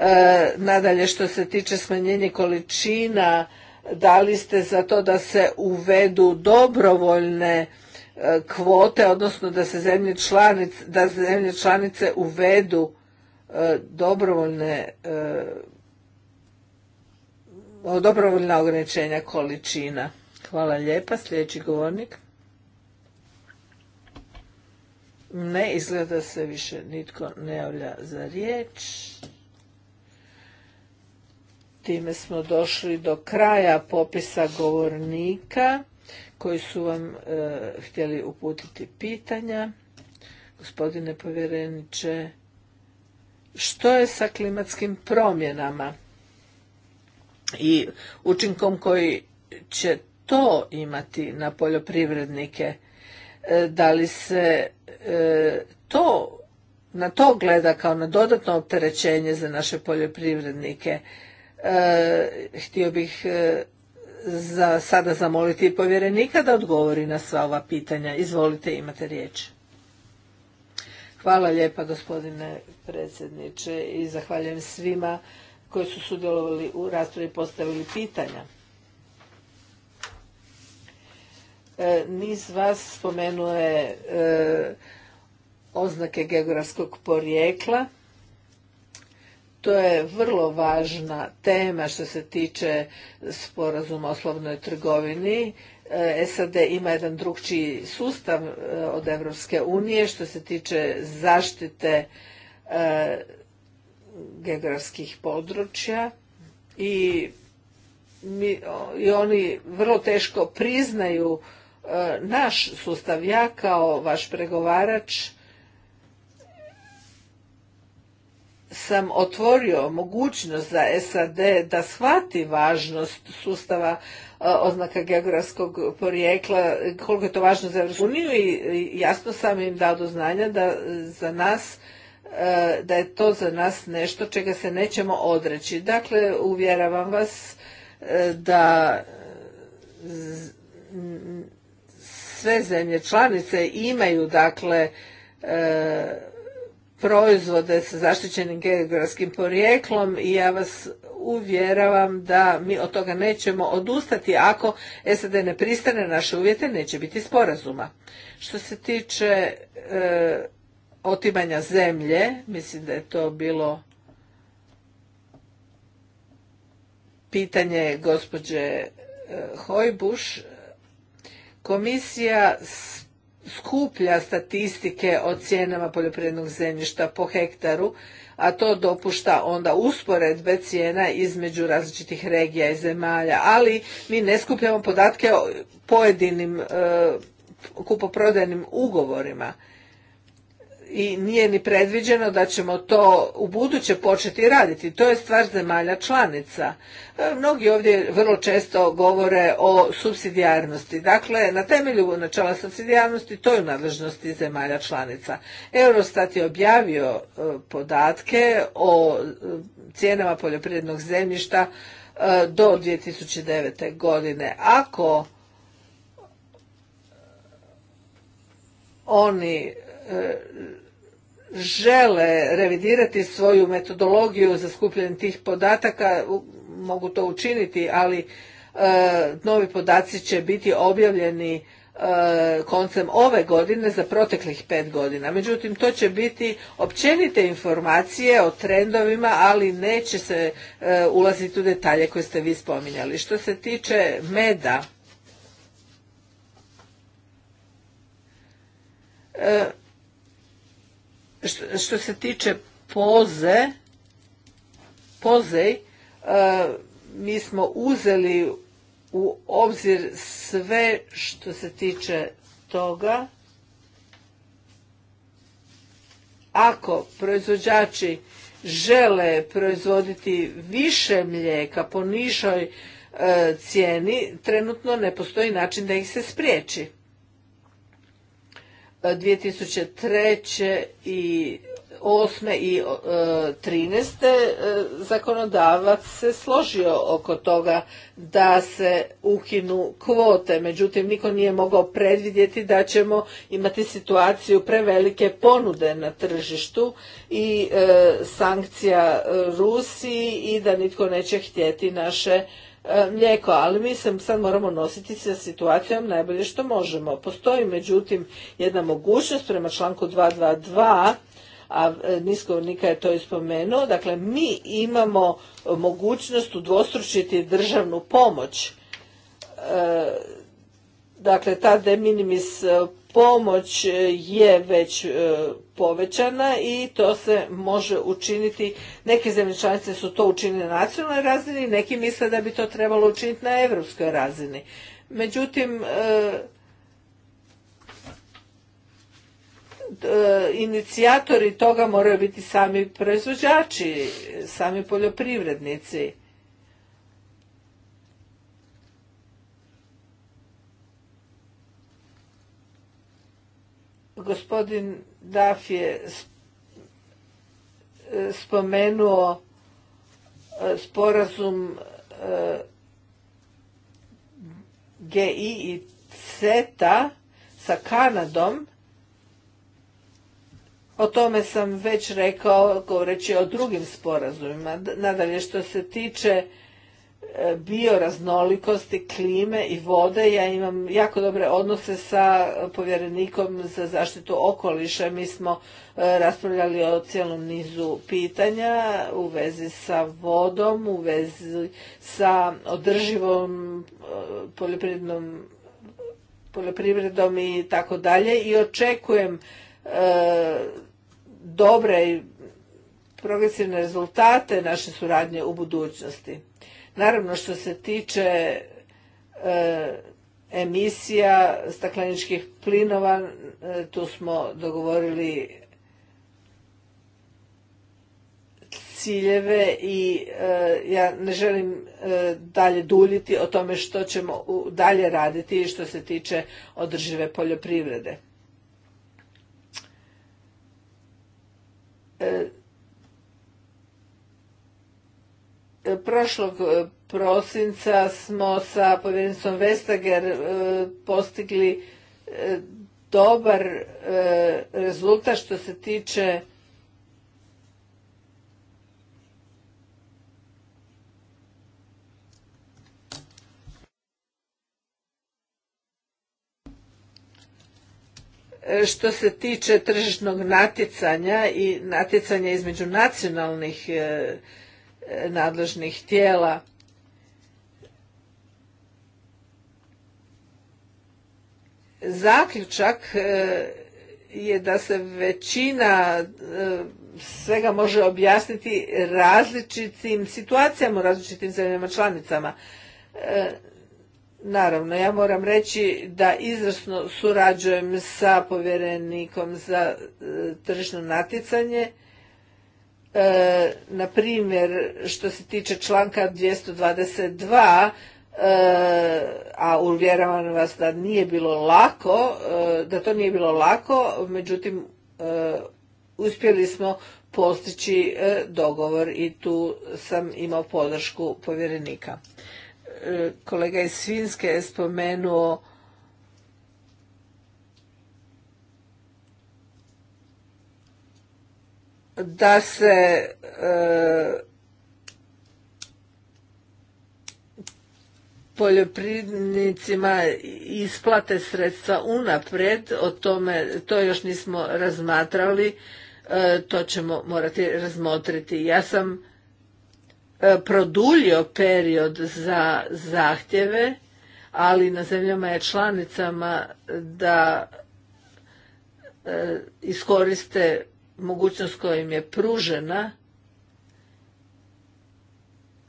E, nadalje što se tiče smanjenja količina, da li ste za to da se uvedu dobrovoljne kvote, odnosno da se zemlje članice, da zemlje članice uvedu e, dobrovoljne e, dobrovoljna ograničenja količina. Hvala lijepa. Sljedeći govornik. Ne, izgleda se više nitko ne javlja za riječ. Time smo došli do kraja popisa govornika koji su vam e, htjeli uputiti pitanja. Gospodine povjereniče, što je sa klimatskim promjenama i učinkom koji će to imati na poljoprivrednike? E, da li se e, to na to gleda kao na dodatno opterećenje za naše poljoprivrednike? htio bih za sada zamoliti povjerenika da odgovori na sva ova pitanja. Izvolite, imate riječ. Hvala lijepa gospodine predsjedniče i zahvaljujem svima koji su sudjelovali u raspravi i postavili pitanja. E, niz vas spomenuje e, oznake geografskog porijekla to je vrlo važna tema što se tiče sporazuma o slobodnoj trgovini. E, SAD ima jedan drugčiji sustav e, od Europske unije što se tiče zaštite e, geografskih područja i, i oni vrlo teško priznaju naš sustav. Ja kao vaš pregovarač sam otvorio mogućnost za SAD da shvati važnost sustava e, oznaka geografskog porijekla, koliko je to važno za EU i jasno sam im dao do znanja da za nas e, da je to za nas nešto čega se nećemo odreći. Dakle, uvjeravam vas e, da sve zemlje članice imaju dakle proizvode sa zaštićenim geografskim porijeklom i ja vas uvjeravam da mi od toga nećemo odustati ako SAD ne pristane naše uvjete neće biti sporazuma. Što se tiče e, otimanja zemlje, mislim da je to bilo pitanje gospođe e, Hojbuš. Komisija skuplja statistike o cijenama poljoprivrednog zemljišta po hektaru, a to dopušta onda usporedbe cijena između različitih regija i zemalja, ali mi ne skupljamo podatke o pojedinim e, kupoprodajnim ugovorima i nije ni predviđeno da ćemo to u buduće početi raditi. To je stvar zemalja članica. E, mnogi ovdje vrlo često govore o subsidijarnosti. Dakle, na temelju načela subsidijarnosti to je u nadležnosti zemalja članica. Eurostat je objavio e, podatke o e, cijenama poljoprivrednog zemljišta do 2009. godine. Ako oni žele revidirati svoju metodologiju za skupljanje tih podataka mogu to učiniti ali e, novi podaci će biti objavljeni e, koncem ove godine za proteklih pet godina. Međutim, to će biti općenite informacije o trendovima, ali neće se e, ulaziti u detalje koje ste vi spominjali. Što se tiče meda, što se tiče poze, pozej, eh, mi smo uzeli u obzir sve što se tiče toga. Ako proizvođači žele proizvoditi više mlijeka po nišoj eh, cijeni, trenutno ne postoji način da ih se spriječi. 2003. i 8. i 13. E, e, zakonodavac se složio oko toga da se ukinu kvote. Međutim, niko nije mogao predvidjeti da ćemo imati situaciju prevelike ponude na tržištu i e, sankcija Rusiji i da nitko neće htjeti naše E, mlijeko, ali mi se sad moramo nositi sa situacijom najbolje što možemo. Postoji međutim jedna mogućnost prema članku 222 a e, nika je to ispomenuo, dakle mi imamo mogućnost udvostručiti državnu pomoć. E, dakle, ta de minimis pomoć e, je već e, povećana i to se može učiniti. Neke zemlje članice su to učinile na nacionalnoj razini, neki misle da bi to trebalo učiniti na europskoj razini. Međutim, e, inicijatori toga moraju biti sami proizvođači, sami poljoprivrednici. Gospodin Daf je e, spomenuo e, sporazum e, GI i CETA sa Kanadom. O tome sam već rekao govoreći o drugim sporazumima. Nadalje što se tiče bioraznolikosti, klime i vode. Ja imam jako dobre odnose sa povjerenikom za zaštitu okoliša. Mi smo e, raspravljali o cijelom nizu pitanja u vezi sa vodom, u vezi sa održivom e, poljoprivredom i tako dalje i očekujem e, dobre i progresivne rezultate naše suradnje u budućnosti. Naravno što se tiče e, emisija stakleničkih plinova, e, tu smo dogovorili ciljeve i e, ja ne želim dalje duljiti o tome što ćemo dalje raditi što se tiče održive poljoprivrede. prošlog e, prosinca smo sa povjerenicom Vestager e, postigli e, dobar rezultat što se tiče što se tiče tržišnog natjecanja i natjecanja između nacionalnih nadležnih tijela. Zaključak e, je da se većina e, svega može objasniti različitim situacijama u različitim zemljama članicama. E, naravno, ja moram reći da izvrsno surađujem sa povjerenikom za tržišno natjecanje E, na primjer, što se tiče članka 222, e, a uvjeravam vas da nije bilo lako, e, da to nije bilo lako, međutim, uspjeli smo postići dogovor i tu sam imao podršku povjerenika. Kolega iz Svinske je spomenuo da se e, poljoprivrednicima isplate sredstva unapred, o tome to još nismo razmatrali, e, to ćemo morati razmotriti. Ja sam e, produljio period za zahtjeve, ali na zemljama je članicama da iskoriste mogućnost koja im je pružena,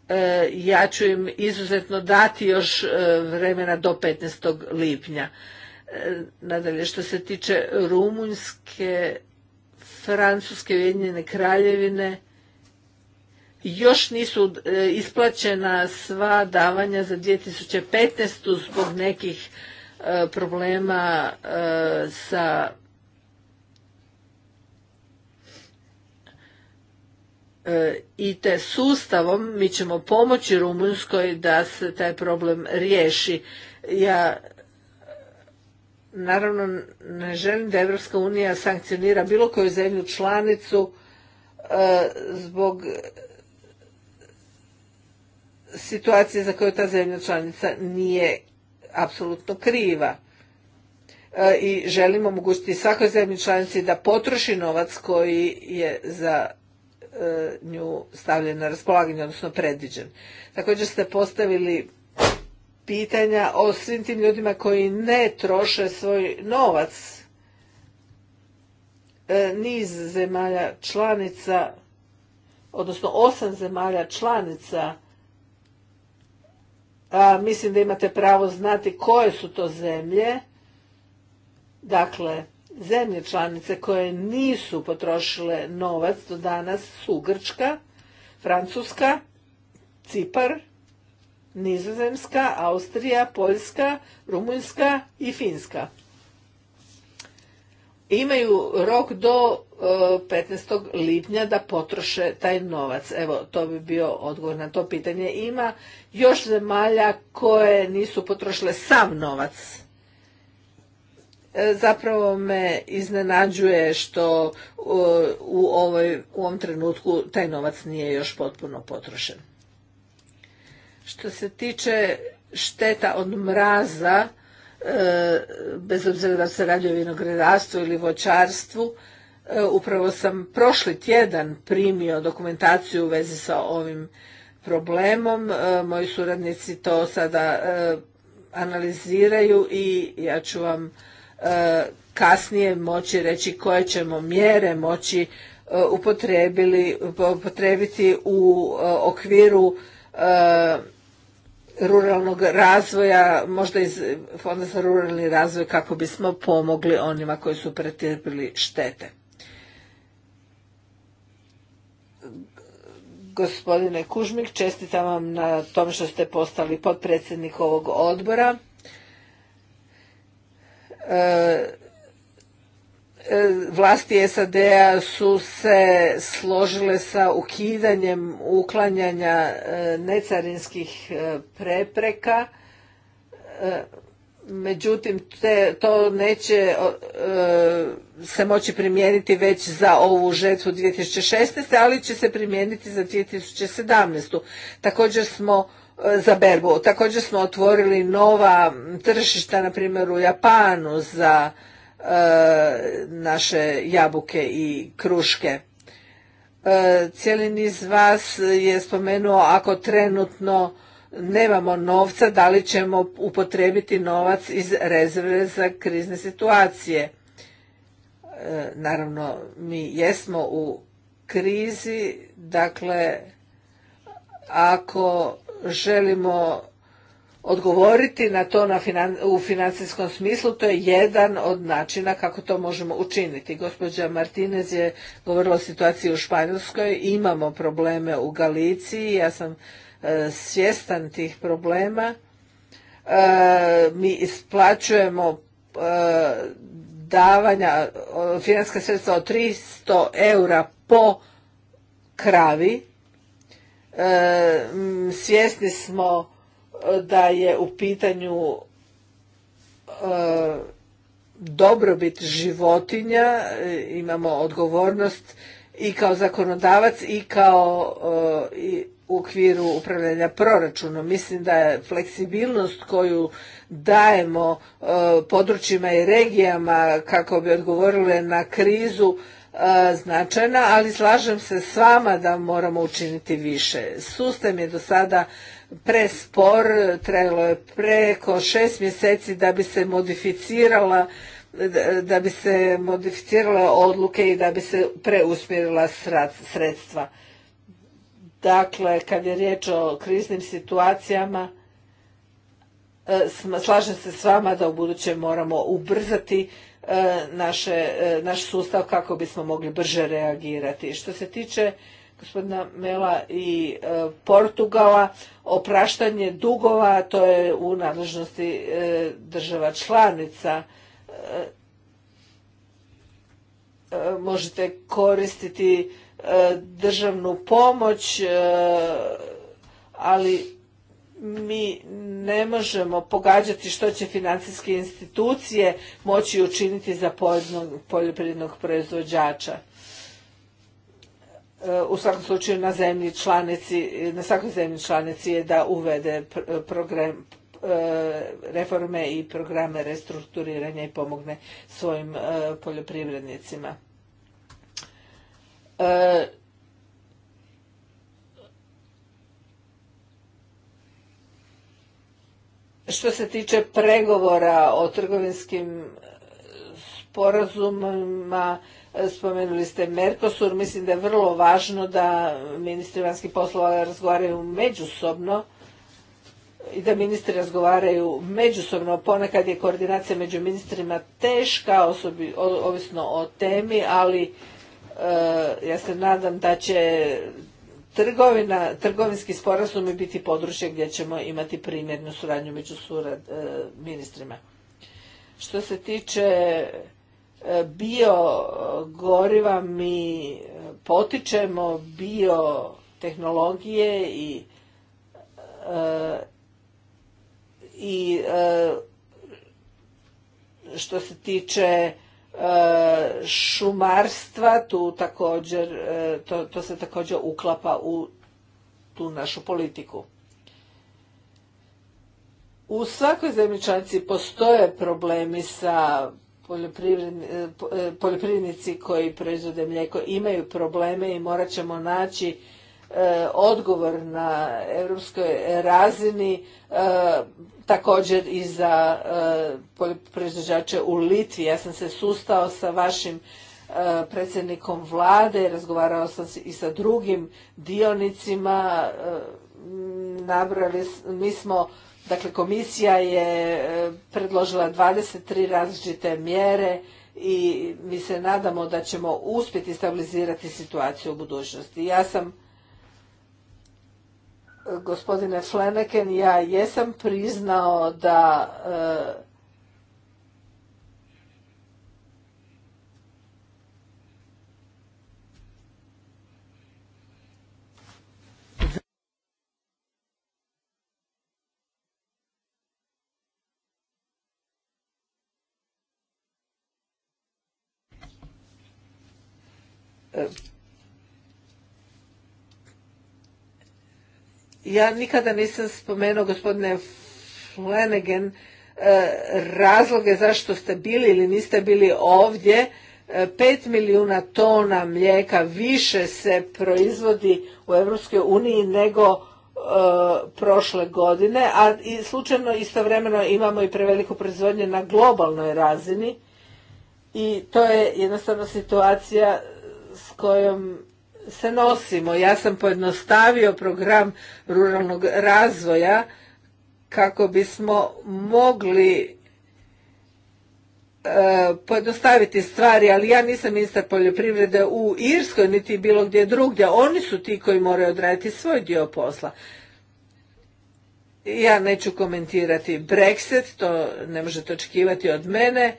e, ja ću im izuzetno dati još e, vremena do 15. lipnja. E, nadalje, što se tiče Rumunjske, Francuske, Ujedinjene kraljevine, još nisu isplaćena sva davanja za 2015. zbog nekih problema sa E, I te sustavom mi ćemo pomoći Rumunjskoj da se taj problem riješi. Ja naravno ne želim da Evropska unija sankcionira bilo koju zemlju članicu e, zbog situacije za koju ta zemlja članica nije apsolutno kriva e, i želimo omogućiti svakoj zemlji članici da potroši novac koji je za E, nju stavljen na raspolaganje, odnosno predviđen. Također ste postavili pitanja o svim tim ljudima koji ne troše svoj novac. E, niz zemalja članica, odnosno osam zemalja članica, a mislim da imate pravo znati koje su to zemlje. Dakle, zemlje članice koje nisu potrošile novac do danas su Grčka, Francuska, Cipar, Nizozemska, Austrija, Poljska, Rumunjska i Finska. Imaju rok do 15. E, lipnja da potroše taj novac. Evo, to bi bio odgovor na to pitanje. Ima još zemalja koje nisu potrošile sav novac E, zapravo me iznenađuje što e, u, ovoj, ovom trenutku taj novac nije još potpuno potrošen. Što se tiče šteta od mraza, e, bez obzira da se radi o vinogradarstvu ili voćarstvu, upravo sam prošli tjedan primio dokumentaciju u vezi sa ovim problemom. Moji suradnici to sada analiziraju i ja ću vam E, kasnije moći reći koje ćemo mjere moći e, upotrebiti u e, okviru ruralnog razvoja, možda iz Fonda za ruralni razvoj kako bismo pomogli onima koji su pretrpili štete. Gospodine Kužmik, čestitam vam na tome što ste postali potpredsjednik ovog odbora. E, e, vlasti SAD-a su se složile sa ukidanjem uklanjanja e, necarinskih prepreka međutim te, to neće se moći primijeniti već za ovu žetvu 2016. ali će se primijeniti za 2017. Također smo za berbu. Također smo otvorili nova tržišta, na primjer u Japanu za e, naše jabuke i kruške. E, cijeli niz vas je spomenuo ako trenutno nemamo novca, da li ćemo upotrebiti novac iz rezerve za krizne situacije. E, naravno, mi jesmo u krizi, dakle, ako želimo odgovoriti na to na u financijskom smislu, to je jedan od načina kako to možemo učiniti. Gospođa Martinez je govorila o situaciji u Španjolskoj, imamo probleme u Galiciji, ja sam e, svjestan tih problema. E, mi isplaćujemo e, davanja financijska sredstva od 300 eura po kravi, E, svjesni smo e, da je u pitanju e, dobrobit životinja, imamo odgovornost i kao zakonodavac i kao u okviru upravljanja proračunom. Mislim da je fleksibilnost koju dajemo područjima i regijama kako bi odgovorile na krizu E, značajna, ali slažem se s vama da moramo učiniti više. Sustav je do sada prespor, trebalo je preko šest mjeseci da bi se modificirala da bi se modificirale odluke i da bi se preusmjerila sredstva. Dakle, kad je riječ o kriznim situacijama, e, slažem se s vama da u buduće moramo ubrzati E, e, naš sustav kako bismo mogli brže reagirati. Što se tiče gospodina Mela i e, Portugala, opraštanje dugova, to je u nadležnosti država članica. Možete koristiti državnu pomoć, ali mi ne možemo pogađati što će financijske institucije moći učiniti za pojednog poljoprivrednog proizvođača. E, u svakom slučaju na zemlji članici, na svakoj zemlji članici je da uvede program, e, reforme i programe restrukturiranja i pomogne svojim e, poljoprivrednicima. Što se tiče pregovora o trgovinskim e, sporazumima, e, spomenuli ste Mercosur, mislim da je vrlo važno da ministri vanjskih poslova razgovaraju međusobno i da ministri razgovaraju međusobno. Ponekad je koordinacija među ministrima teška, ovisno o temi, ali e, ja se nadam da će trgovina, trgovinski je biti područje gdje ćemo imati primjernu suradnju među surad, e, ministrima. Što se tiče e, biogoriva, mi e, potičemo bio tehnologije i i što se tiče E, šumarstva, tu također, e, to, to se također uklapa u tu našu politiku. U svakoj zemljičanci postoje problemi sa e, poljoprivrednici koji proizvode mlijeko, imaju probleme i morat ćemo naći E, odgovor na europskoj razini e, također i za e, proizvođače u Litvi. Ja sam se sustao sa vašim predsjednikom vlade, razgovarao sam i sa drugim dionicima, nabrali, mi smo, dakle komisija je predložila 23 različite mjere i mi se nadamo da ćemo uspjeti stabilizirati situaciju u budućnosti. Ja sam gospodine Fleneken, ja jesam priznao da e, Ja nikada nisam spomenuo gospodine Flanagan e, razloge zašto ste bili ili niste bili ovdje. 5 e, milijuna tona mlijeka više se proizvodi u Europskoj uniji nego e, prošle godine, a i slučajno istovremeno imamo i preveliku proizvodnju na globalnoj razini i to je jednostavno situacija s kojom se nosimo. Ja sam pojednostavio program ruralnog razvoja kako bismo mogli e, pojednostaviti stvari, ali ja nisam ministar poljoprivrede u Irskoj niti bilo gdje drugdje. Oni su ti koji moraju odraditi svoj dio posla. Ja neću komentirati Brexit, to ne možete očekivati od mene.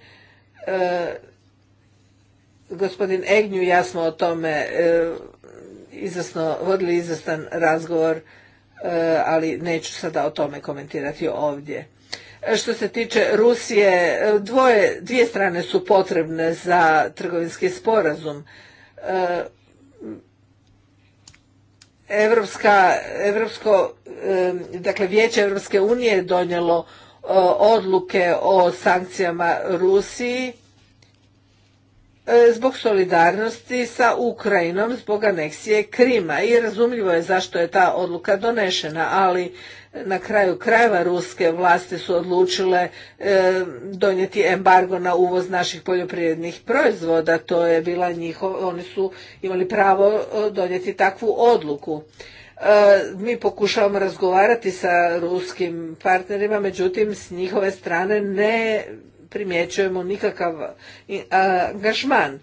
E, gospodin Egnju ja smo o tome e, izasno, vodili izvrstan razgovor, e, ali neću sada o tome komentirati ovdje. E, što se tiče Rusije, dvije strane su potrebne za trgovinski sporazum. Evropska, Evropsko, dakle Vijeće Evropske unije je donijelo odluke o sankcijama Rusiji E, zbog solidarnosti sa Ukrajinom zbog aneksije Krima i razumljivo je zašto je ta odluka donešena, ali na kraju krajeva ruske vlasti su odlučile e, donijeti embargo na uvoz naših poljoprivrednih proizvoda, to je bila njihova, oni su imali pravo e, donijeti takvu odluku. mi pokušavamo razgovarati sa ruskim partnerima, međutim s njihove strane ne primjećujemo nikakav angažman.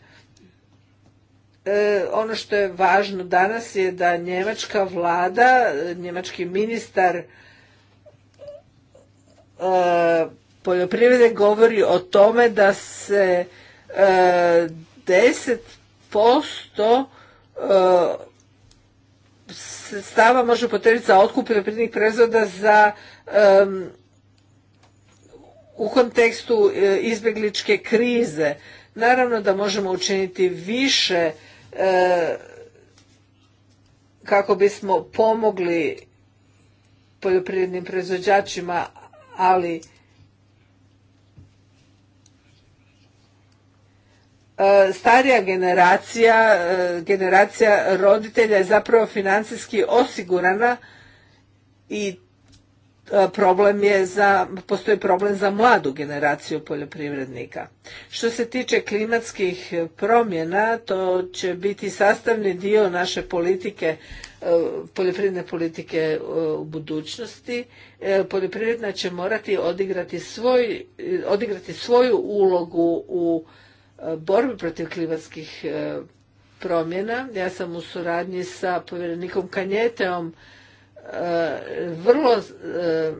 E, ono što je važno danas je da njemačka vlada, njemački ministar e, poljoprivrede govori o tome da se 10% e, stava može potrebiti za otkup poljoprivrednih proizvoda za u kontekstu e, izbjegličke krize. Naravno da možemo učiniti više e, kako bismo pomogli poljoprivrednim proizvođačima, ali e, starija generacija, generacija roditelja je zapravo financijski osigurana i E, problem je za, postoji problem za mladu generaciju poljoprivrednika. Što se tiče klimatskih promjena, to će biti sastavni dio naše politike, e, poljoprivredne politike e, u budućnosti. Poljoprivredna će morati odigrati, svoj, odigrati svoju ulogu u borbi protiv klimatskih promjena. Ja sam u suradnji sa povjerenikom Kanjeteom vrlo e,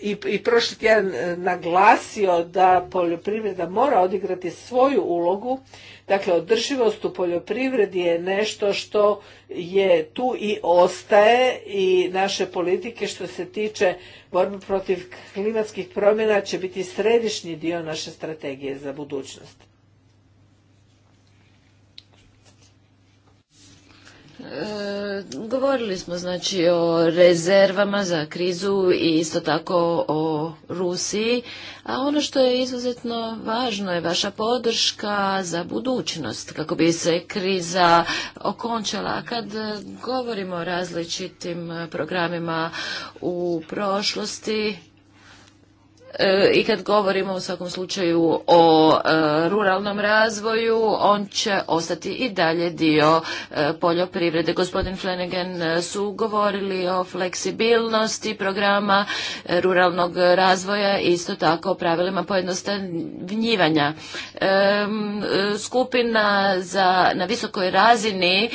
i, i prošli tjedan e, naglasio da poljoprivreda mora odigrati svoju ulogu. Dakle, održivost u poljoprivredi je nešto što je tu i ostaje i naše politike što se tiče borbe protiv klimatskih promjena će biti središnji dio naše strategije za budućnost. E, govorili smo znači o rezervama za krizu i isto tako o Rusiji, a ono što je izuzetno važno je vaša podrška za budućnost kako bi se kriza okončala. A kad govorimo o različitim programima u prošlosti, E, i kad govorimo u svakom slučaju o e, ruralnom razvoju, on će ostati i dalje dio e, poljoprivrede. Gospodin Flanagan su govorili o fleksibilnosti programa ruralnog razvoja i isto tako o pravilima pojednostavnjivanja. Skupina za, na visokoj razini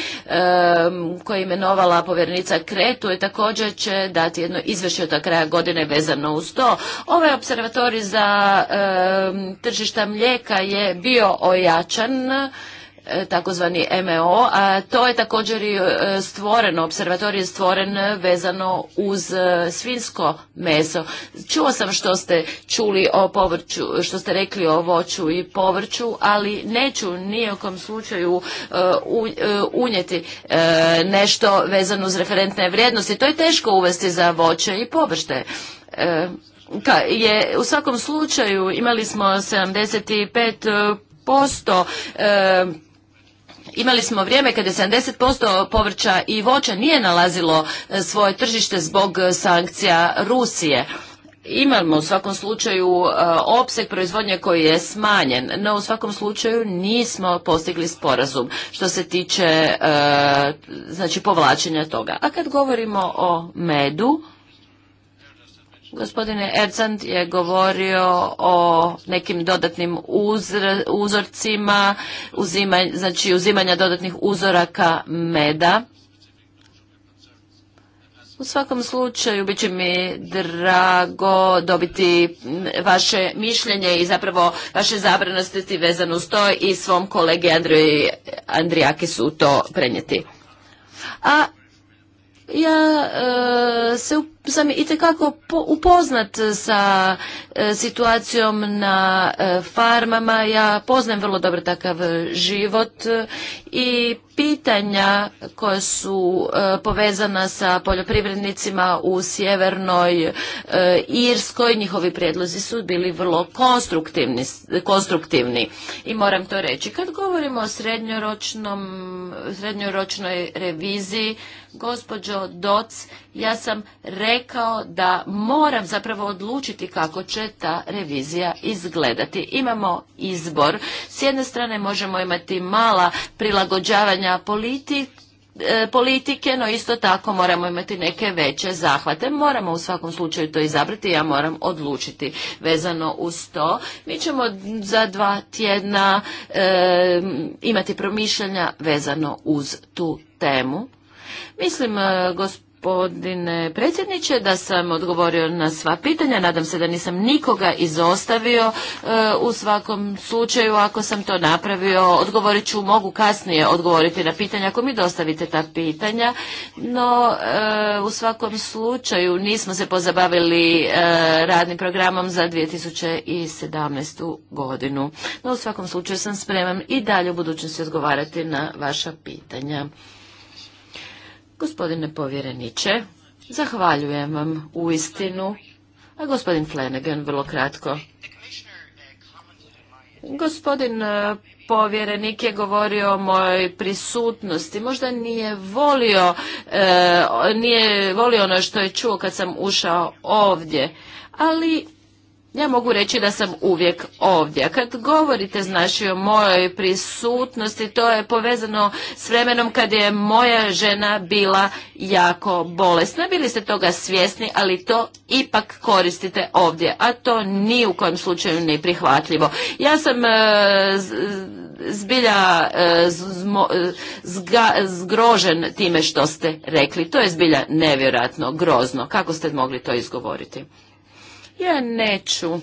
koja je imenovala povjernica Kretu je također će dati jedno izvješće od kraja godine vezano uz to. Ovo je observatorij za tržišta mlijeka je bio ojačan e, takozvani MO, e a to je također i e, stvoreno, observatorij je stvoren vezano uz svinsko meso. Čuo sam što ste čuli o povrću, što ste rekli o voću i povrću, ali neću nijekom slučaju unijeti nešto vezano uz referentne vrijednosti. To je teško uvesti za voće i površte je u svakom slučaju imali smo 75% e, posto e, Imali smo vrijeme kada je 70% povrća i voća nije nalazilo e, svoje tržište zbog sankcija Rusije. Imamo u svakom slučaju opseg proizvodnje koji je smanjen, no u svakom slučaju nismo postigli sporazum što se tiče znači povlačenja toga. A kad govorimo o medu, Gospodine Erzand je govorio o nekim dodatnim uzorcima, znači uzimanja dodatnih uzoraka meda. U svakom slučaju bit će mi drago dobiti vaše mišljenje i zapravo vaše zabranosti vezano uz to i svom kolegi Andriju Andrijakisu to prenijeti. A ja e, se sam itekako upoznat e, sa e, situacijom na e, farmama, ja poznajem vrlo dobro takav život i pitanja koja su povezana sa poljoprivrednicima u sjevernoj Irskoj, njihovi prijedlozi su bili vrlo konstruktivni, konstruktivni. I moram to reći, kad govorimo o srednjoročnom, srednjoročnoj reviziji, gospođo Doc, ja sam rekao da moram zapravo odlučiti kako će ta revizija izgledati. Imamo izbor. S jedne strane možemo imati mala prilagođavanja e, politike, no isto tako moramo imati neke veće zahvate. Moramo u svakom slučaju to izabrati, ja moram odlučiti vezano uz to. Mi ćemo za dva tjedna e, imati promišljanja vezano uz tu temu. Mislim, e, gos, gospodine predsjedniče, da sam odgovorio na sva pitanja. Nadam se da nisam nikoga izostavio. E, u svakom slučaju, ako sam to napravio, odgovorit ću, mogu kasnije odgovoriti na pitanja ako mi dostavite ta pitanja. No, e, u svakom slučaju nismo se pozabavili e, radnim programom za 2017. godinu. No, u svakom slučaju sam spreman i dalje u budućnosti odgovarati na vaša pitanja. Gospodine povjereniče, zahvaljujem vam u istinu, a gospodin Flanagan vrlo kratko. Gospodin e, povjerenik je govorio o mojoj prisutnosti. Možda nije volio, e, nije volio ono što je čuo kad sam ušao ovdje, ali ja mogu reći da sam uvijek ovdje. kad govorite znači o mojoj prisutnosti, to je povezano s vremenom kad je moja žena bila jako bolesna. Bili ste toga svjesni, ali to ipak koristite ovdje, a to ni u kojem slučaju ne prihvatljivo. Ja sam e, zbilja e, e, zgrožen time što ste rekli. To je zbilja nevjerojatno grozno. Kako ste mogli to izgovoriti? Ja neću.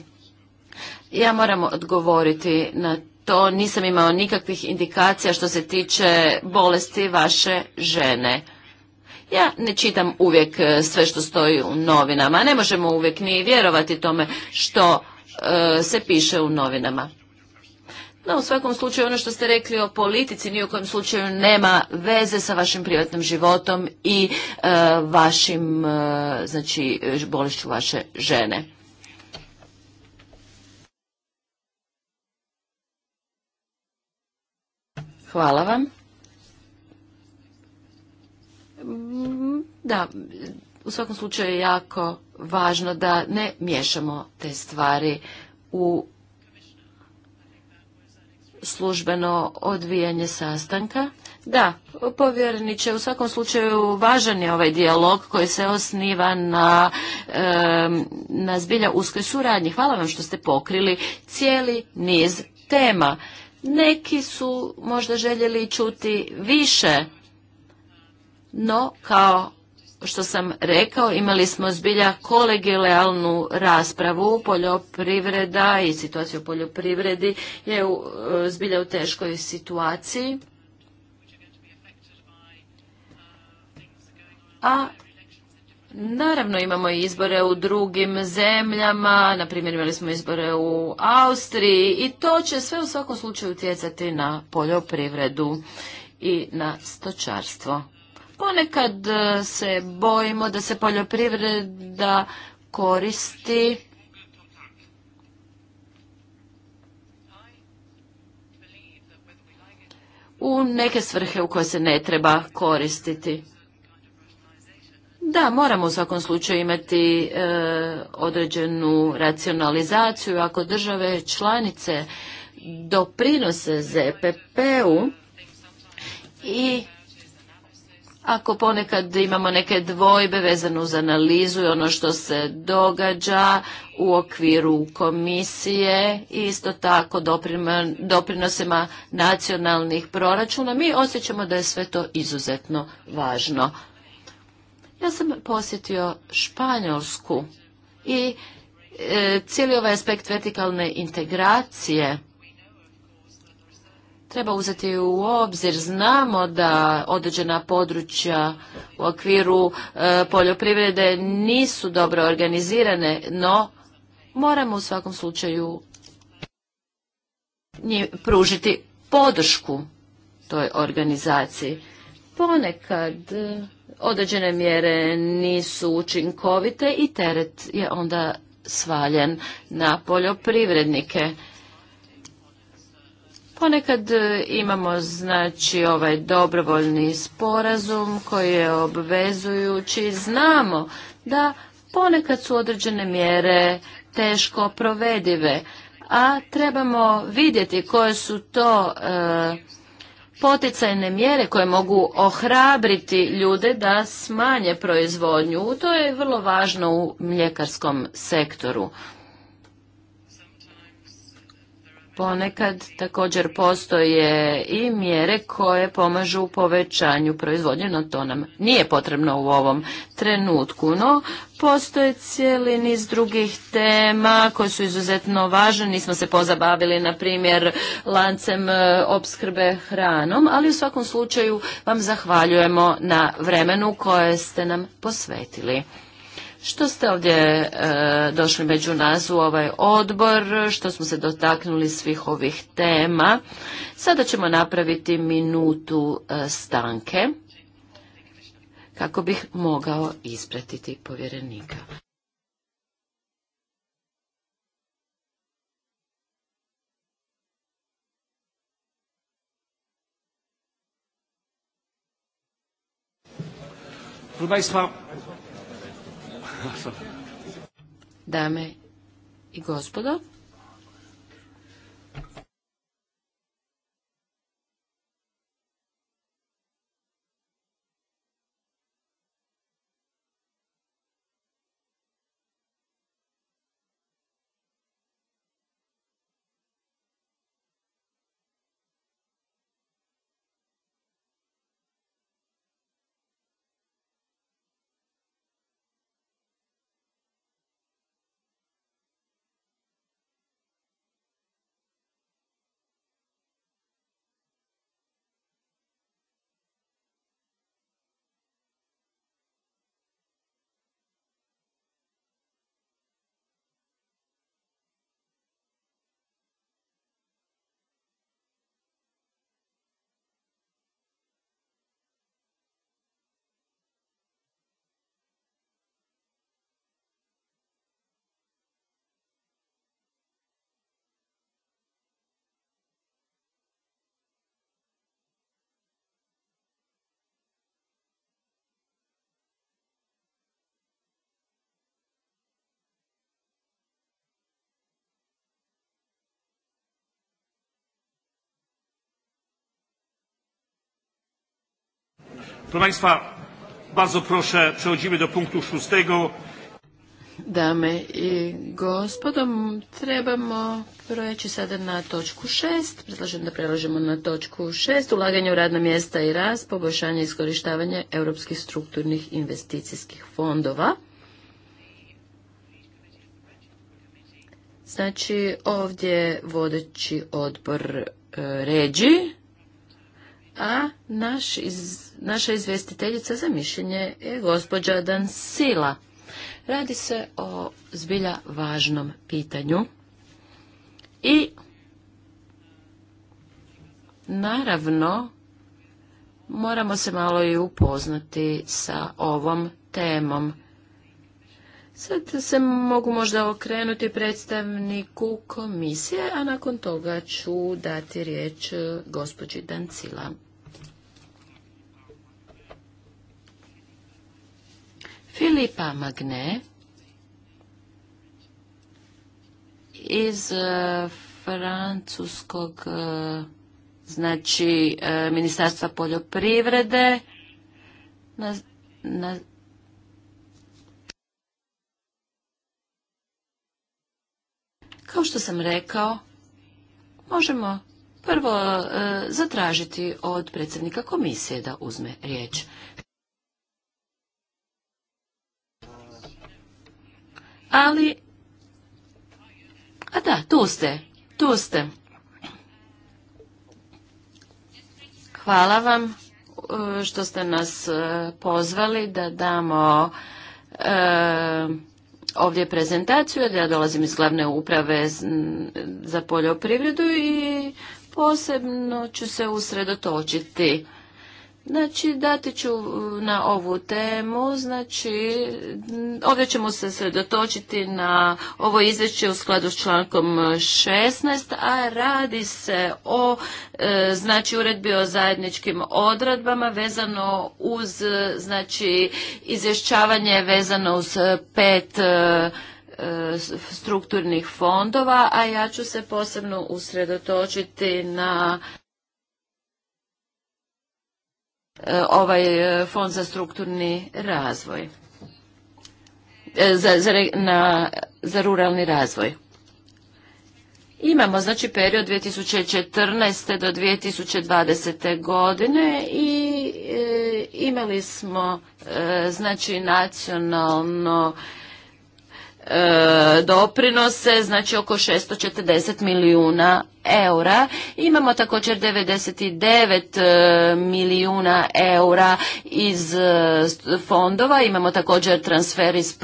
Ja moram odgovoriti na to. Nisam imao nikakvih indikacija što se tiče bolesti vaše žene. Ja ne čitam uvijek e, sve što stoji u novinama. Ne možemo uvijek ni vjerovati tome što e, se piše u novinama. No, u svakom slučaju ono što ste rekli o politici ni u kojem slučaju nema veze sa vašim privatnim životom i e, vašim, znači, bolešću vaše žene. Hvala vam. Da, u svakom slučaju je jako važno da ne miješamo te stvari u službeno odvijanje sastanka. Da, povjereniče, u svakom slučaju važan je ovaj dijalog koji se osniva na, na zbilja uskoj suradnji. Hvala vam što ste pokrili cijeli niz tema. Neki su možda željeli čuti više, no kao što sam rekao, imali smo zbilja kolegijalnu raspravu. Poljoprivreda i situaciju u poljoprivredi je e, zbilja u teškoj situaciji. A Naravno imamo i izbore u drugim zemljama, na primjer imali smo izbore u Austriji i to će sve u svakom slučaju utjecati na poljoprivredu i na stočarstvo. Ponekad e, se bojimo da se poljoprivreda koristi u neke svrhe u koje se ne treba koristiti. Da, moramo u svakom slučaju imati e, određenu racionalizaciju. Ako države članice doprinose ZPP-u i ako ponekad imamo neke dvojbe vezano uz analizu i ono što se događa u okviru komisije i isto tako doprinosima nacionalnih proračuna, mi osjećamo da je sve to izuzetno važno. Ja sam posjetio Španjolsku i e, cijeli ovaj aspekt vertikalne integracije treba uzeti u obzir. Znamo da određena područja u okviru e, poljoprivrede nisu dobro organizirane, no moramo u svakom slučaju pružiti podršku toj organizaciji. Ponekad određene mjere nisu učinkovite i teret je onda svaljen na poljoprivrednike. Ponekad e, imamo znači ovaj dobrovoljni sporazum koji je obvezujući. Znamo da ponekad su određene mjere teško provedive, a trebamo vidjeti koje su to e, poticajne mjere koje mogu ohrabriti ljude da smanje proizvodnju. To je vrlo važno u mljekarskom sektoru. Ponekad također postoje i mjere koje pomažu u povećanju proizvodnje, no to nam nije potrebno u ovom trenutku. No, postoje cijeli niz drugih tema koje su izuzetno važne. Nismo se pozabavili, na primjer, lancem e, opskrbe hranom, ali u svakom slučaju vam zahvaljujemo na vremenu koje ste nam posvetili što ste ovdje e, došli među nas u ovaj odbor, što smo se dotaknuli svih ovih tema. Sada ćemo napraviti minutu e, stanke kako bih mogao ispratiti povjerenika. Proszę Dame i gospodo. Proszę Państwa, bardzo proszę, przechodzimy do punktu szóstego. Dame i gospodo, trebamo projeći sada na točku šest. Predlažem da prelažemo na točku šest. Ulaganje u radna mjesta i rast, poboljšanje i iskorištavanje europskih strukturnih investicijskih fondova. Znači, ovdje vodeći odbor e, ređi, a naš iz, naša izvjestiteljica za mišljenje je gospođa Dansila. Radi se o zbilja važnom pitanju i naravno moramo se malo i upoznati sa ovom temom. Sad se mogu možda okrenuti predstavniku komisije, a nakon toga ću dati riječ gospođi Dancila. Filipa Magne iz e, francuskog e, znači e, ministarstva poljoprivrede na, Kao što sam rekao, možemo prvo zatražiti od predsjednika komisije da uzme riječ. ali... A da, tu ste, tu ste. Hvala vam e, što ste nas e, pozvali da damo e, ovdje prezentaciju. Ja dolazim iz glavne uprave za poljoprivredu i posebno ću se usredotočiti Znači, dati ću uh, na ovu temu, znači, mm, ovdje ćemo se sredotočiti na ovo izvješće u skladu s člankom 16, a radi se o, uh, znači, uredbi o zajedničkim odredbama vezano uz, uh, znači, izvješćavanje vezano uz pet strukturnih fondova, a ja ću se posebno usredotočiti na E, ovaj e, fond za strukturni razvoj, e, za, ruralni razvoj. Imamo znači period 2014. do 2020. godine i imali smo znači nacionalno E, doprinose, znači oko 640 milijuna eura. Imamo također 99 e, milijuna eura iz e, fondova, imamo također transfer iz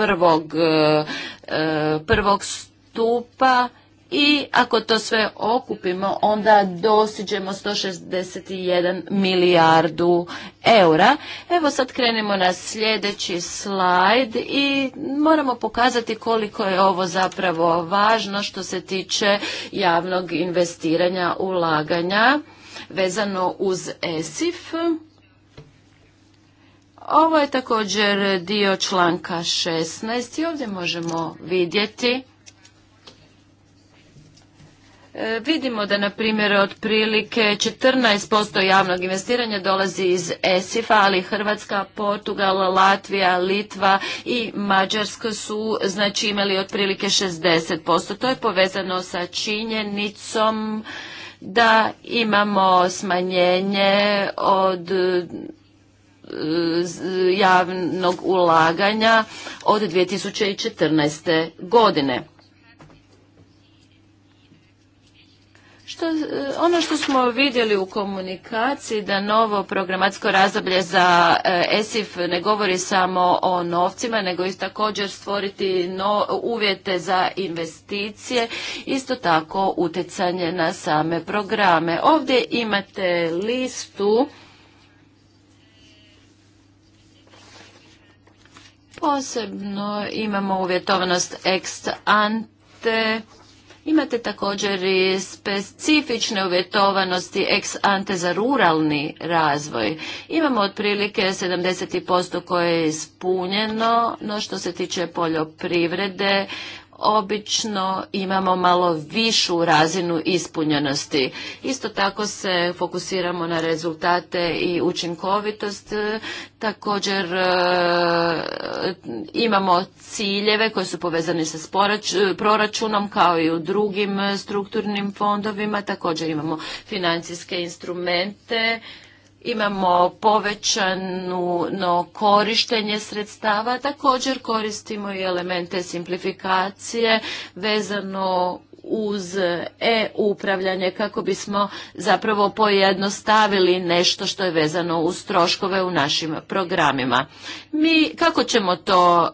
prvog stupa i ako to sve okupimo onda dosiđemo 161 milijardu eura. Evo sad krenemo na sljedeći slajd i moramo pokazati koliko je ovo zapravo važno što se tiče javnog investiranja, ulaganja vezano uz ESIF. Ovo je također dio članka 16 i ovdje možemo vidjeti E, vidimo da, na primjer, otprilike 14% javnog investiranja dolazi iz ESIF-a, ali Hrvatska, Portugal, Latvija, Litva i Mađarska su znači, imali otprilike 60%. To je povezano sa činjenicom da imamo smanjenje od e, javnog ulaganja od 2014. godine. E, ono što smo vidjeli u komunikaciji da novo programatsko razdoblje za ESIF e ne govori samo o novcima, nego i također stvoriti uvjete za investicije, isto tako utjecanje na same programe. Ovdje imate listu Posebno imamo uvjetovanost ex ante, Imate također i specifične uvjetovanosti ex ante za ruralni razvoj. Imamo otprilike 70% koje je ispunjeno, no što se tiče poljoprivrede, obično imamo malo višu razinu ispunjenosti. Isto tako se fokusiramo na rezultate i učinkovitost. Također e, imamo ciljeve koji su povezani sa proračunom kao i u drugim strukturnim fondovima. Također imamo financijske instrumente imamo povećano korištenje sredstava, također koristimo i elemente simplifikacije vezano uz e-upravljanje kako bismo zapravo pojednostavili nešto što je vezano uz troškove u našim programima. Mi kako ćemo to e,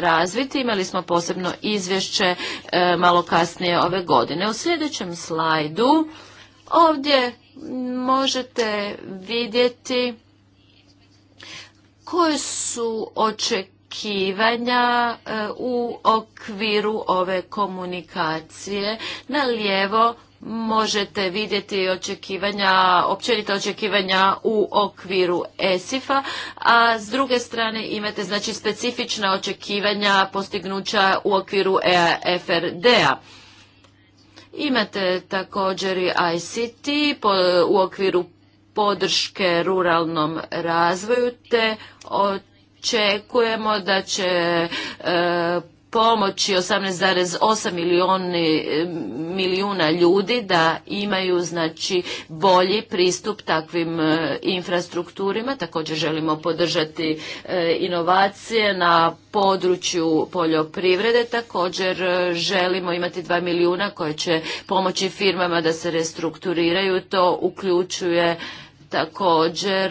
razviti? Imali smo posebno izvješće e, malo kasnije ove godine. U sljedećem slajdu ovdje možete vidjeti koje su očekivanja e, u okviru ove komunikacije. Na lijevo možete vidjeti očekivanja, općenito očekivanja u okviru ESIF-a, a s druge strane imate znači specifična očekivanja postignuća u okviru EFRD-a. Imate također i ICT u okviru podrške ruralnom razvoju te očekujemo da će e, pomoći 18,8 milijuna ljudi da imaju znači bolji pristup takvim e, infrastrukturima. Također želimo podržati e, inovacije na području poljoprivrede. Također e, želimo imati 2 milijuna koje će pomoći firmama da se restrukturiraju. To uključuje također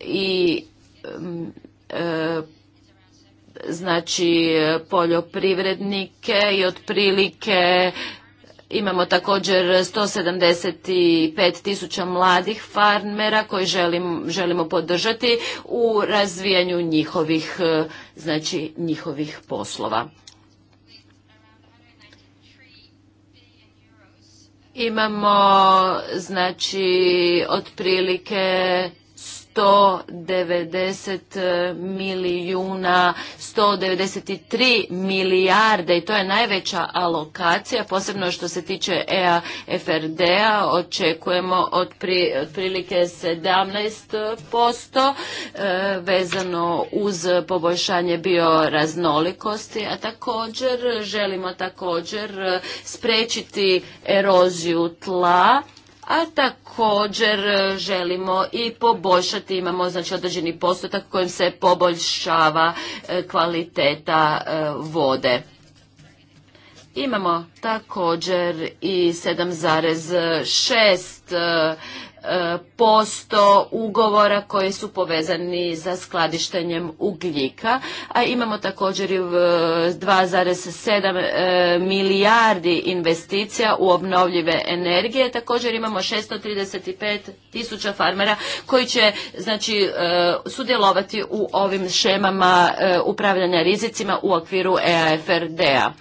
i znači poljoprivrednike i otprilike imamo također 175 tisuća mladih farmera koji želim, želimo podržati u razvijanju njihovih, e, znači, njihovih poslova. Imamo znači otprilike 190 e, milijuna, 193 milijarde i to je najveća alokacija, posebno što se tiče EAFRD-a, očekujemo otprilike 17% e, vezano uz poboljšanje bioraznolikosti, a također želimo također e, spriječiti eroziju tla, a također e, želimo i poboljšati, imamo znači određeni postotak kojim se poboljšava e, kvaliteta e, vode. Imamo također i 7,6 E, posto ugovora koji su povezani za skladištenjem ugljika, a imamo također 2,7 e, milijardi investicija u obnovljive energije. Također imamo 635 tisuća farmera koji će znači, e, sudjelovati u ovim šemama upravljanja rizicima u okviru EAFRD-a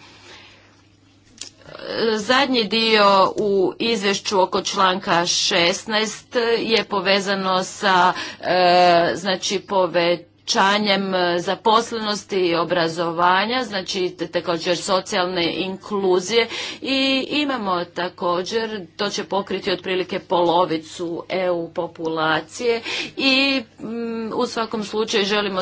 zadnji dio u izvješću oko članka 16 je povezano sa e, znači povećanjem povećanjem e, zaposlenosti i obrazovanja, znači također socijalne inkluzije i imamo također, to će pokriti otprilike polovicu EU populacije i mm, u svakom slučaju želimo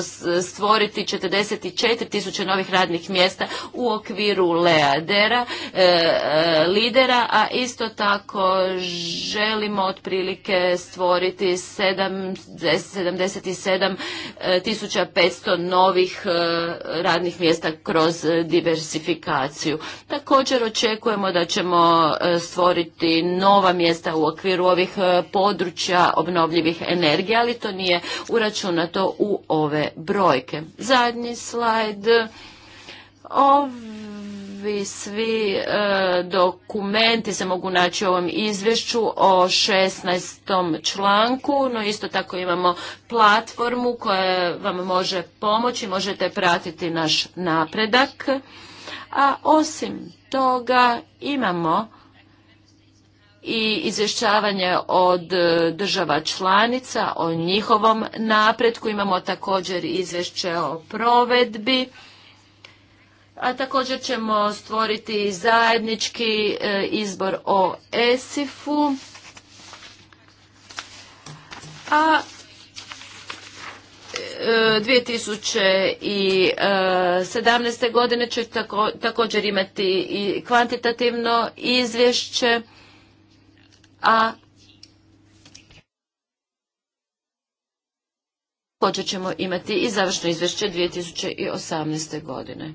stvoriti 44 tisuće novih radnih mjesta u okviru leadera, e, e, lidera, a isto tako želimo otprilike stvoriti 77 tisuća 1500 novih e, radnih mjesta kroz diversifikaciju. Također očekujemo da ćemo e, stvoriti nova mjesta u okviru ovih e, područja obnovljivih energija, ali to nije uračunato u ove brojke. Zadnji slajd. Ove svi e, dokumenti se mogu naći u ovom izvješću o 16. članku, no isto tako imamo platformu koja vam može pomoći, možete pratiti naš napredak. A osim toga imamo i izvješćavanje od država članica o njihovom napretku. Imamo također izvješće o provedbi a također ćemo stvoriti zajednički e, izbor o ESIF-u. A 2017. E, godine će također imati i kvantitativno izvješće, a također ćemo imati i završno izvješće 2018. godine.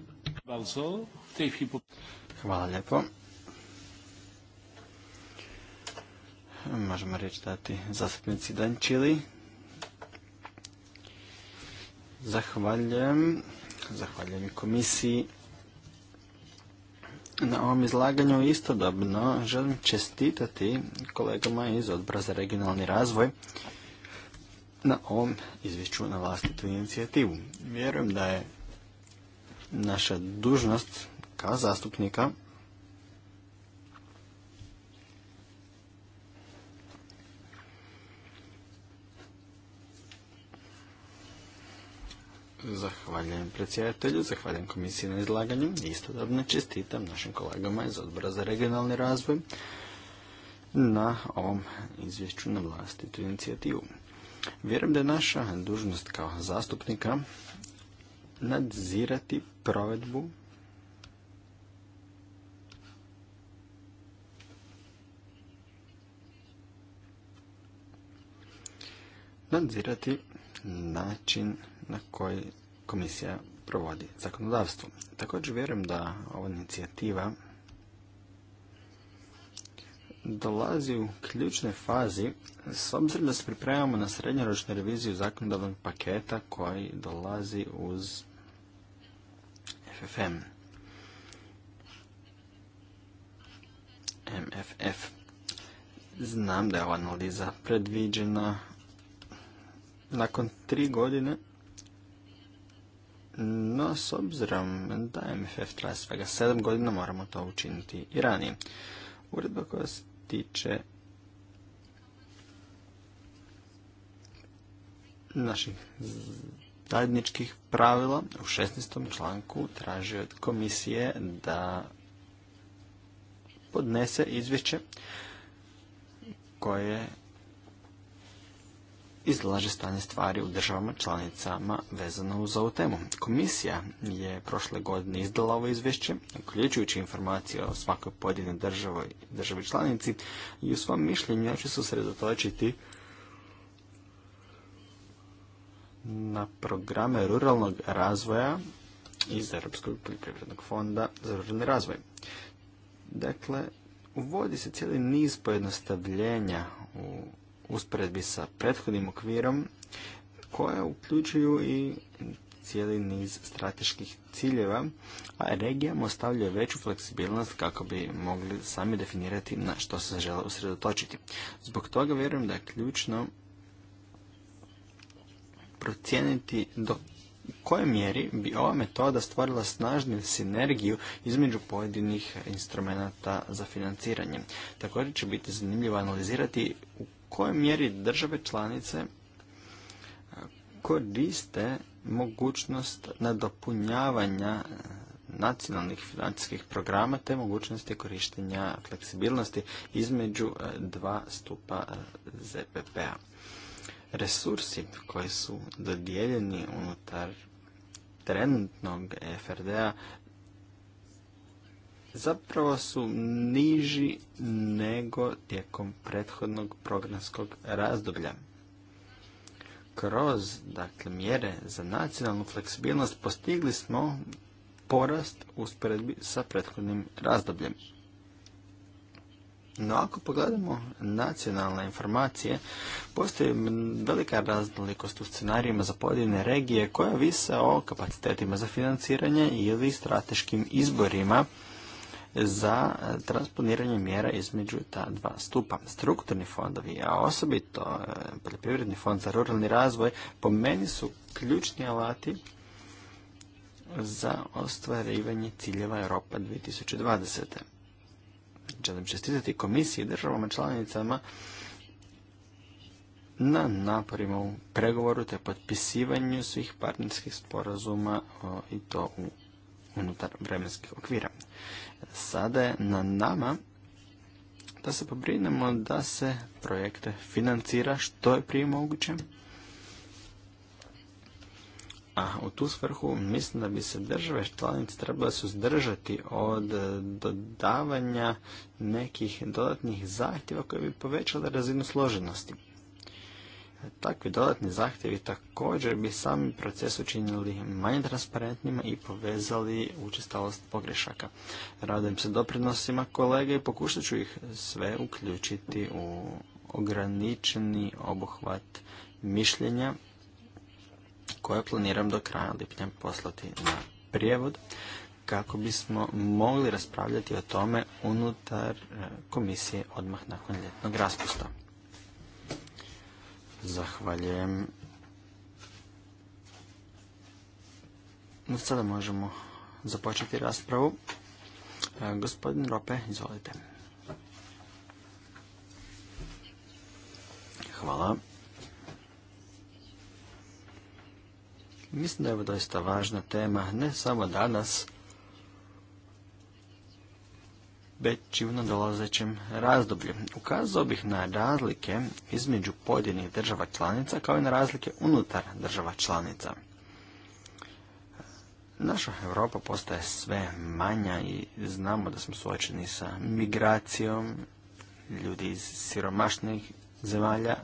Hvala lijepo. Možemo reći dati zastupnici Dančili. Zahvaljujem. Zahvaljujem komisiji na ovom izlaganju istodobno želim čestitati kolegama iz Odbora za regionalni razvoj na ovom izvješću na vlastitu inicijativu. Vjerujem da je Naša dužnost kao zastupnika Zahvaljujem predsjedatelju, zahvaljujem komisiji na izlaganju i istodobno čestitam našim kolegama iz odbora za regionalni razvoj na ovom izvješću na vlastitu inicijativu. Vjerujem da je naša dužnost kao zastupnika nadzirati provedbu nadzirati način na koji komisija provodi zakonodavstvo. Također vjerujem da ova inicijativa dolazi u ključnoj fazi s obzirom da se pripremamo na srednjoročnu reviziju zakonodavnog paketa koji dolazi uz FFM. MFF. Znam da je ova analiza predviđena nakon tri godine, no s obzirom da MFF traje svega sedam godina moramo to učiniti i ranije. Uredba koja se tiče naših zajedničkih pravila u 16. članku traži od komisije da podnese izvješće koje izlaže stanje stvari u državama članicama vezano uz ovu temu. Komisija je prošle godine izdala ovo izvješće, uključujući informacije o svakoj pojedinoj državi, državi članici i u svom mišljenju ja se usredotočiti na programe ruralnog razvoja iz Europskog poljoprivrednog fonda za ruralni razvoj. Dakle, uvodi se cijeli niz pojednostavljenja u usporedbi sa prethodnim okvirom koje uključuju i cijeli niz strateških ciljeva, a regijama ostavljaju veću fleksibilnost kako bi mogli sami definirati na što se žele usredotočiti. Zbog toga vjerujem da je ključno procijeniti do koje mjeri bi ova metoda stvorila snažnu sinergiju između pojedinih instrumenta za financiranje. Također će biti zanimljivo analizirati u kojoj mjeri države članice e, koriste mogućnost nadopunjavanja e, nacionalnih financijskih programa te mogućnosti korištenja fleksibilnosti između e, dva stupa ZPP-a. Resursi koji su dodijeljeni unutar trenutnog FRD-a zapravo su niži nego tijekom prethodnog programskog razdoblja. Kroz dakle, mjere za nacionalnu fleksibilnost postigli smo porast usporedbi sa prethodnim razdobljem. No ako pogledamo nacionalne informacije, postoji velika raznolikost u scenarijima za pojedine regije koja vise o kapacitetima za financiranje ili strateškim izborima za e, transponiranje mjera između ta dva stupa. Strukturni fondovi, a osobito e, poljoprivredni fond za ruralni razvoj, po meni su ključni alati za ostvarivanje ciljeva Europa 2020. Želim čestitati komisiji i državama članicama na naporima u pregovoru te potpisivanju svih partnerskih sporazuma i to u unutar vremenskih okvira. Sada je na nama da se pobrinemo da se projekte financira što je prije moguće. A u tu svrhu mislim da bi se države članice trebale suzdržati od dodavanja nekih dodatnih zahtjeva koje bi povećale razinu složenosti. Takvi dodatni zahtjevi također bi sami proces učinili manje transparentnima i povezali učestalost pogrešaka. Radujem se doprinosima kolege i pokušat ću ih sve uključiti u ograničeni obuhvat mišljenja koje planiram do kraja lipnja poslati na prijevod kako bismo mogli raspravljati o tome unutar e, komisije odmah nakon ljetnog raspusta. Zahvaljujem. sada možemo započeti raspravu. E, gospodin Rope, izvolite. Hvala. Mislim da je ovo doista važna tema, ne samo danas, već i u nadolazećem razdoblju. Ukazao bih na razlike između pojedinih država članica kao i na razlike unutar država članica. Naša Europa postaje sve manja i znamo da smo suočeni sa migracijom ljudi iz siromašnih zemalja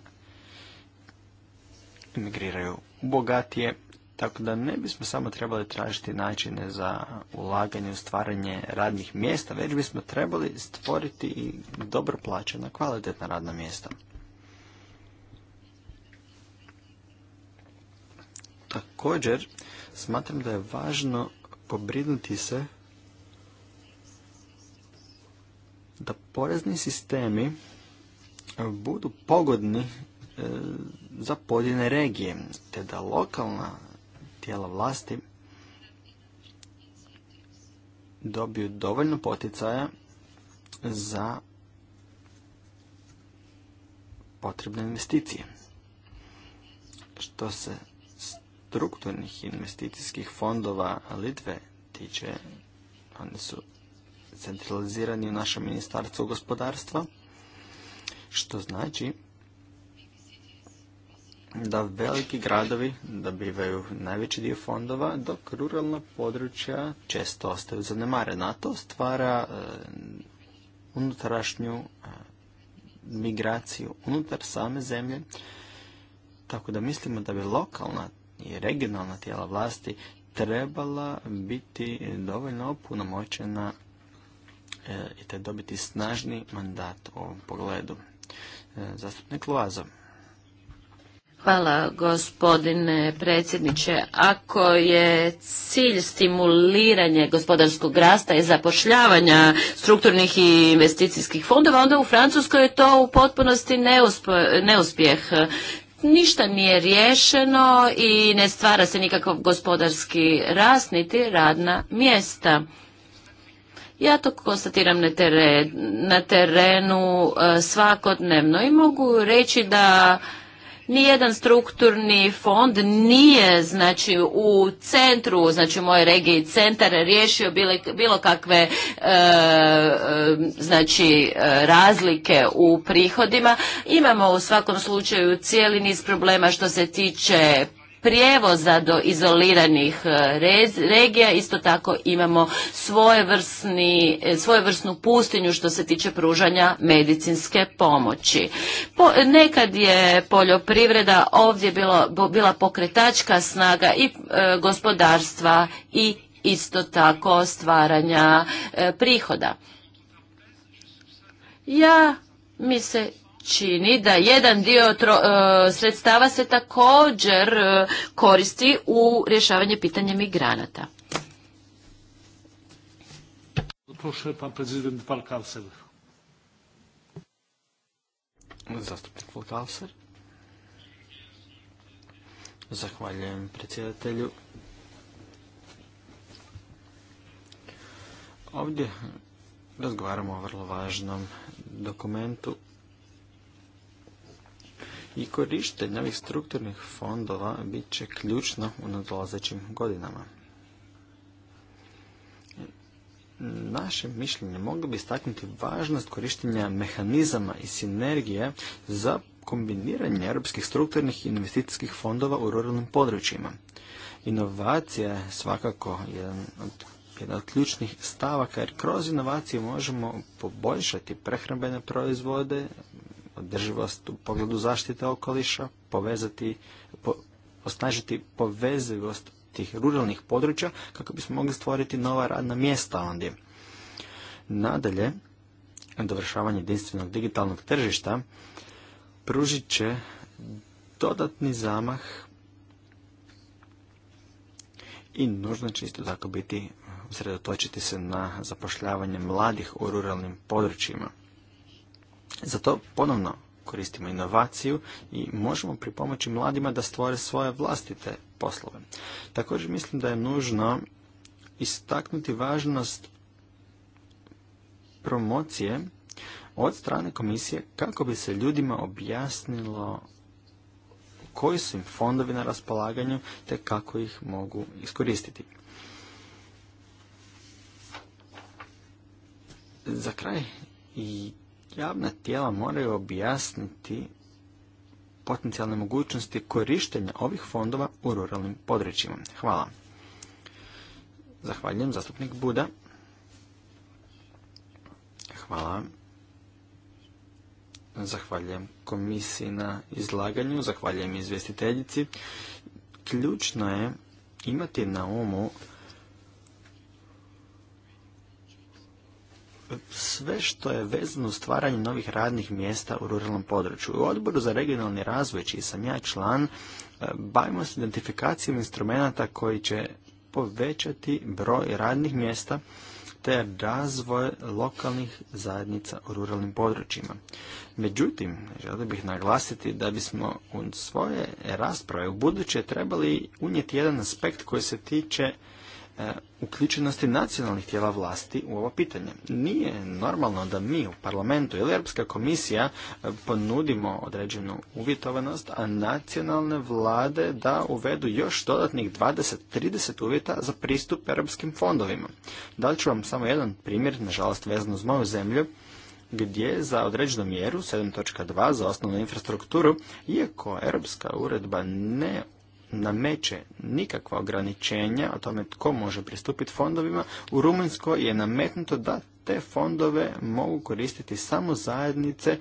emigriraju bogatije tako da ne bismo samo trebali tražiti načine za ulaganje u stvaranje radnih mjesta, već bismo trebali stvoriti i dobro plaćena, kvalitetna radna mjesta. Također, smatram da je važno pobrinuti se da porezni sistemi budu pogodni e, za pojedine regije, te da lokalna tijela vlasti dobiju dovoljno poticaja za potrebne investicije. Što se strukturnih investicijskih fondova Litve tiče, oni su centralizirani u našem ministarstvu gospodarstva, što znači da veliki gradovi dobivaju najveći dio fondova, dok ruralna područja često ostaju zanemarena. To stvara e, unutrašnju e, migraciju unutar same zemlje, tako da mislimo da bi lokalna i regionalna tijela vlasti trebala biti dovoljno opunomoćena e, i te dobiti snažni mandat u ovom pogledu. Zastupnik Loazo. Hvala gospodine predsjedniče. Ako je cilj stimuliranje gospodarskog rasta i zapošljavanja strukturnih i investicijskih fondova, onda u Francuskoj je to u potpunosti neuspjeh. Ništa nije riješeno i ne stvara se nikakav gospodarski rast niti radna mjesta. Ja to konstatiram na, na terenu e, svakodnevno i mogu reći da nijedan strukturni fond nije znači u centru, znači u mojoj regiji centar riješio bilo, bilo kakve e, e, znači e, razlike u prihodima. Imamo u svakom slučaju cijeli niz problema što se tiče prijevoza do izoliranih e, regija. Isto tako imamo svojevrsni, e, svojevrsnu pustinju što se tiče pružanja medicinske pomoći. nekad je poljoprivreda ovdje bilo, bila pokretačka snaga i e, gospodarstva i isto tako stvaranja prihoda. Ja mi se čini da jedan dio e, sredstava se također e, koristi u rješavanje pitanja migranata. Zastupnik Zahvaljujem predsjedatelju. Ovdje razgovaramo o vrlo važnom dokumentu i korištenje ovih strukturnih fondova bit će ključno u nadolazećim godinama. Naše mišljenje moglo bi istaknuti važnost korištenja mehanizama i sinergije za kombiniranje europskih strukturnih i investicijskih fondova u ruralnim područjima. Inovacija je svakako jedan od jedan od ključnih stavaka jer kroz inovacije možemo poboljšati prehrambene proizvode, održivost u pogledu zaštite okoliša, povezati, osnažiti povezivost tih ruralnih područja kako bismo mogli stvoriti nova radna mjesta ondje. Nadalje, dovršavanje jedinstvenog digitalnog tržišta pružit će dodatni zamah i nužno će isto tako biti usredotočiti se na zapošljavanje mladih u ruralnim područjima. Zato ponovno koristimo inovaciju i možemo pripomoći mladima da stvore svoje vlastite poslove. Također mislim da je nužno istaknuti važnost promocije od strane komisije kako bi se ljudima objasnilo koji su im fondovi na raspolaganju te kako ih mogu iskoristiti. Za kraj i javna tijela moraju objasniti potencijalne mogućnosti korištenja ovih fondova u ruralnim područjima. Hvala. Zahvaljujem, zastupnik Buda. Hvala. Zahvaljujem komisiji na izlaganju, zahvaljujem izvjestiteljici. Ključno je imati na umu sve što je vezano u stvaranje novih radnih mjesta u ruralnom području. U odboru za regionalni razvoj, čiji sam ja član, e, bavimo se identifikacijom instrumenta koji će povećati broj radnih mjesta te razvoj lokalnih zajednica u ruralnim područjima. Međutim, želio bih naglasiti da bismo u svoje rasprave u buduće trebali unijeti jedan aspekt koji se tiče E, uključenosti nacionalnih tijela vlasti u ovo pitanje. Nije normalno da mi u parlamentu ili Europska komisija e, ponudimo određenu uvjetovanost, a nacionalne vlade da uvedu još dodatnih 20-30 uvjeta za pristup europskim fondovima. li ću vam samo jedan primjer, nažalost vezan uz moju zemlju, gdje za određenu mjeru 7.2 za osnovnu infrastrukturu, iako europska uredba ne nameće nikakva ograničenja o tome tko može pristupiti fondovima, u Rumunjskoj je nametnuto da te fondove mogu koristiti samo zajednice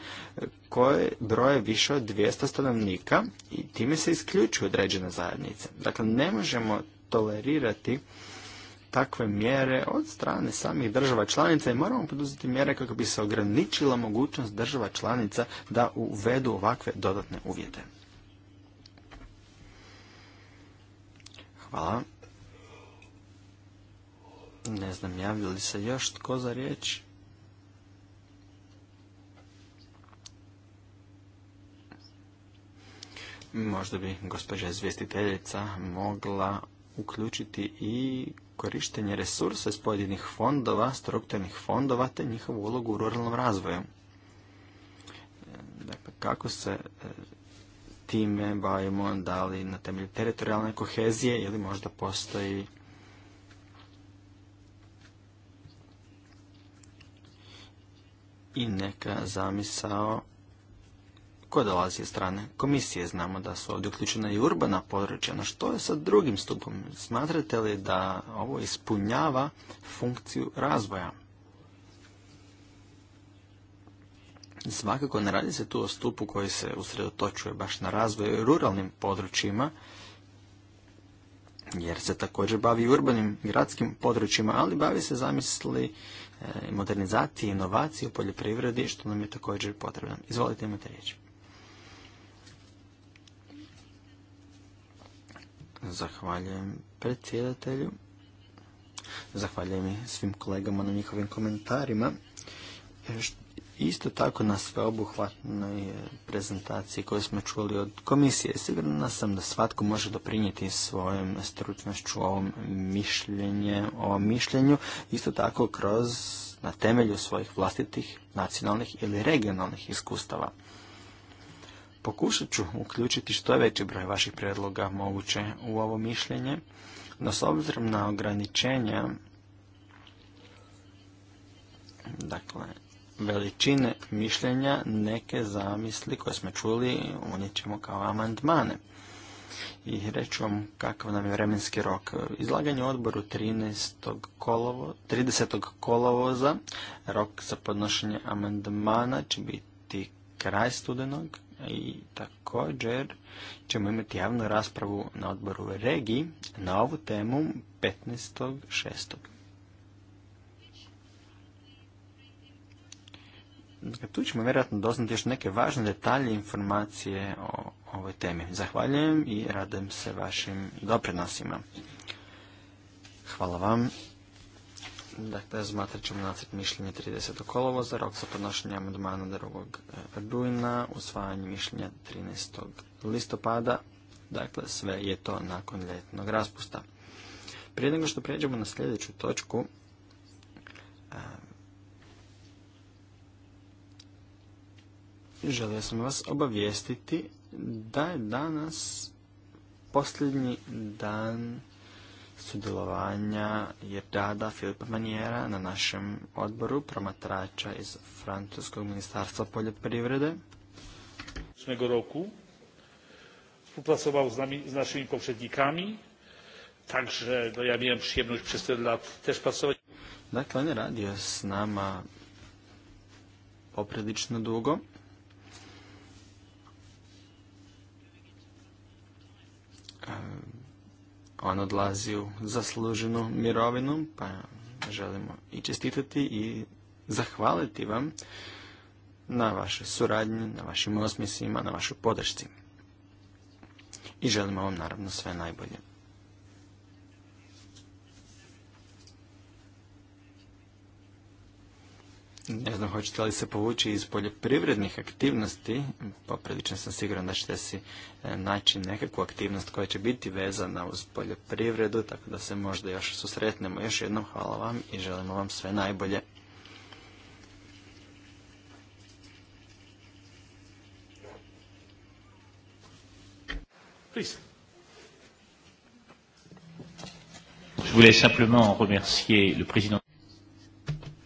koje broje više od 200 stanovnika i time se isključuju određene zajednice. Dakle, ne možemo tolerirati takve mjere od strane samih država članica i moramo poduzeti mjere kako bi se ograničila mogućnost država članica da uvedu ovakve dodatne uvjete. Hvala. Ne znam, javlja li se još tko za riječ? Možda bi gospođa izvjestiteljica mogla uključiti i korištenje resursa iz pojedinih fondova, strukturnih fondova, te njihovu ulogu u ruralnom razvoju. Dakle, kako se e, time bavimo, da li na temelju teritorijalne kohezije ili možda postoji i neka zamisao koja dolazi od strane komisije. Znamo da su ovdje uključena i urbana područja. No što je sa drugim stupom? Smatrate li da ovo ispunjava funkciju razvoja? Svakako ne radi se tu o stupu koji se usredotočuje baš na razvoj ruralnim područjima, jer se također bavi urbanim gradskim područjima, ali bavi se zamisli e, modernizaciji, inovacije, u poljoprivredi, što nam je također potrebno. Izvolite, imate riječ. Zahvaljujem predsjedatelju. Zahvaljujem i svim kolegama na njihovim komentarima. E, isto tako na sveobuhvatnoj prezentaciji koju smo čuli od komisije. sigurno sam da svatko može doprinijeti svojom stručnošću ovom mišljenje, ovom mišljenju, isto tako kroz na temelju svojih vlastitih nacionalnih ili regionalnih iskustava. Pokušat ću uključiti što je veći broj vaših prijedloga moguće u ovo mišljenje, no s obzirom na ograničenja, dakle, veličine mišljenja neke zamisli koje smo čuli unijet ćemo kao amandmane. I reću vam kakav nam je vremenski rok. Izlaganje odboru 13. Kolovo, 30. kolovoza, rok za podnošenje amandmana će biti kraj studenog i također ćemo imati javnu raspravu na odboru regiji na ovu temu 15.6. Dakle, tu ćemo vjerojatno doznati još neke važne detalje informacije o ovoj temi. Zahvaljujem i radujem se vašim doprinosima. Hvala vam. Dakle, razmatrat ćemo nacrt mišljenja 30. kolovo za rok sa podnošenje amandmana 2. Eh, rujna, usvajanje mišljenja 13. listopada. Dakle, sve je to nakon ljetnog raspusta. Prije nego što prijeđemo na sljedeću točku, Želio sam vas obavijestiti da je danas posljednji dan sudjelovanja i rada Filipa Manjera na našem odboru promatrača iz Francuskog ministarstva poljoprivrede. roku współpracował z, nami, z naszymi poprzednikami, także no ja miałem przyjemność przez te lat też pracować. Dakle, on je radio s nama poprilično dugo Um, on odlazi u zasluženu mirovinu, pa želimo i čestitati i zahvaliti vam na vašoj suradnji, na vašim osmisima, na vašoj podršci. I želimo vam naravno sve najbolje. Ne znam hoćete li se povući iz poljoprivrednih aktivnosti, poprilično sam siguran da ćete si e, naći nekakvu aktivnost koja će biti vezana uz poljoprivredu, tako da se možda još susretnemo. Još jednom hvala vam i želimo vam sve najbolje.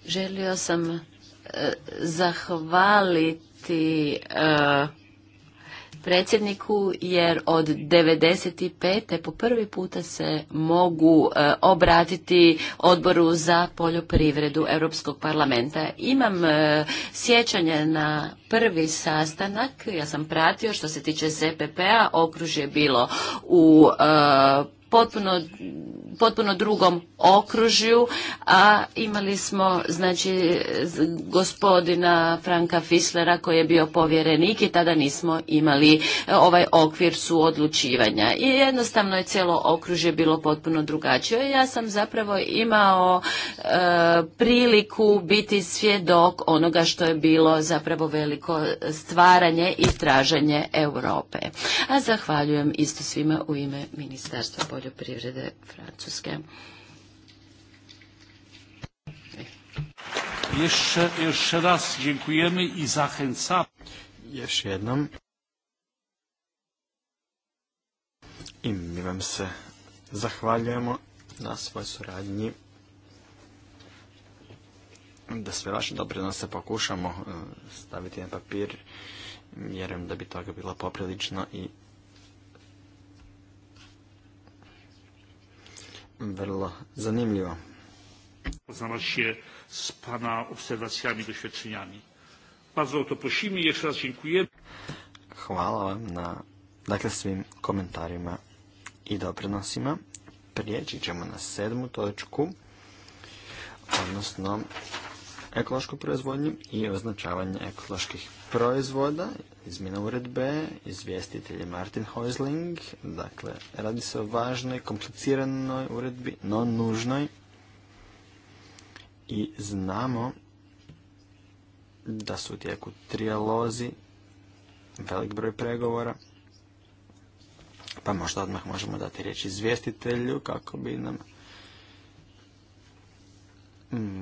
Želio sam zahvaliti e, predsjedniku jer od 95. po prvi puta se mogu e, obratiti odboru za poljoprivredu Europskog parlamenta. Imam e, sjećanje na prvi sastanak, ja sam pratio što se tiče ZPP-a, okružje je bilo u potpuno, potpuno drugom okružju, a imali smo znači gospodina Franka Fislera koji je bio povjerenik i tada nismo imali e, ovaj okvir suodlučivanja. I jednostavno je cijelo okružje bilo potpuno drugačije. Ja sam zapravo imao e, priliku biti svjedok onoga što je bilo zapravo veliko stvaranje i traženje Europe. A zahvaljujem isto svima u ime Ministarstva poljoprivrede Francuske. Jeszcze, jeszcze raz dziękujemy i I mi vam se zahvaljujemo na svoj suradnji da sve vaše doprinose pokušamo e, staviti na papir. Vjerujem da bi toga bilo poprilično i vrlo zanimljivo. Poznamo się z Pana obserwacjami, doświadczeniami. Bardzo o to prosimy i jeszcze raz dziękuję. Hvala vam na dakle, svim komentarima i doprinosima. Prijeći ćemo na sedmu točku, odnosno ekološku proizvodnju i označavanje ekoloških proizvoda, izmjena uredbe, izvjestitelj Martin Heusling, dakle radi se o važnoj, kompliciranoj uredbi, no nužnoj i znamo da su u tijeku trijalozi, velik broj pregovora, pa možda odmah možemo dati riječ izvjestitelju kako bi nam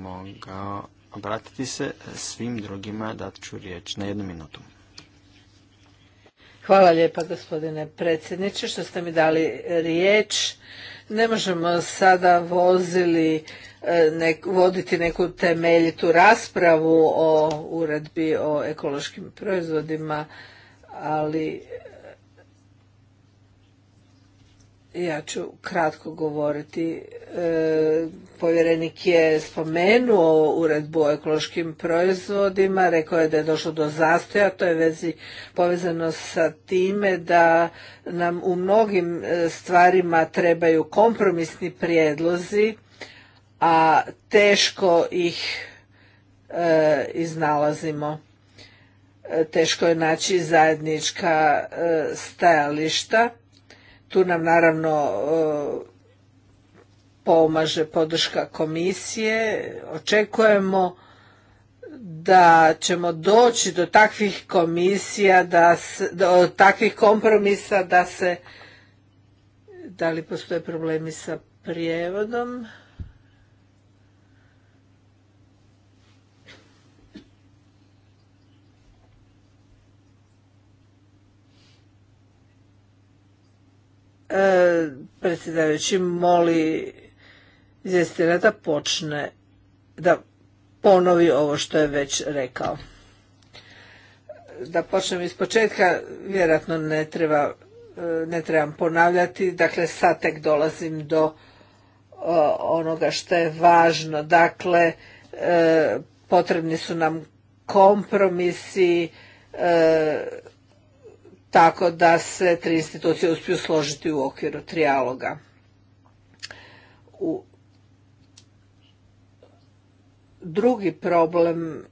mogao obratiti se svim drugima, dat ću riječ na jednu minutu. Hvala lijepa gospodine predsjedniče što ste mi dali riječ. Ne možemo sada vozili, e, nek, voditi neku temeljitu raspravu o uredbi o ekološkim proizvodima, ali ja ću kratko govoriti. E, povjerenik je spomenuo uredbu o ekološkim proizvodima, rekao je da je došlo do zastoja, to je vezi povezano sa time da nam u mnogim e, stvarima trebaju kompromisni prijedlozi, a teško ih e, iznalazimo. teško je naći zajednička stajališta tu nam naravno e, pomaže podrška komisije. Očekujemo da ćemo doći do takvih komisija, da do takvih kompromisa da se da li postoje problemi sa prijevodom? E, predsjedavajući moli izvjestitelja da počne da ponovi ovo što je već rekao. Da počnem iz početka, vjerojatno ne treba e, ne trebam ponavljati, dakle sad tek dolazim do e, onoga što je važno. Dakle, potrebni su nam kompromisi, tako da se tri institucije uspiju složiti u okviru trijaloga. U drugi problem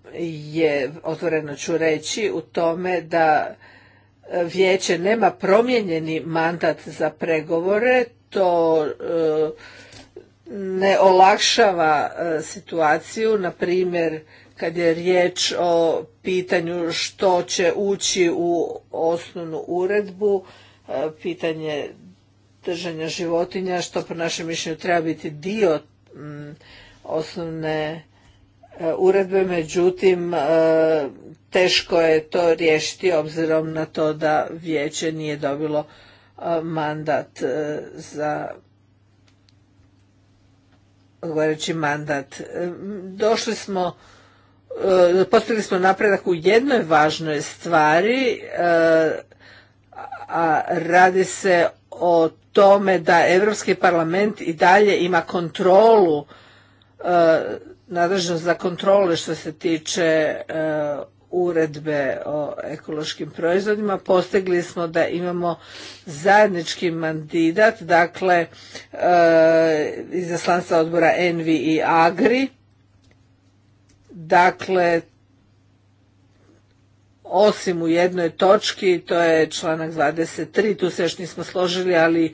je, otvoreno ću reći, u tome da vijeće nema promijenjeni mandat za pregovore, to e, ne olakšava e, situaciju, na primjer kad je riječ o pitanju što će ući u osnovnu uredbu, e, pitanje držanja životinja, što po našem mišljenju treba biti dio mm, osnovne e, uredbe, međutim e, teško je to riješiti obzirom na to da vijeće nije dobilo mandat za odgovarajući mandat. Došli smo E, postigli smo napredak u jednoj važnoj stvari, e, a radi se o tome da Europski parlament i dalje ima kontrolu, e, nadležnost za kontrole što se tiče uredbe o ekološkim proizvodima. Postigli smo da imamo zajednički mandidat, dakle, izaslanstva odbora Envi i Agri, Dakle, osim u jednoj točki, to je članak 23, tu se još nismo složili, ali e,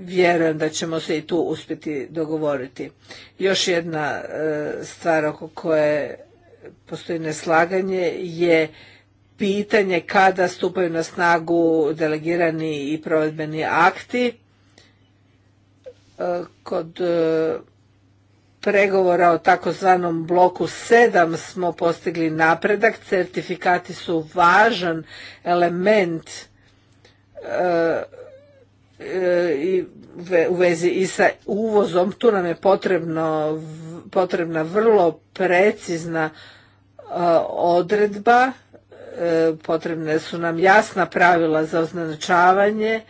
vjerujem da ćemo se i tu uspjeti dogovoriti. Još jedna e, stvar oko koje postoji neslaganje je pitanje kada stupaju na snagu delegirani i provedbeni akti. E, kod e, pregovora o takozvanom bloku 7 smo postigli napredak. Certifikati su važan element e, e, u vezi i sa uvozom. Tu nam je potrebno, potrebna vrlo precizna e, odredba, potrebne su nam jasna pravila za označavanje,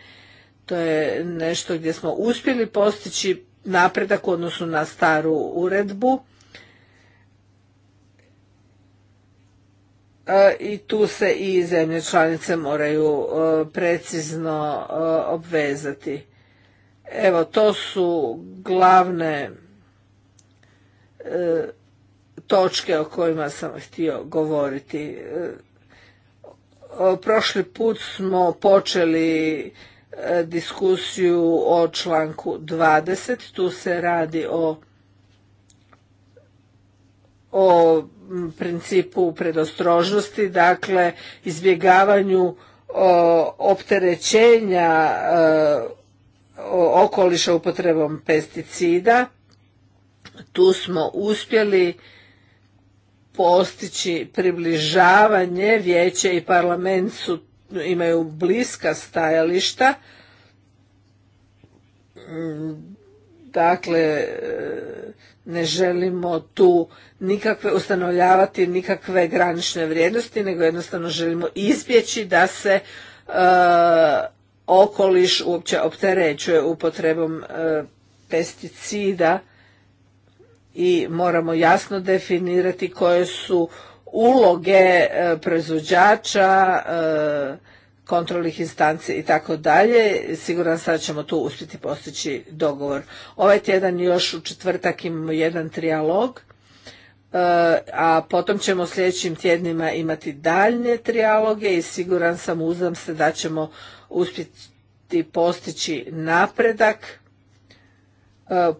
to je nešto gdje smo uspjeli postići napredak u odnosu na staru uredbu. E, I tu se i zemlje članice moraju e, precizno e, obvezati. Evo, to su glavne točke o kojima sam htio govoriti. Prošli put smo počeli diskusiju o članku 20. Tu se radi o o principu predostrožnosti, dakle izbjegavanju opterećenja e, okoliša upotrebom pesticida. Tu smo uspjeli postići približavanje, vijeće i parlamentu imaju bliska stajališta. Mm, dakle, e, ne želimo tu nikakve ustanovljavati nikakve granične vrijednosti, nego jednostavno želimo izbjeći da se e, okoliš uopće opterećuje upotrebom e, pesticida i moramo jasno definirati koje su uloge e, proizvođača, e, kontrolnih instanci i tako dalje. Siguran sam da ćemo tu uspjeti postići dogovor. Ovaj tjedan još u četvrtak imamo jedan trijalog, e, a potom ćemo sljedećim tjednima imati daljne trijaloge i siguran sam, uzdam se da ćemo uspjeti postići napredak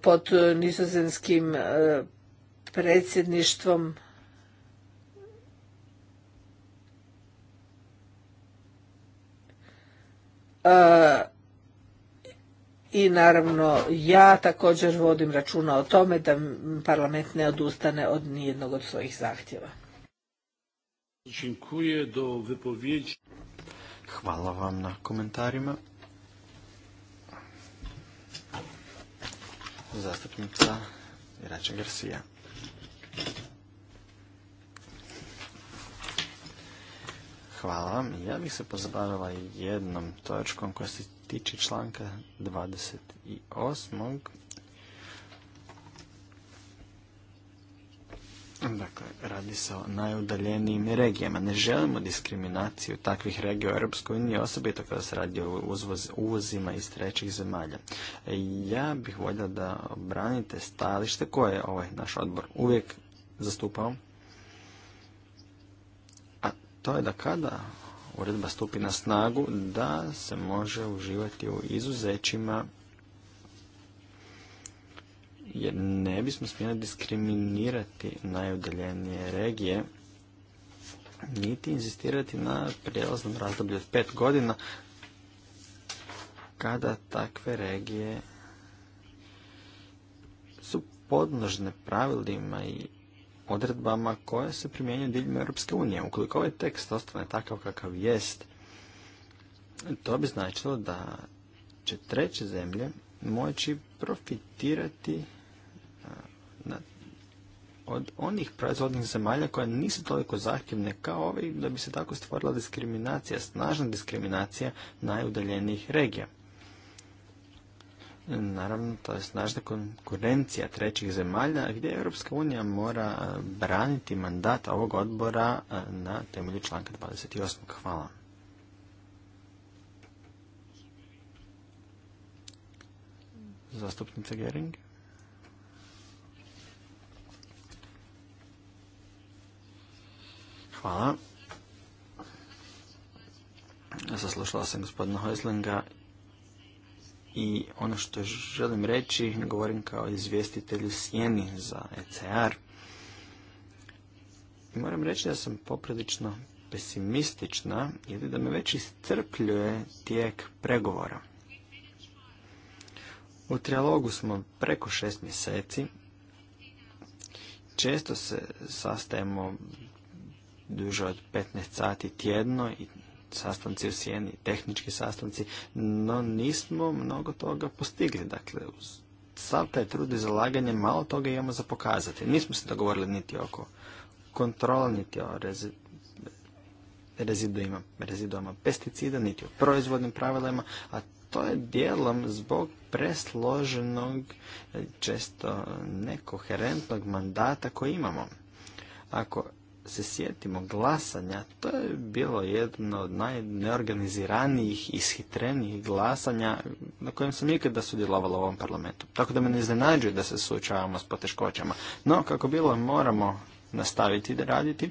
pod nizozemskim predsjedništvom E, i naravno ja također vodim računa o tome da parlament ne odustane od nijednog od svojih zahtjeva. Hvala vam na komentarima. Zastupnica Irače Garcia. Hvala. Ja bih se pozabavila jednom točkom koja se tiče članka 28. Dakle, radi se o najudaljenijim regijama. Ne želimo diskriminaciju takvih regija u Europskoj uniji, osobito kada se radi o uvozima iz trećih zemalja. Ja bih voljela da obranite stajalište koje je ovaj naš odbor uvijek zastupao, to je da kada uredba stupi na snagu, da se može uživati u izuzećima jer ne bismo smjeli diskriminirati najudaljenije regije niti insistirati na prijelaznom razdoblju od pet godina kada takve regije su podnožne pravilima i odredbama koje se primjenjuju diljem Europske unije. Ukoliko ovaj tekst ostane takav kakav jest, to bi značilo da će treće zemlje moći profitirati od onih proizvodnih zemalja koje nisu toliko zahtjevne kao ovi, da bi se tako stvorila diskriminacija, snažna diskriminacija najudaljenijih regija. Naravno, to je snažna konkurencija trećih zemalja gdje Europska unija mora e, braniti mandat ovog odbora e, na temelju članka 28. Hvala. Zastupnica Gering. Hvala. Saslušala sam gospodina Hojslinga i ono što želim reći, govorim kao izvjestitelj u Sjeni za ECR. I moram reći da sam poprilično pesimistična ili da me već iscrpljuje tijek pregovora. U trialogu smo preko šest mjeseci. Često se sastajemo duže od 15 sati tjedno i sastanci u sjeni, tehnički sastanci, no nismo mnogo toga postigli. Dakle, uz sav taj trud i zalaganje malo toga imamo za pokazati. Nismo se dogovorili niti oko kontrola, niti o rezi, pesticida, niti o proizvodnim pravilima, a to je dijelom zbog presloženog, često nekoherentnog mandata koji imamo. Ako se sjetimo glasanja, to je bilo jedno od najneorganiziranijih, ishitrenijih glasanja na kojem sam nikada sudjelovala u ovom parlamentu. Tako da me ne iznenađuje da se suočavamo s poteškoćama. No, kako bilo, moramo nastaviti da raditi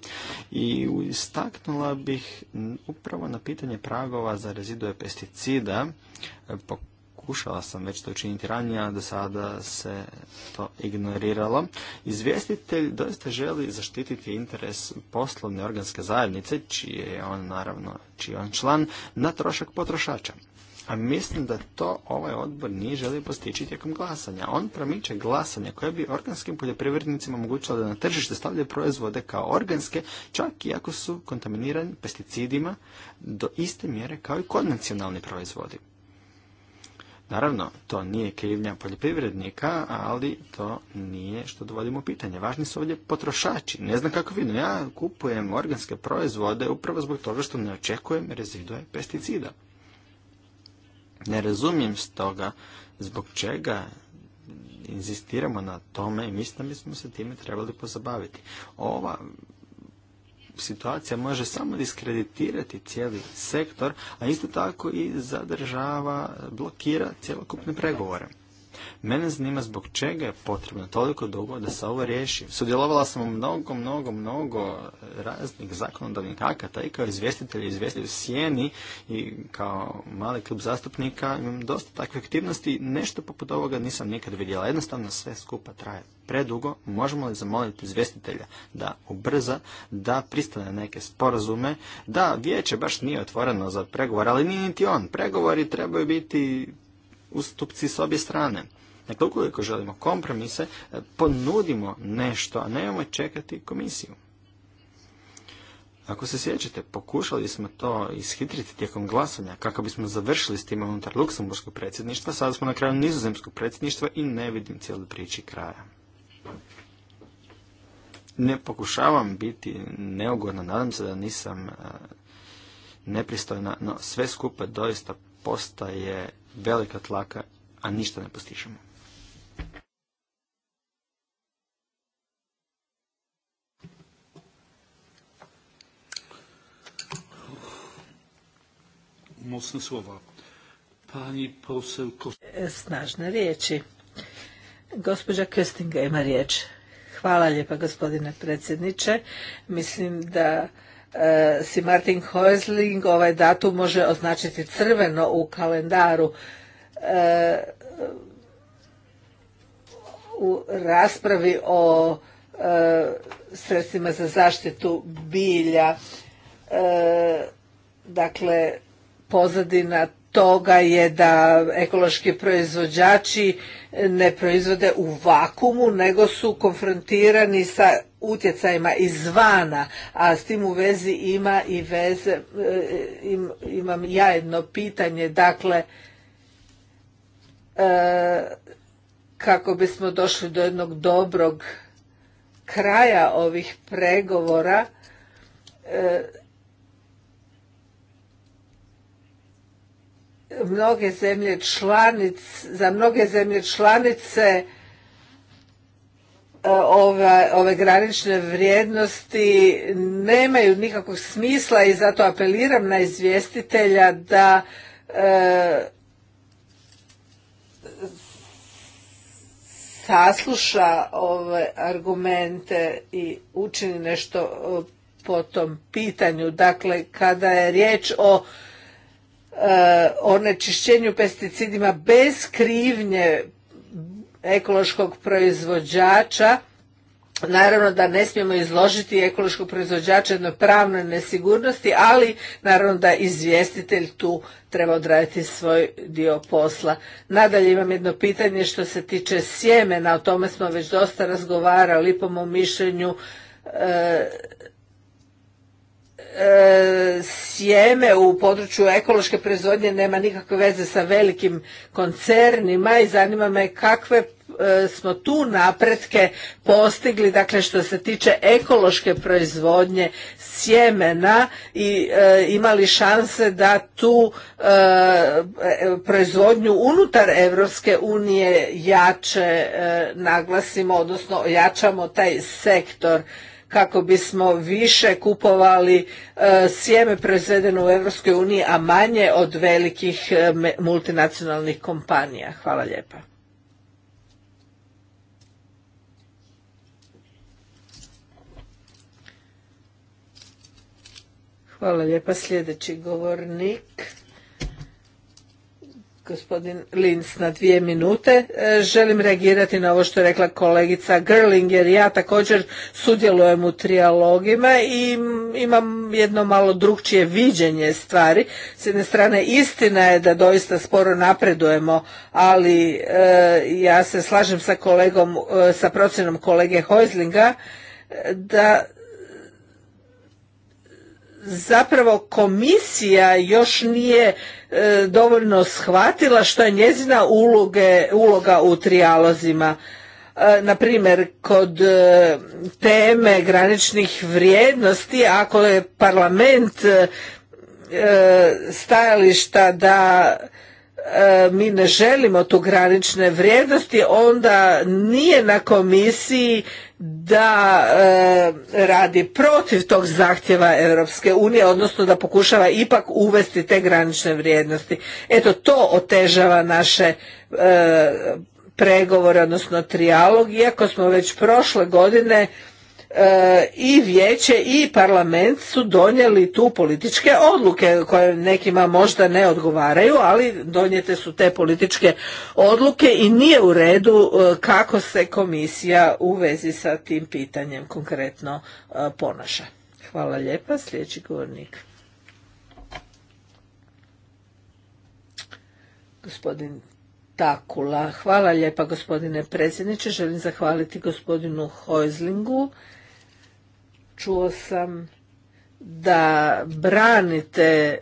i istaknula bih upravo na pitanje pragova za rezidue pesticida po Pokušala sam već to učiniti ranije, a do sada se to ignoriralo. Izvjestitelj doista želi zaštititi interes poslovne organske zajednice, čiji je on naravno, čiji on član, na trošak potrošača. A mislim da to ovaj odbor nije želio postići tijekom glasanja. On promiče glasanje koje bi organskim poljoprivrednicima omogućilo da na tržište stavljaju proizvode kao organske, čak i ako su kontaminirani pesticidima do iste mjere kao i konvencionalni proizvodi. Naravno, to nije krivnja poljoprivrednika, ali to nije što dovodimo u pitanje. Važni su ovdje potrošači. Ne znam kako vidno, ja kupujem organske proizvode upravo zbog toga što ne očekujem rezidue pesticida. Ne razumijem stoga zbog čega inzistiramo na tome i mislim da smo se time trebali pozabaviti. Ova situacija može samo diskreditirati cijeli sektor, a isto tako i zadržava, blokira cjelokupne pregovore. Mene zanima zbog čega je potrebno toliko dugo da se ovo riješi. Sudjelovala sam u mnogo, mnogo, mnogo raznih zakonodavnih akata i kao izvjestitelj i izvjestitelj u sjeni i kao mali klub zastupnika imam dosta takve aktivnosti. Nešto poput ovoga nisam nikad vidjela. Jednostavno sve skupa traje predugo. Možemo li zamoliti izvjestitelja da ubrza, da pristane neke sporazume, da vijeće baš nije otvoreno za pregovor, ali nije niti on. Pregovori trebaju biti ustupci s obje strane. Dakle, ukoliko želimo kompromise, e, ponudimo nešto, a nemojmo čekati komisiju. Ako se sjećate, pokušali smo to ishitriti tijekom glasanja kako bismo završili s tim unutar Luksemburskog predsjedništva, sada smo na kraju nizozemskog predsjedništva i ne vidim cijelu priči kraja. Ne pokušavam biti neugodno, nadam se da nisam e, nepristojna, no sve skupa doista postaje velika tlaka, a ništa ne postišemo. Mocne slova. Pani poseł... Snažne riječi. Gospođa Köstinga ima riječ. Hvala lijepa gospodine predsjedniče. Mislim da Eh, si Martin Häusling ovaj datum može označiti crveno u kalendaru. Eh, u raspravi o eh, sredstvima za zaštitu bilja, dakle pozadina toga je da ekološki proizvođači ne proizvode u vakumu, nego su konfrontirani sa utjecajima izvana, a s tim u vezi ima i veze, e, imam ja jedno pitanje, dakle, e, kako bismo došli do jednog dobrog kraja ovih pregovora, e, mnoge zemlje članice, za mnoge zemlje članice E, ove granične vrijednosti nemaju nikakvog smisla i zato apeliram na izvjestitelja da e, sasluša ove argumente i učini nešto e, po tom pitanju. Dakle, kada je riječ o onečišćenju pesticidima bez krivnje ekološkog proizvođača Naravno da ne smijemo izložiti ekološkog proizvođača jednoj pravnoj nesigurnosti, ali naravno da izvjestitelj tu treba odraditi svoj dio posla. Nadalje imam jedno pitanje što se tiče sjemena, o tome smo već dosta razgovarali po mom mišljenju. E, e, sjeme u području ekološke proizvodnje nema nikakve veze sa velikim koncernima i zanima me kakve E, smo tu napretke postigli, dakle što se tiče ekološke proizvodnje sjemena i e, imali šanse da tu e, proizvodnju unutar Europske unije jače naglasimo, odnosno jačamo taj sektor kako bismo više kupovali sjeme proizvedeno u EU, uniji, a manje od velikih multinacionalnih kompanija. Hvala lijepa. Hvala lijepa. Sljedeći govornik, gospodin Linz na dvije minute. E, želim reagirati na ovo što je rekla kolegica Gerling, jer ja također sudjelujem u trijalogima i imam jedno malo drugčije viđenje stvari. S jedne strane, istina je da doista sporo napredujemo, ali e, ja se slažem sa kolegom, e, sa procjenom kolege Hojzlinga, da zapravo komisija još nije e, dovoljno shvatila što je njezina uloge, uloga u trijalozima. E, na primjer, kod e, teme graničnih vrijednosti, ako je parlament stajališta da mi ne želimo tu granične vrijednosti, onda nije na komisiji da e, radi protiv tog zahtjeva Europske unije, odnosno da pokušava ipak uvesti te granične vrijednosti. Eto, to otežava naše e, pregovore, odnosno trijalog, iako smo već prošle godine E, i vijeće i parlament su donijeli tu političke odluke koje nekima možda ne odgovaraju, ali donijete su te političke odluke i nije u redu e, kako se komisija u vezi sa tim pitanjem konkretno e, ponaša. Hvala lijepa, sljedeći govornik. Gospodin Takula. Hvala lijepa gospodine predsjedniče. Želim zahvaliti gospodinu Hojzlingu čuo sam da branite e,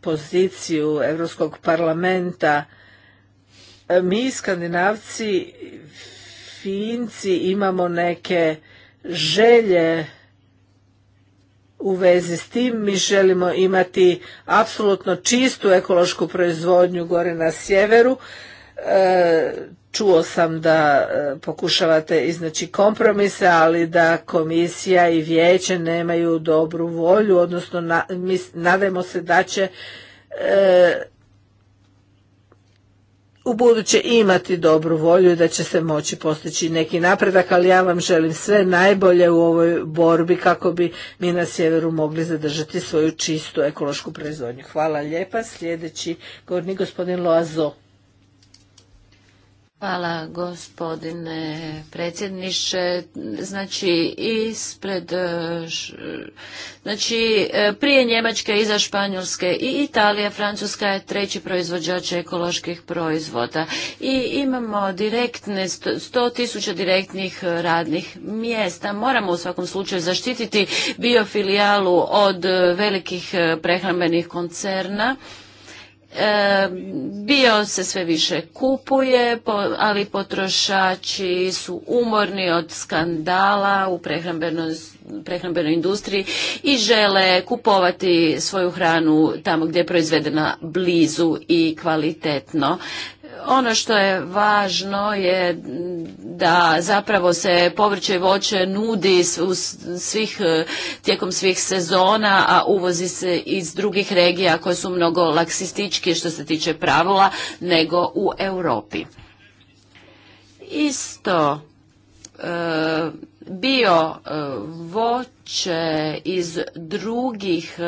poziciju Europskog parlamenta. E, mi skandinavci, Finci imamo neke želje u vezi s tim. Mi želimo imati apsolutno čistu ekološku proizvodnju gore na sjeveru. E, čuo sam da e, pokušavate iznaći kompromise, ali da komisija i vijeće nemaju dobru volju, odnosno nadamo nadajmo se da će e, u buduće imati dobru volju i da će se moći postići neki napredak, ali ja vam želim sve najbolje u ovoj borbi kako bi mi na sjeveru mogli zadržati svoju čistu ekološku proizvodnju. Hvala lijepa. Sljedeći govornik gospodin Loazo. Hvala gospodine predsjedniče. Znači ispred e, znači e, prije Njemačke iza Španjolske i Italija, Francuska je treći proizvođač ekoloških proizvoda i imamo direktne sto tisuća direktnih e, radnih mjesta. Moramo u svakom slučaju zaštititi biofilijalu od velikih prehrambenih koncerna. E, bio se sve više kupuje, ali potrošači su umorni od skandala u prehrambenoj industriji i žele kupovati svoju hranu tamo gdje je proizvedena blizu i kvalitetno ono što je važno je da zapravo se povrće i voće nudi svih, e, tijekom svih sezona, a uvozi se iz drugih regija koje su mnogo laksistički što se tiče pravila nego u Europi. Isto e, bio e, voće iz drugih e,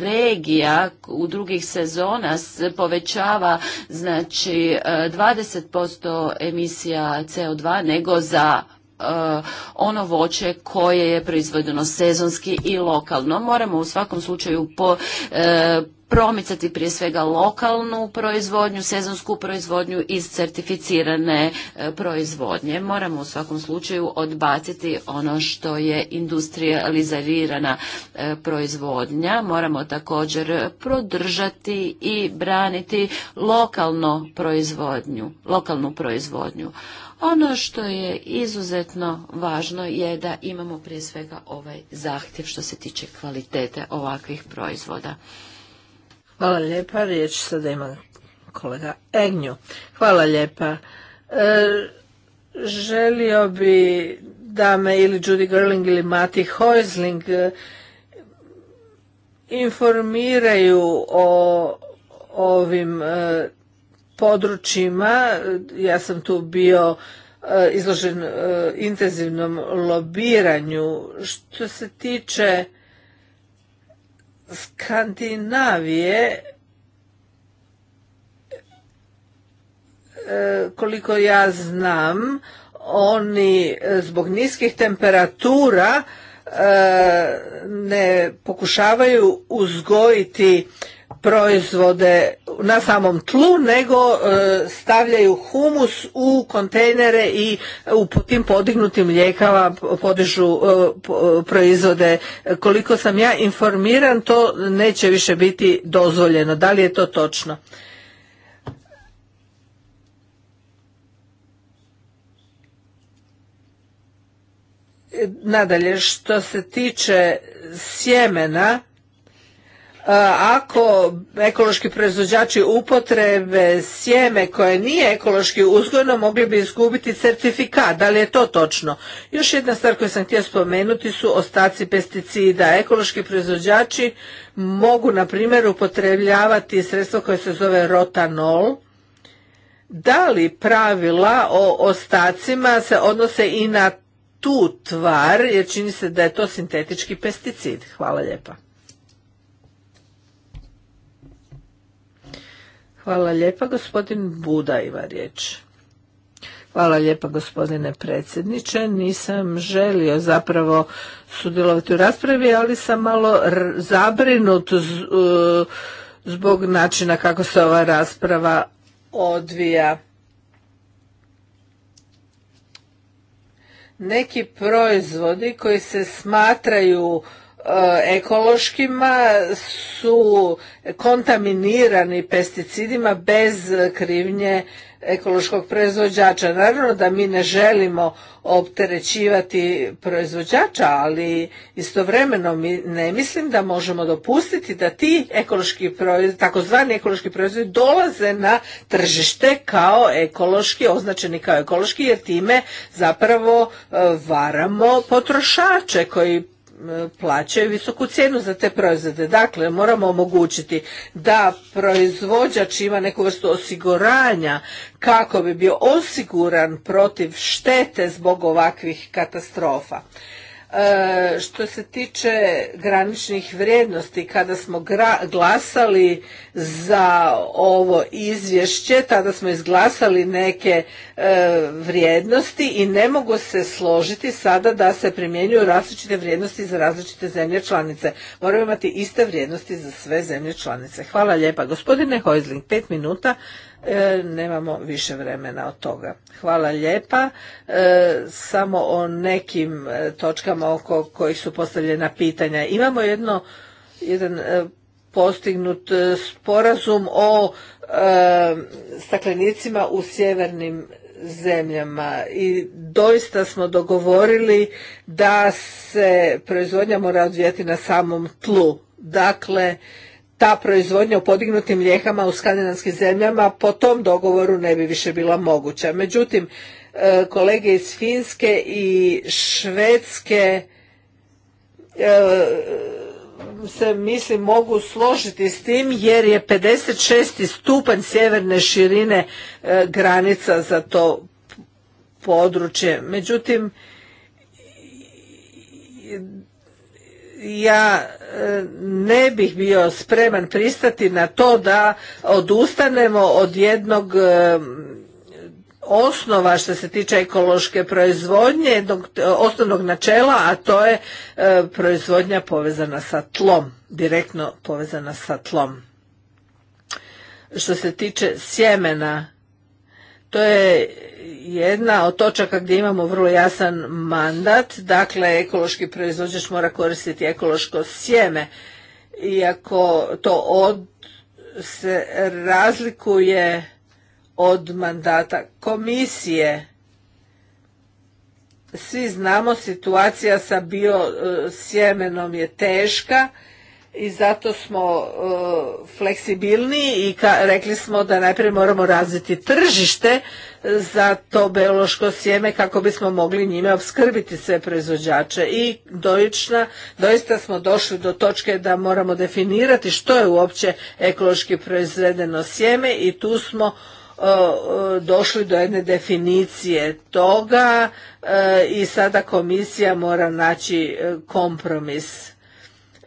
regija, u drugih sezona povećava znači 20% e, emisija CO2 nego za E, ono voće koje je proizvedeno sezonski i lokalno. Moramo u svakom slučaju po, e, promicati prije svega lokalnu proizvodnju, sezonsku proizvodnju iz certificirane e, proizvodnje. Moramo u svakom slučaju odbaciti ono što je industrializirana proizvodnja. Moramo također prodržati i braniti lokalno proizvodnju, lokalnu proizvodnju. Ono što je izuzetno važno je da imamo prije svega ovaj zahtjev što se tiče kvalitete ovakvih proizvoda. Hvala lijepa, riječ sada ima kolega Egnju. Hvala lijepa. E, želio bi da me ili Judy Gerling ili Mati Hoisling e, informiraju o ovim e, područjima. Ja sam tu bio eh, izložen eh, intenzivnom lobiranju. Što se tiče Skandinavije, eh, koliko ja znam, oni zbog niskih temperatura ne pokušavaju uzgojiti proizvode na samom tlu, nego e, stavljaju humus u kontejnere i u tim podignutim mlijekama podižu e, e, proizvode. Koliko sam ja informiran, to neće više biti dozvoljeno. Da li je to točno? Nadalje, što se tiče sjemena, ako ekološki proizvođači upotrebe sjeme koje nije ekološki uzgojno mogli bi izgubiti certifikat. Da li je to točno? Još jedna stvar koju sam htio spomenuti su ostaci pesticida. Ekološki proizvođači mogu na primjer upotrebljavati sredstvo koje se zove rotanol. Da li pravila o ostacima se odnose i na tu tvar, jer čini se da je to sintetički pesticid. Hvala lijepa. Hvala lijepa, gospodin Buda ima riječ. Hvala lijepa gospodine predsjedniče. Nisam želio zapravo sudjelovati u raspravi, ali sam malo zabrinut zbog načina kako se ova rasprava odvija. Neki proizvodi koji se smatraju E, ekološkima su kontaminirani pesticidima bez krivnje ekološkog proizvođača. Naravno da mi ne želimo opterećivati proizvođača, ali istovremeno mi ne mislim da možemo dopustiti da ti ekološki takozvani ekološki proizvodi dolaze na tržište kao ekološki, označeni kao ekološki jer time zapravo e, varamo potrošače koji plaćaju visoku cijenu za te proizvode. Dakle, moramo omogućiti da proizvođač ima neku vrstu osiguranja kako bi bio osiguran protiv štete zbog ovakvih katastrofa. E, što se tiče graničnih vrijednosti, kada smo glasali za ovo izvješće, tada smo izglasali neke e, vrijednosti i ne mogu se složiti sada da se primjenjuju različite vrijednosti za različite zemlje članice. Moramo imati iste vrijednosti za sve zemlje članice. Hvala lijepa. Gospodine Hojzling, pet minuta E, nemamo više vremena od toga. Hvala lijepa. E, samo o nekim e, točkama oko kojih su postavljena pitanja. Imamo jedno, jedan postignut sporazum o staklenicima u sjevernim zemljama i doista smo dogovorili da se proizvodnja mora odvijati na samom tlu. Dakle, ta proizvodnja u podignutim mlijekama u skandinavskim zemljama po tom dogovoru ne bi više bila moguća. Međutim, e, kolege iz Finske i Švedske e, se mislim mogu složiti s tim jer je 56. stupanj sjeverne širine e, granica za to područje. Međutim, ja e, ne bih bio spreman pristati na to da odustanemo od jednog e, osnova što se tiče ekološke proizvodnje, jednog e, osnovnog načela, a to je proizvodnja povezana sa tlom, direktno povezana sa tlom. Što se tiče sjemena, to je jedna od točaka gdje imamo vrlo jasan mandat, dakle ekološki proizvođač mora koristiti ekološko sjeme, iako to od, se razlikuje od mandata komisije. Svi znamo situacija sa bio e, sjemenom je teška i zato smo e, fleksibilni i rekli smo da najprije moramo razviti tržište za to biološko sjeme kako bismo mogli njime opskrbiti sve proizvođače i doista smo došli do točke da moramo definirati što je uopće ekološki proizvedeno sjeme i tu smo e, došli do jedne definicije toga e, i sada komisija mora naći kompromis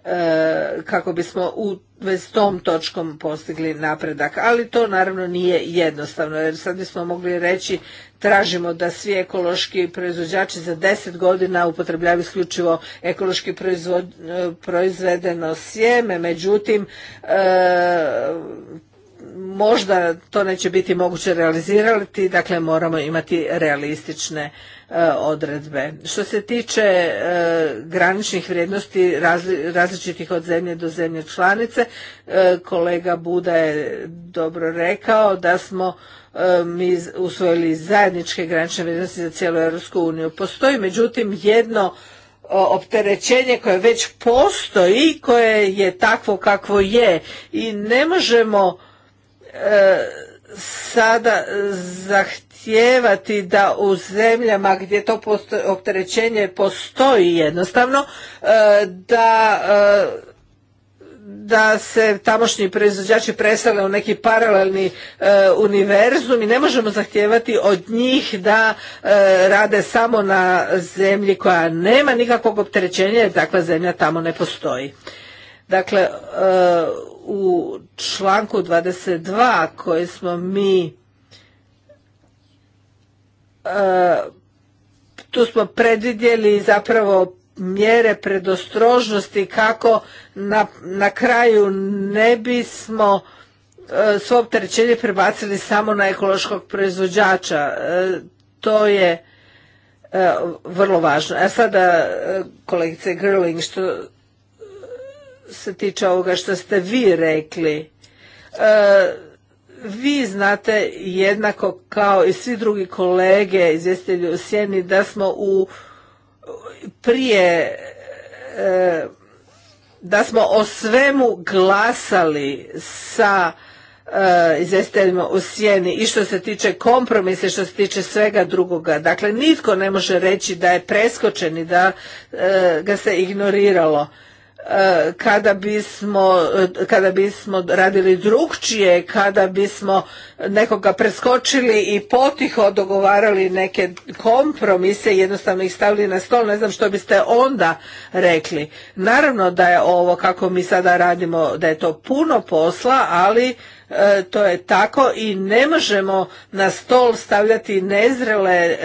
E, kako bismo u, s tom točkom postigli napredak. Ali to naravno nije jednostavno jer sad bismo mogli reći tražimo da svi ekološki proizvođači za 10 godina upotrebljavaju isključivo ekološki e, proizvedeno sjeme, međutim e, možda to neće biti moguće realizirati, dakle moramo imati realistične e, odredbe. Što se tiče e, graničnih vrijednosti različitih od zemlje do zemlje članice, e, kolega Buda je dobro rekao da smo mi usvojili zajedničke granične vrijednosti za cijelu Europsku uniju. Postoji međutim jedno opterećenje koje već postoji, koje je takvo kakvo je i ne možemo sada zahtijevati da u zemljama gdje to opterećenje postoji jednostavno e, da e, da se tamošnji proizvođači presele u neki paralelni e, univerzum i ne možemo zahtijevati od njih da rade samo na zemlji koja nema nikakvog opterećenja jer takva zemlja tamo ne postoji. Dakle, e, u članku 22 koji smo mi e, tu smo predvidjeli zapravo mjere predostrožnosti kako na, na kraju ne bismo e, svo opterećenje prebacili samo na ekološkog proizvođača. To je vrlo važno. A sada, kolegice Grling, što se tiče ovoga što ste vi rekli. E, vi znate jednako kao i svi drugi kolege izvjestitelji u Sjeni da smo u prije e, da smo o svemu glasali sa e, u sjeni i što se tiče kompromise, što se tiče svega drugoga. Dakle, nitko ne može reći da je preskočen i da e, ga se ignoriralo. E, kada bismo, e, kada bismo radili drukčije, kada bismo nekoga preskočili i potiho dogovarali neke kompromise, jednostavno ih stavili na stol, ne znam što biste onda rekli. Naravno da je ovo kako mi sada radimo, da je to puno posla, ali e, to je tako i ne možemo na stol stavljati nezrele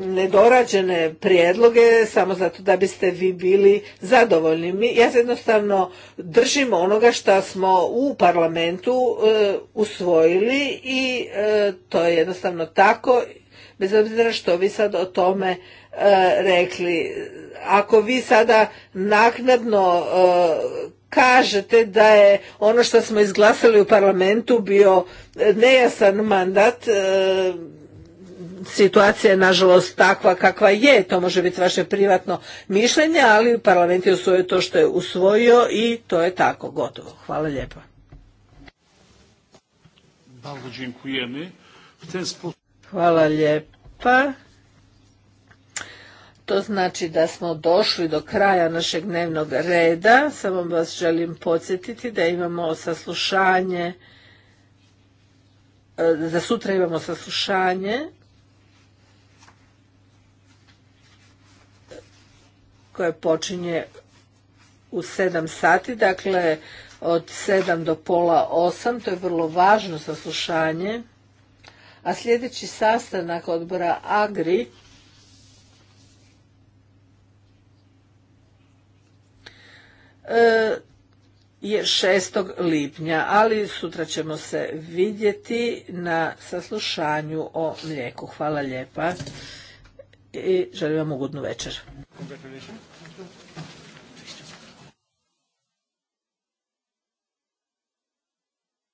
nedorađene prijedloge samo zato da biste vi bili zadovoljni. Mi ja jednostavno držim onoga što smo u parlamentu e, usvojili i e, to je jednostavno tako bez obzira što vi sad o tome e, rekli. Ako vi sada naknadno kažete da je ono što smo izglasali u parlamentu bio nejasan mandat situacija je nažalost takva kakva je, to može biti vaše privatno mišljenje, ali parlament je usvojio to što je usvojio i to je tako, gotovo. Hvala lijepa. Hvala lijepa. To znači da smo došli do kraja našeg dnevnog reda. Samo vas želim podsjetiti da imamo saslušanje, e, da sutra imamo saslušanje koje počinje u 7 sati, dakle od 7 do pola 8, to je vrlo važno saslušanje. A sljedeći sastanak odbora Agri e, je 6. lipnja, ali sutra ćemo se vidjeti na saslušanju o mlijeku. Hvala lijepa i želim vam ugodnu večer.